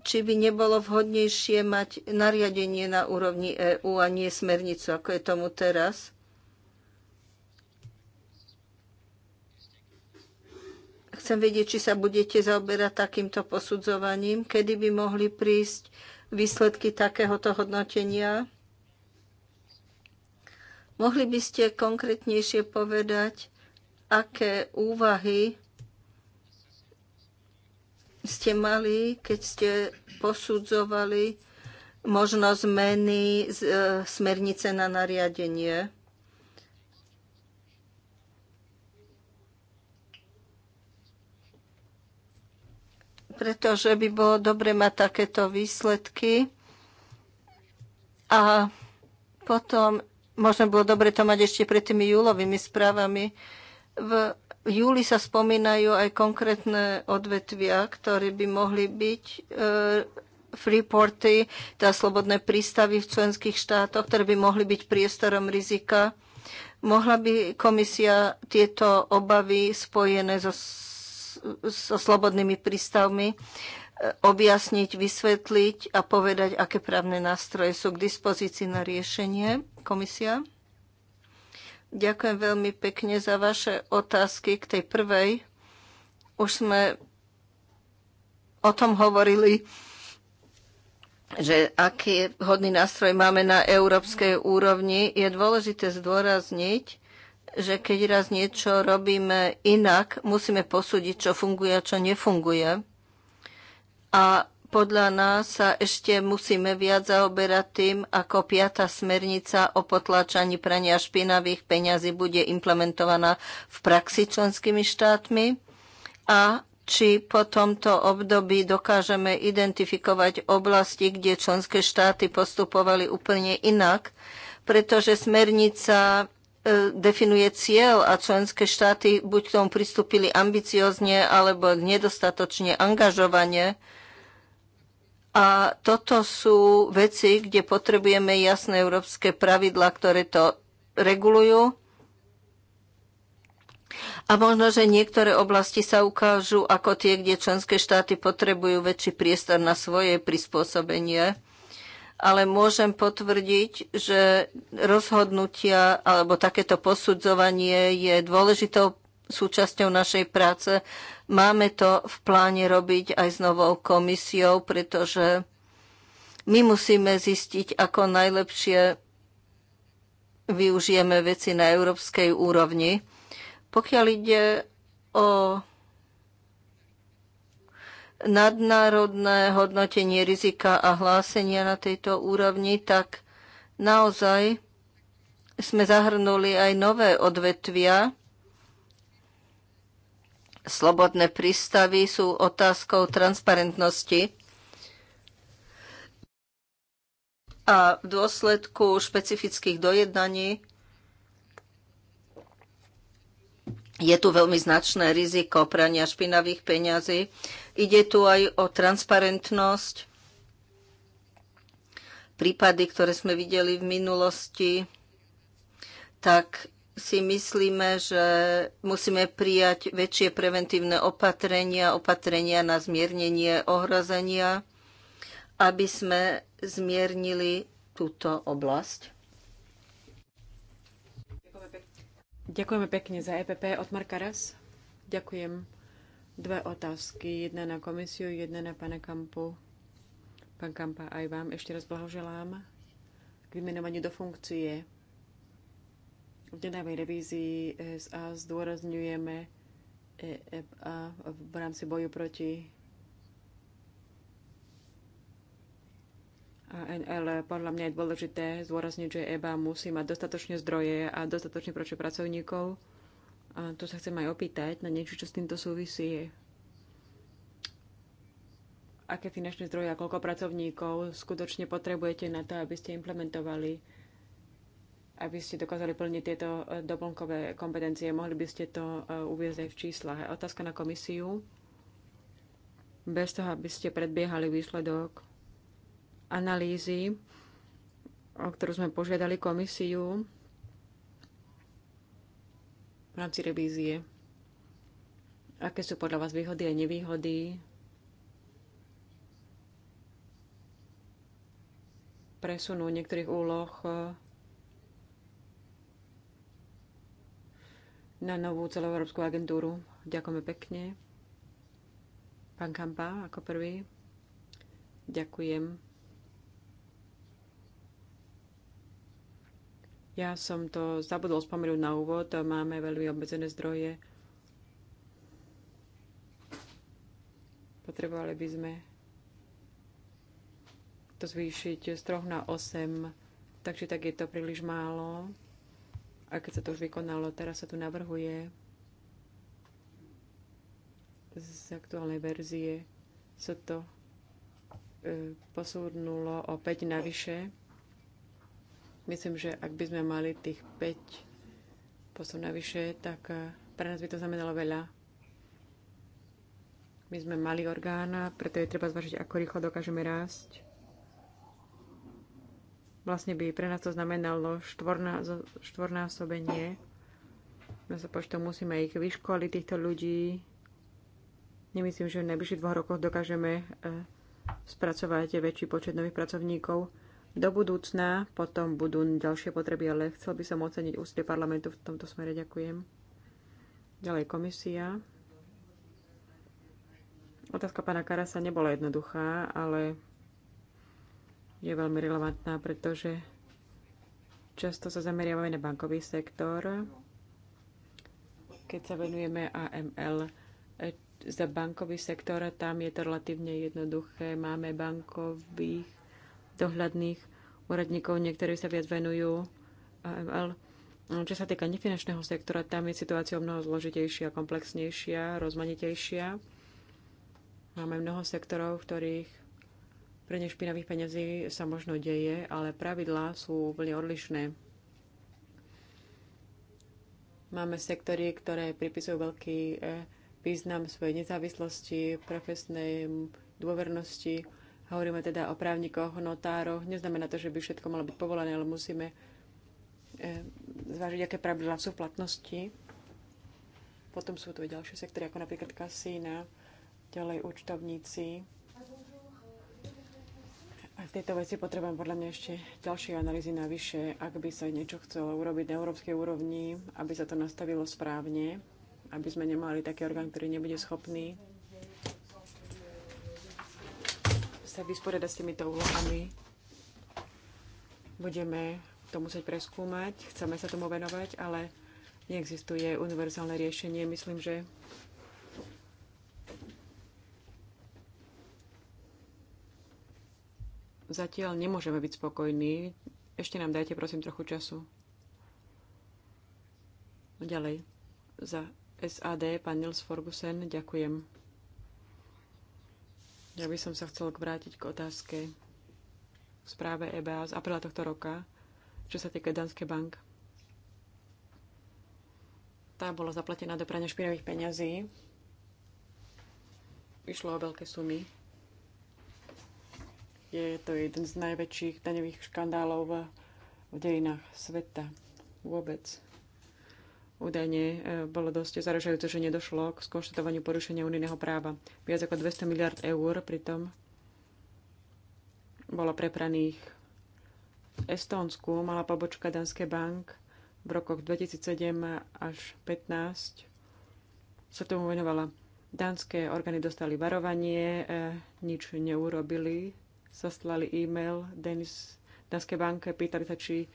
či by nebolo vhodnejšie mať nariadenie na úrovni EÚ a nie smernicu, ako je tomu teraz Chcem vedieť, či sa budete zaoberať takýmto posudzovaním, kedy by mohli prísť výsledky takéhoto hodnotenia. Mohli by ste konkrétnejšie povedať, aké úvahy ste mali, keď ste posudzovali možnosť zmeny z e, smernice na nariadenie? pretože by bolo dobre mať takéto výsledky. A potom možno bolo dobre to mať ešte pred tými júlovými správami. V júli sa spomínajú aj konkrétne odvetvia, ktoré by mohli byť e, freeporty, teda slobodné prístavy v členských štátoch, ktoré by mohli byť priestorom rizika. Mohla by komisia tieto obavy spojené so so slobodnými prístavmi e, objasniť, vysvetliť a povedať, aké právne nástroje sú k dispozícii na riešenie. Komisia? Ďakujem veľmi pekne za vaše otázky k tej prvej. Už sme o tom hovorili, že aký hodný nástroj máme na európskej úrovni. Je dôležité zdôrazniť, že keď raz niečo robíme inak, musíme posúdiť, čo funguje a čo nefunguje. A podľa nás sa ešte musíme viac zaoberať tým, ako piata smernica o potláčaní prania špinavých peňazí bude implementovaná v praxi členskými štátmi a či po tomto období dokážeme identifikovať oblasti, kde členské štáty postupovali úplne inak, pretože smernica E, definuje cieľ a členské štáty buď k tomu pristúpili ambiciozne alebo nedostatočne angažovane. A toto sú veci, kde potrebujeme jasné európske pravidla, ktoré to regulujú. A možno, že niektoré oblasti sa ukážu ako tie, kde členské štáty potrebujú väčší priestor na svoje prispôsobenie ale môžem potvrdiť, že rozhodnutia alebo takéto posudzovanie je dôležitou súčasťou našej práce. Máme to v pláne robiť aj s novou komisiou, pretože my musíme zistiť, ako najlepšie využijeme veci na európskej úrovni. Pokiaľ ide o nadnárodné hodnotenie rizika a hlásenia na tejto úrovni, tak naozaj sme zahrnuli aj nové odvetvia. Slobodné prístavy sú otázkou transparentnosti. A v dôsledku špecifických dojednaní je tu veľmi značné riziko prania špinavých peňazí. Ide tu aj o transparentnosť. Prípady, ktoré sme videli v minulosti, tak si myslíme, že musíme prijať väčšie preventívne opatrenia, opatrenia na zmiernenie ohrozenia, aby sme zmiernili túto oblasť. Ďakujeme pekne za EPP. Otmar Karas. Ďakujem. Dve otázky. Jedna na komisiu, jedna na pana Kampu. Pán Kampa, aj vám ešte raz blahoželám k vymenovaniu do funkcie. V nedávnej revízii SA zdôrazňujeme EFA v rámci boju proti NL, Podľa mňa je dôležité zdôrazniť, že EBA musí mať dostatočne zdroje a dostatočne počet pracovníkov. A to sa chcem aj opýtať na niečo, čo s týmto súvisí. Aké finančné zdroje a koľko pracovníkov skutočne potrebujete na to, aby ste implementovali, aby ste dokázali plniť tieto e, doplnkové kompetencie? Mohli by ste to e, uviezť aj v číslach. Otázka na komisiu. Bez toho, aby ste predbiehali výsledok analýzy, o ktorú sme požiadali komisiu v rámci revízie. Aké sú podľa vás výhody a nevýhody presunú niektorých úloh eh, na novú celoeurópsku agentúru. Ďakujeme pekne. Pán Kampa, ako prvý. Ďakujem. Ja som to zabudol spomenúť na úvod, máme veľmi obmedzené zdroje. Potrebovali by sme to zvýšiť z 3 na 8, takže tak je to príliš málo. A keď sa to už vykonalo, teraz sa tu navrhuje z aktuálnej verzie sa to e, posúdnulo o 5 navyše Myslím, že ak by sme mali tých 5 posun navyše, tak eh, pre nás by to znamenalo veľa. My sme mali orgán, preto je treba zvažiť, ako rýchlo dokážeme rásť. Vlastne by pre nás to znamenalo štvorná, štvornásobenie. Na sa počtom musíme ich vyškoliť, týchto ľudí. Nemyslím, že v najbližších dvoch rokoch dokážeme eh, spracovať väčší počet nových pracovníkov do budúcna potom budú ďalšie potreby, ale chcel by som oceniť úsilie parlamentu v tomto smere. Ďakujem. Ďalej komisia. Otázka pána Karasa nebola jednoduchá, ale je veľmi relevantná, pretože často sa zameriavame na bankový sektor, keď sa venujeme AML. E, za bankový sektor tam je to relatívne jednoduché. Máme bankových dohľadných úradníkov, niektorí sa viac venujú AML. Eh, Čo sa týka nefinančného sektora, tam je situácia mnoho zložitejšia, komplexnejšia, rozmanitejšia. Máme mnoho sektorov, v ktorých pre ne špinavých peniazí sa možno deje, ale pravidlá sú úplne odlišné. Máme sektory, ktoré pripisujú veľký eh, význam svojej nezávislosti, profesnej dôvernosti, Hovoríme teda o právnikoch, notároch. Neznamená to, že by všetko malo byť povolené, ale musíme eh, zvážiť, aké pravidlá sú v platnosti. Potom sú tu aj ďalšie sektory, ako napríklad kasína, ďalej účtovníci. A v tejto veci potrebujem podľa mňa ešte ďalšie analýzy navyše, ak by sa niečo chcelo urobiť na európskej úrovni, aby sa to nastavilo správne, aby sme nemali taký orgán, ktorý nebude schopný sa vysporiadať s týmito úlohami. Budeme to musieť preskúmať, chceme sa tomu venovať, ale neexistuje univerzálne riešenie. Myslím, že zatiaľ nemôžeme byť spokojní. Ešte nám dajte prosím trochu času. Ďalej. Za SAD, pán Nils Forgusen, ďakujem. Ja by som sa chcel vrátiť k otázke v správe EBA z apríla tohto roka, čo sa týka Danske bank. Tá bola zaplatená do prania špinavých peňazí. Išlo o veľké sumy. Je to jeden z najväčších daňových škandálov v dejinách sveta vôbec. Údajne e, bolo dosť zaražajúce, že nedošlo k skonštatovaniu porušenia unijného práva. Viac ako 200 miliard eur pritom bolo prepraných v Estónsku. Mala pobočka Danske Bank v rokoch 2007 až 2015 sa tomu venovala. Dánske orgány dostali varovanie, e, nič neurobili, zaslali e-mail Denis Danske banke, pýtali sa, či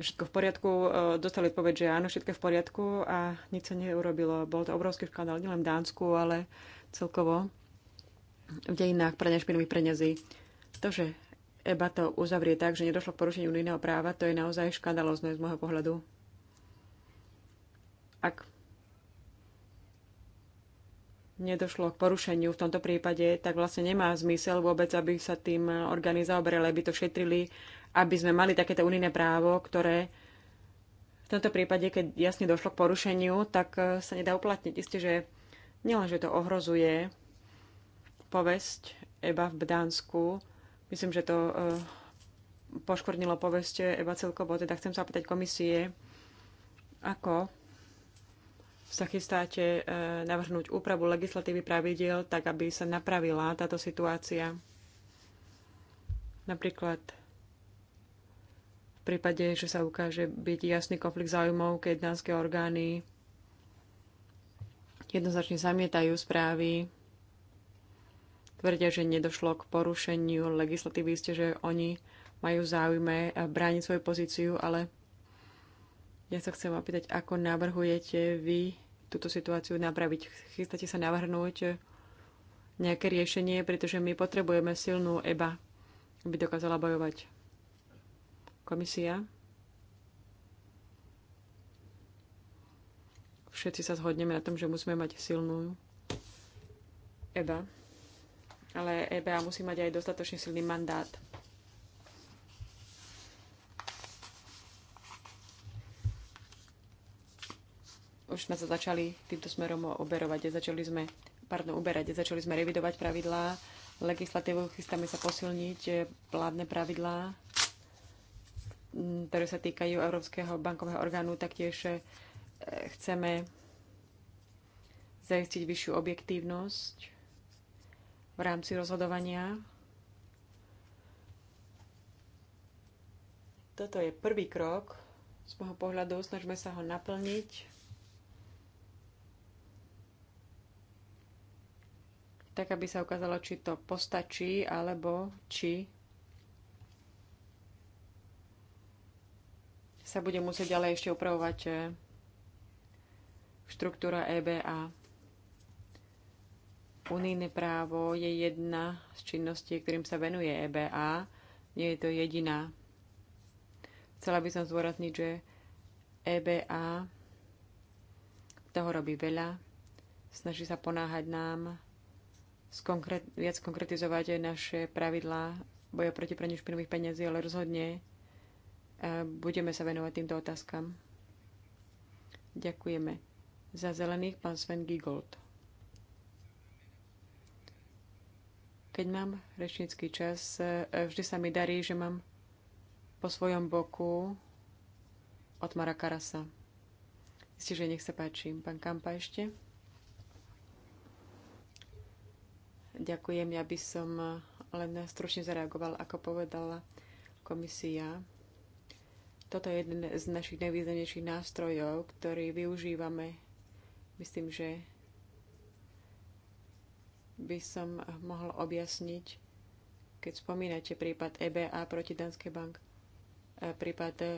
všetko v poriadku, e, dostali odpoveď, že áno, všetko v poriadku a nič sa neurobilo. Bol to obrovský škandál, nielen v Dánsku, ale celkovo v dejinách pre špinových peňazí. To, že EBA to uzavrie tak, že nedošlo k porušeniu unijného práva, to je naozaj škandalozné z môjho pohľadu. Ak nedošlo k porušeniu v tomto prípade, tak vlastne nemá zmysel vôbec, aby sa tým orgány zaoberali, aby to šetrili aby sme mali takéto unijné právo, ktoré v tomto prípade, keď jasne došlo k porušeniu, tak eh, sa nedá uplatniť. Isté, že nielenže to ohrozuje povesť EBA v Bdánsku. myslím, že to eh, poškvrnilo povesť EBA celkovo, teda chcem sa opýtať komisie, ako sa chystáte eh, navrhnúť úpravu legislatívy pravidiel, tak aby sa napravila táto situácia. Napríklad v prípade, že sa ukáže byť jasný konflikt záujmov, keď dánske orgány jednoznačne zamietajú správy, tvrdia, že nedošlo k porušeniu legislatívy, ste, že oni majú záujme a brániť svoju pozíciu, ale ja sa chcem opýtať, ako navrhujete vy túto situáciu napraviť? Chystáte sa navrhnúť nejaké riešenie, pretože my potrebujeme silnú EBA, aby dokázala bojovať Komisia. Všetci sa zhodneme na tom, že musíme mať silnú EBA. Ale EBA musí mať aj dostatočne silný mandát. už sme sa začali týmto smerom oberovať. Začali sme, pardon, uberať. Začali sme revidovať pravidlá, legislatívu, chystáme sa posilniť eh, vládne pravidlá ktoré sa týkajú Európskeho bankového orgánu, taktiež e, chceme zajistiť vyššiu objektívnosť v rámci rozhodovania. Toto je prvý krok z môjho pohľadu, snažme sa ho naplniť. tak aby sa ukázalo, či to postačí, alebo či sa bude musieť ďalej ešte upravovať e, štruktúra EBA. Unijné právo je jedna z činností, ktorým sa venuje EBA. Nie je to jediná. Chcela by som zdôrazniť, že EBA toho robí veľa. Snaží sa ponáhať nám skonkret, viac konkretizovať aj naše pravidlá boja proti praniu špinových peniazí, ale rozhodne budeme sa venovať týmto otázkam. Ďakujeme. Za zelených pán Sven Gigold. Keď mám rečnícky čas, e, vždy sa mi darí, že mám po svojom boku od Mara Karasa. Isté, že nech sa páči. Pán Kampa ešte. Ďakujem, ja by som len stručne zareagoval, ako povedala komisia toto je jeden z našich najvýznamnejších nástrojov, ktorý využívame. Myslím, že by som mohol objasniť, keď spomínate prípad EBA proti Danske Bank. E, prípad e,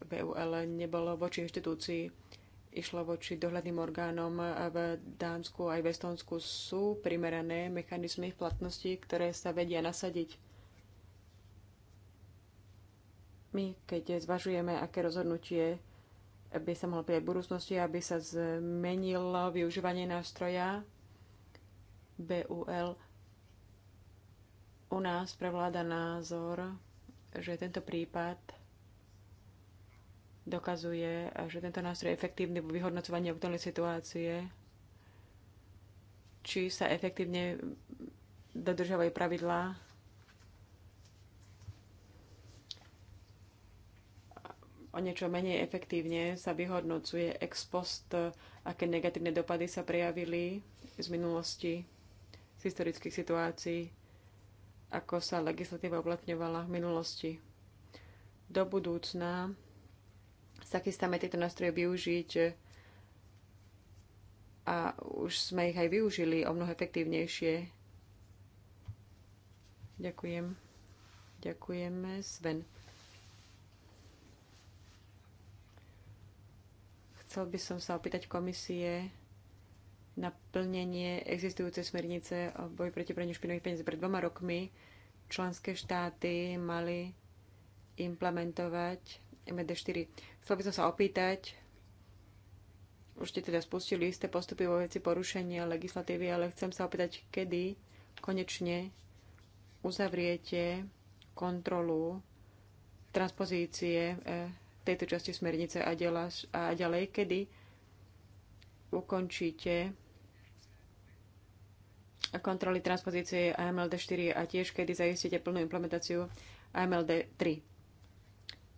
BUL nebolo voči inštitúcii, išlo voči dohľadným orgánom v Dánsku aj v Estonsku. Sú primerané mechanizmy v platnosti, ktoré sa vedia nasadiť My, keď zvažujeme, aké rozhodnutie by sa mohlo prijať v budúcnosti, aby sa zmenilo využívanie nástroja BUL, u nás prevláda názor, že tento prípad dokazuje, že tento nástroj je efektívny v vyhodnocovaní aktuálnej situácie, či sa efektívne dodržiavajú pravidlá o niečo menej efektívne sa vyhodnocuje ex post, aké negatívne dopady sa prejavili z minulosti, z historických situácií, ako sa legislatíva uplatňovala v minulosti. Do budúcna sa chystáme tieto nástroje využiť a už sme ich aj využili o mnoho efektívnejšie. Ďakujem. Ďakujeme, Sven. Chcel by som sa opýtať komisie na plnenie existujúcej smernice o boji proti praniu špinových peniazí. Pred dvoma rokmi členské štáty mali implementovať MD4. Chcel by som sa opýtať, už ste teda spustili isté postupy vo veci porušenia legislatívy, ale chcem sa opýtať, kedy konečne uzavriete kontrolu transpozície eh, tejto časti smernice a, delaš, a ďalej, kedy ukončíte kontroly transpozície AMLD 4 a tiež kedy zaistíte plnú implementáciu AMLD 3.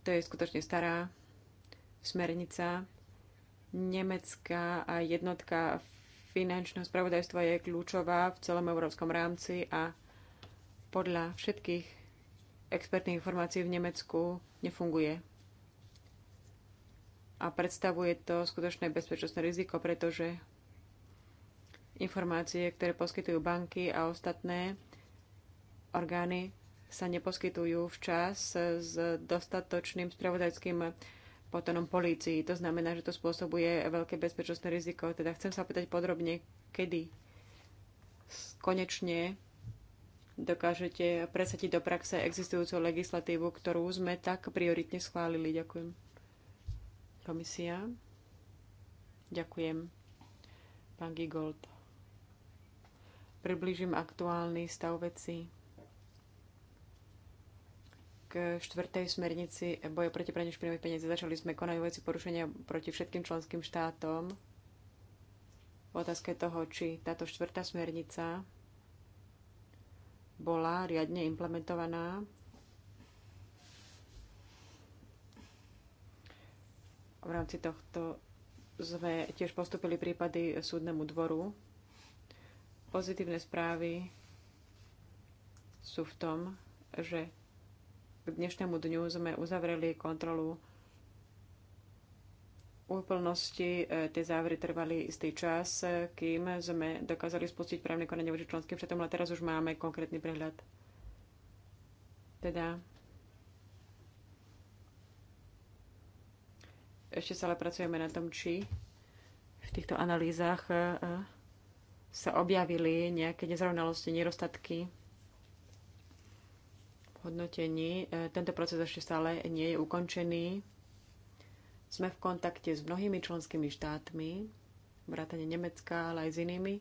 To je skutočne stará smernica. Nemecká jednotka finančného spravodajstva je kľúčová v celom európskom rámci a podľa všetkých expertných informácií v Nemecku nefunguje a predstavuje to skutočné bezpečnostné riziko, pretože informácie, ktoré poskytujú banky a ostatné orgány, sa neposkytujú včas s dostatočným spravodajským potonom polícii. To znamená, že to spôsobuje veľké bezpečnostné riziko. Teda chcem sa opýtať podrobne, kedy konečne dokážete presadiť do praxe existujúcu legislatívu, ktorú sme tak prioritne schválili. Ďakujem. Komisia. Ďakujem, pán Gigold. Priblížim aktuálny stav veci k štvrtej smernici boja proti praniu špinavých peniazí. Začali sme konať veci porušenia proti všetkým členským štátom. V otázke toho, či táto štvrtá smernica bola riadne implementovaná V rámci tohto sme tiež postupili prípady súdnemu dvoru. Pozitívne správy sú v tom, že k dnešnému dňu sme uzavreli kontrolu úplnosti e, tie závery trvali istý čas, e, kým sme dokázali spustiť právne konanie voči členským štátom, ale teraz už máme konkrétny prehľad. Teda Ešte sa ale pracujeme na tom, či v týchto analýzach e, e, sa objavili nejaké nezrovnalosti, nedostatky v hodnotení. E, tento proces ešte stále nie je ukončený. Sme v kontakte s mnohými členskými štátmi, vrátane Nemecka, ale aj s inými,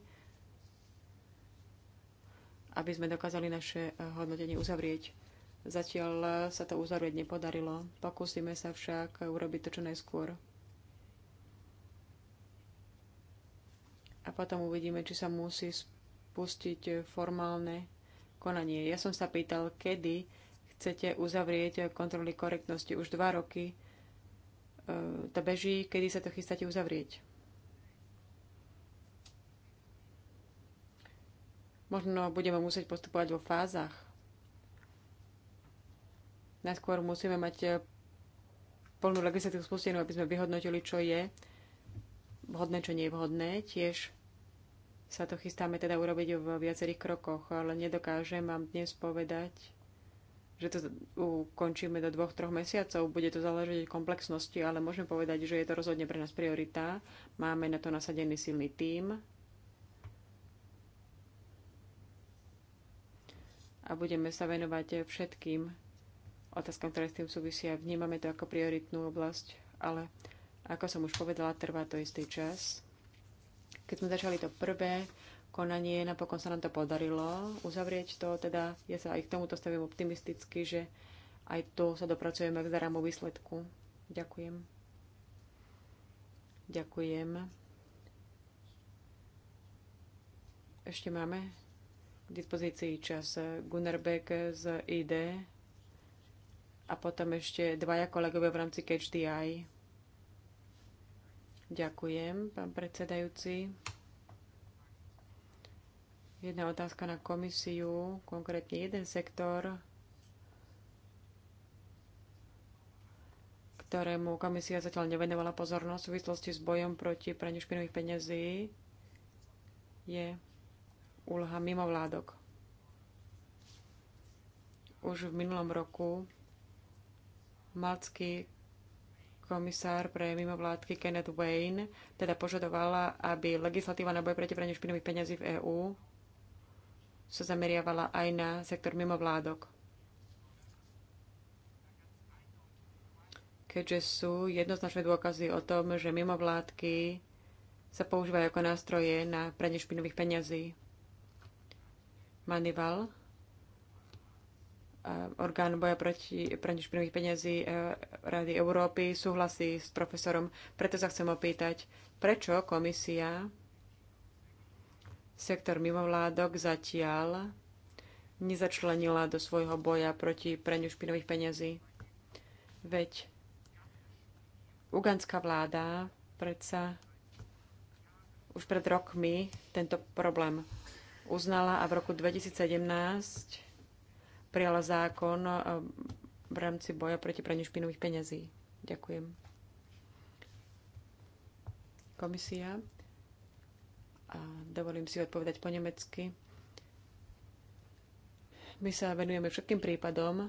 aby sme dokázali naše hodnotenie uzavrieť. Zatiaľ sa to uzavrieť nepodarilo. Pokúsime sa však urobiť to čo najskôr. A potom uvidíme, či sa musí spustiť formálne konanie. Ja som sa pýtal, kedy chcete uzavrieť kontroly korektnosti. Už dva roky e, to beží, kedy sa to chystáte uzavrieť. Možno budeme musieť postupovať vo fázach Najskôr musíme mať e, plnú legislatívu spustenú, aby sme vyhodnotili, čo je vhodné, čo nie je vhodné. Tiež sa to chystáme teda urobiť v viacerých krokoch, ale nedokážem vám dnes povedať, že to ukončíme do dvoch, troch mesiacov. Bude to záležiť od komplexnosti, ale môžem povedať, že je to rozhodne pre nás priorita. Máme na to nasadený silný tím a budeme sa venovať všetkým otázkam, ktoré s tým súvisia. Vnímame to ako prioritnú oblasť, ale ako som už povedala, trvá to istý čas. Keď sme začali to prvé konanie, napokon sa nám to podarilo uzavrieť to, teda ja sa aj k tomuto stavím optimisticky, že aj tu sa dopracujeme k zdarému výsledku. Ďakujem. Ďakujem. Ešte máme k dispozícii čas Gunnar Beck z ID a potom ešte dvaja kolegovia v rámci CatchDI. Ďakujem, pán predsedajúci. Jedna otázka na komisiu, konkrétne jeden sektor, ktorému komisia zatiaľ nevenovala pozornosť v súvislosti s bojom proti praniu špinových peňazí, je úloha mimovládok. Už v minulom roku maltský komisár pre mimovládky Kenneth Wayne teda požadovala, aby legislatíva na boj proti praniu špinových peňazí v EÚ sa zameriavala aj na sektor mimovládok. Keďže sú jednoznačné dôkazy o tom, že mimovládky sa používajú ako nástroje na pranie špinových peňazí. Manival orgán boja proti praní špinavých peniazí e, Rady Európy súhlasí s profesorom. Preto sa chcem opýtať, prečo komisia sektor mimovládok zatiaľ nezačlenila do svojho boja proti praniu špinových peňazí. Veď ugandská vláda predsa už pred rokmi tento problém uznala a v roku 2017 prijala zákon eh, v rámci boja proti praniu špinových peňazí. Ďakujem. Komisia. A dovolím si odpovedať po nemecky. My sa venujeme všetkým prípadom,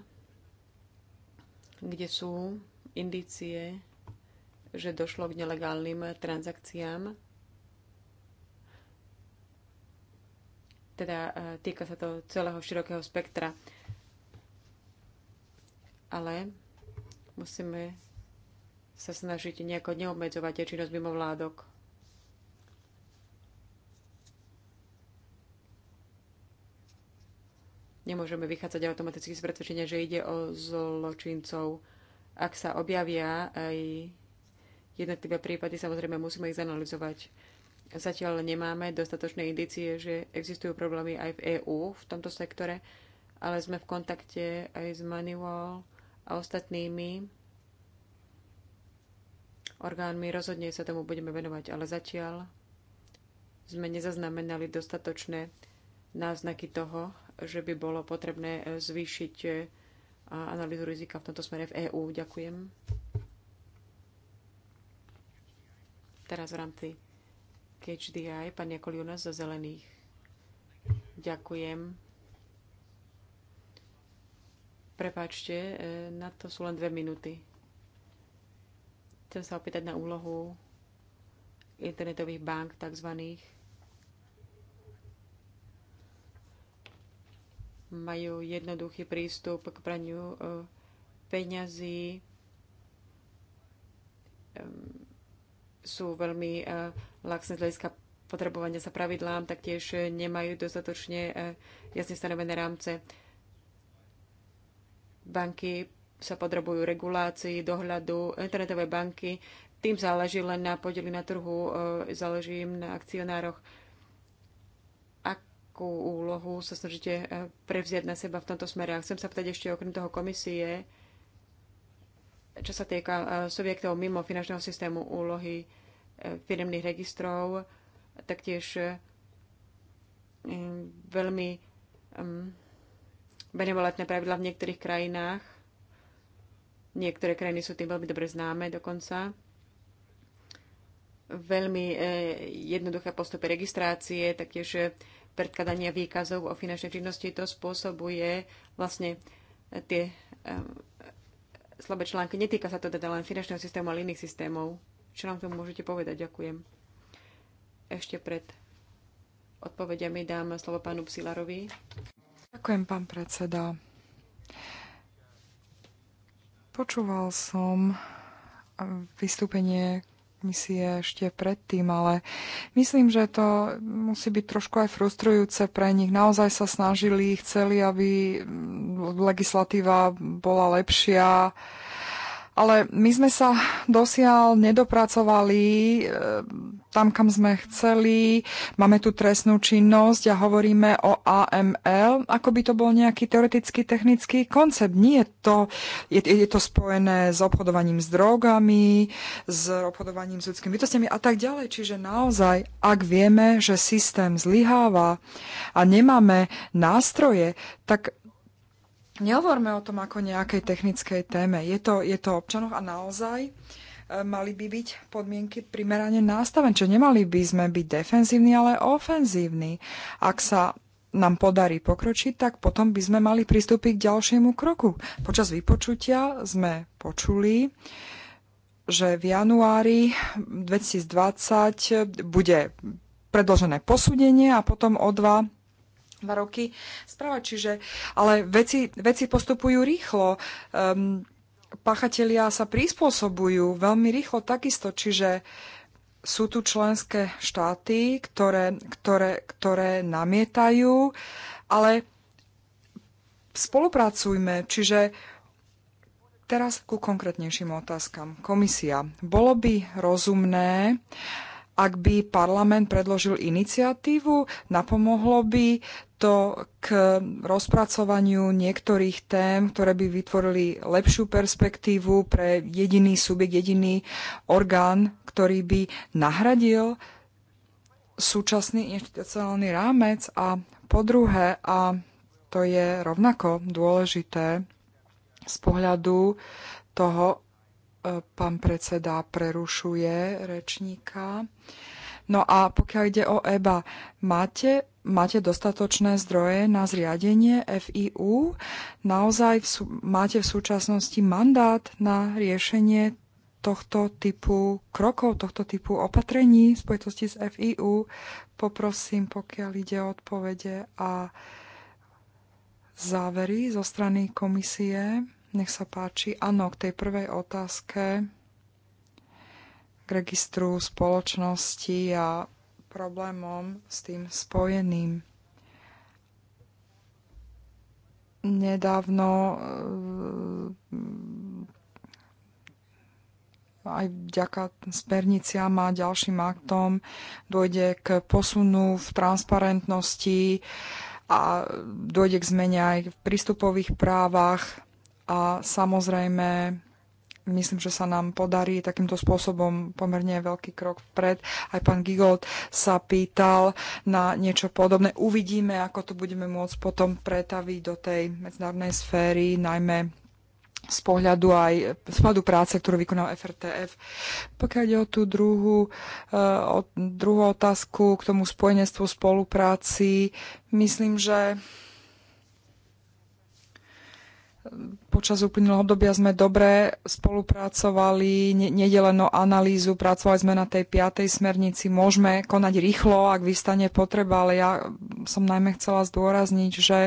kde sú indície, že došlo k nelegálnym transakciám. Teda eh, týka sa to celého širokého spektra ale musíme sa snažiť nejako neobmedzovať činnosť mimo vládok. Nemôžeme vychádzať automaticky z predsvedčenia, že ide o zločincov. Ak sa objavia aj jednotlivé prípady, samozrejme musíme ich zanalizovať. Zatiaľ nemáme dostatočné indície, že existujú problémy aj v EÚ v tomto sektore, ale sme v kontakte aj s Manual a ostatnými orgánmi. Rozhodne sa tomu budeme venovať, ale zatiaľ sme nezaznamenali dostatočné náznaky toho, že by bolo potrebné eh, zvýšiť eh, analýzu rizika v tomto smere v EÚ. Ďakujem. Teraz v rámci KHDI, pani Jakol za zelených. Ďakujem. Prepačte, e, na to sú len dve minúty. Chcem sa opýtať na úlohu internetových bank tzv. Majú jednoduchý prístup k praniu e, peňazí, sú veľmi e, laxné z hľadiska potrebovania sa pravidlám, taktiež nemajú dostatočne jasne stanovené rámce Banky sa podrobujú regulácii, dohľadu, internetové banky. Tým záleží len na podeli na trhu, e, záleží im na akcionároch. Akú úlohu sa snažíte e, prevziať na seba v tomto smere? A chcem sa ptať ešte okrem toho komisie, čo sa týka e, subjektov mimo finančného systému úlohy firmných registrov, taktiež veľmi mm, benevolentné pravidla v niektorých krajinách. Niektoré krajiny sú tým veľmi dobre známe dokonca. Veľmi e, jednoduché postupy registrácie, taktiež e, predkladania výkazov o finančnej činnosti, to spôsobuje vlastne e, tie slabé články. Netýka sa to teda len finančného systému, ale iných systémov. Čo nám tomu môžete povedať? Ďakujem. Ešte pred odpovediami dám slovo pánu Psilarovi. Ďakujem, pán predseda. Počúval som vystúpenie misie ešte predtým, ale myslím, že to musí byť trošku aj frustrujúce pre nich. Naozaj sa snažili, chceli, aby legislatíva bola lepšia, ale my sme sa dosiaľ nedopracovali e, tam, kam sme chceli. Máme tu trestnú činnosť a hovoríme o AML, ako by to bol nejaký teoretický technický koncept. Nie je to, je, je to spojené s obchodovaním s drogami, s obchodovaním s ľudskými bytostiami a tak ďalej. Čiže naozaj, ak vieme, že systém zlyháva a nemáme nástroje, tak Nehovorme o tom ako nejakej technickej téme. Je to, je to občanov a naozaj e, mali by byť podmienky primerane nastavené. Čo nemali by sme byť defenzívni, ale ofenzívni. Ak sa nám podarí pokročiť, tak potom by sme mali pristúpiť k ďalšiemu kroku. Počas vypočutia sme počuli, že v januári 2020 bude predložené posúdenie a potom o dva dva roky správať. Čiže, ale veci, veci postupujú rýchlo. Um, ehm, Pachatelia sa prispôsobujú veľmi rýchlo takisto, čiže sú tu členské štáty, ktoré, ktoré, ktoré namietajú, ale spolupracujme, čiže teraz ku konkrétnejším otázkam. Komisia, bolo by rozumné, ak by parlament predložil iniciatívu, napomohlo by to k rozpracovaniu niektorých tém, ktoré by vytvorili lepšiu perspektívu pre jediný subjekt, jediný orgán, ktorý by nahradil súčasný inštitucionálny rámec a po druhé, a to je rovnako dôležité z pohľadu toho, e, pán predseda prerušuje rečníka, No a pokiaľ ide o EBA, máte, máte dostatočné zdroje na zriadenie FIU? Naozaj v, máte v súčasnosti mandát na riešenie tohto typu krokov, tohto typu opatrení v spojitosti s FIU? Poprosím, pokiaľ ide o odpovede a závery zo strany komisie. Nech sa páči. Áno, k tej prvej otázke k registru spoločnosti a problémom s tým spojeným. Nedávno e, aj vďaka sperniciam a ďalším aktom dôjde k posunu v transparentnosti a dojde k zmene aj v prístupových právach a samozrejme myslím, že sa nám podarí takýmto spôsobom pomerne veľký krok vpred. Aj pán Gigold sa pýtal na niečo podobné. Uvidíme, ako to budeme môcť potom pretaviť do tej medzinárodnej sféry, najmä z pohľadu aj z pohľadu práce, ktorú vykonal FRTF. Pokiaľ ide o tú druhú, e, o druhú otázku k tomu spojenectvu spolupráci, myslím, že počas uplynulého obdobia sme dobre spolupracovali, nedeleno analýzu, pracovali sme na tej piatej smernici, môžeme konať rýchlo, ak vystane potreba, ale ja som najmä chcela zdôrazniť, že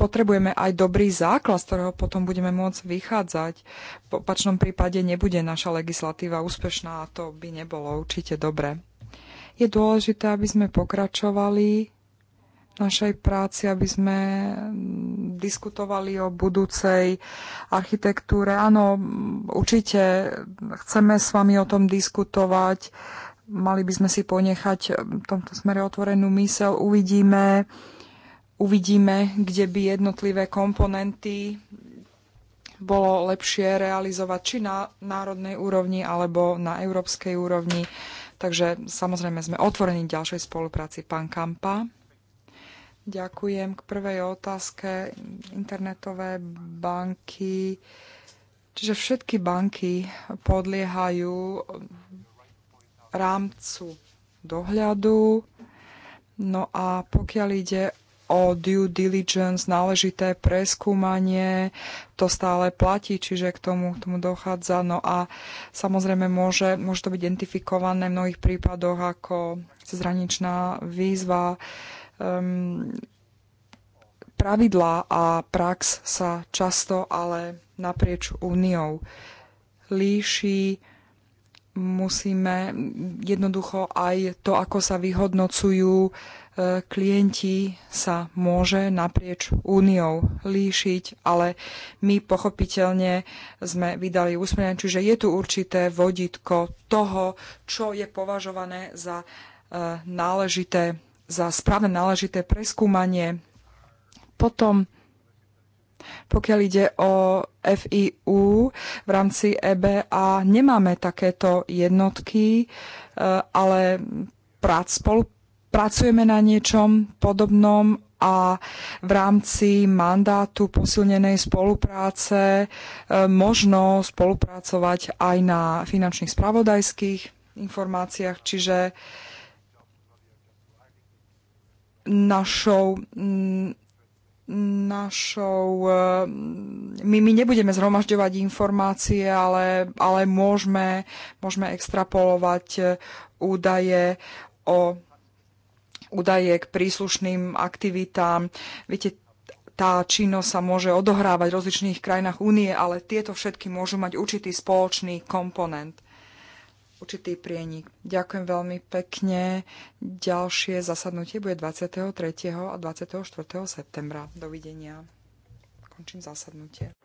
potrebujeme aj dobrý základ, z ktorého potom budeme môcť vychádzať. V opačnom prípade nebude naša legislatíva úspešná a to by nebolo určite dobre. Je dôležité, aby sme pokračovali našej práci, aby sme diskutovali o budúcej architektúre. Áno, určite chceme s vami o tom diskutovať. Mali by sme si ponechať v tomto smere otvorenú mysel. Uvidíme, uvidíme kde by jednotlivé komponenty bolo lepšie realizovať či na národnej úrovni alebo na európskej úrovni. Takže samozrejme sme otvorení ďalšej spolupráci. Pán Kampa. Ďakujem k prvej otázke internetové banky. Čiže všetky banky podliehajú rámcu dohľadu. No a pokiaľ ide o due diligence, náležité preskúmanie, to stále platí, čiže k tomu, k tomu dochádza. No a samozrejme môže, môže to byť identifikované v mnohých prípadoch ako cezhraničná výzva, Um, pravidlá a prax sa často ale naprieč úniou líši. Musíme jednoducho aj to, ako sa vyhodnocujú e, klienti, sa môže naprieč úniou líšiť, ale my pochopiteľne sme vydali úsmenia, čiže je tu určité vodítko toho, čo je považované za e, náležité za správne náležité preskúmanie. Potom, pokiaľ ide o FIU v rámci EBA, nemáme takéto jednotky, e, ale prác, spolu, pracujeme na niečom podobnom a v rámci mandátu posilnenej spolupráce e, možno spolupracovať aj na finančných spravodajských informáciách, čiže uh, našou mm, našou... E, my, my nebudeme zhromažďovať informácie, ale, ale môžeme, môžeme extrapolovať e, údaje o údaje k príslušným aktivitám. Viete, tá činnosť sa môže odohrávať v rozličných krajinách únie, ale tieto všetky môžu mať určitý spoločný komponent určitý prienik. Ďakujem veľmi pekne. Ďalšie zasadnutie bude 23. a 24. septembra. Dovidenia. Končím zasadnutie.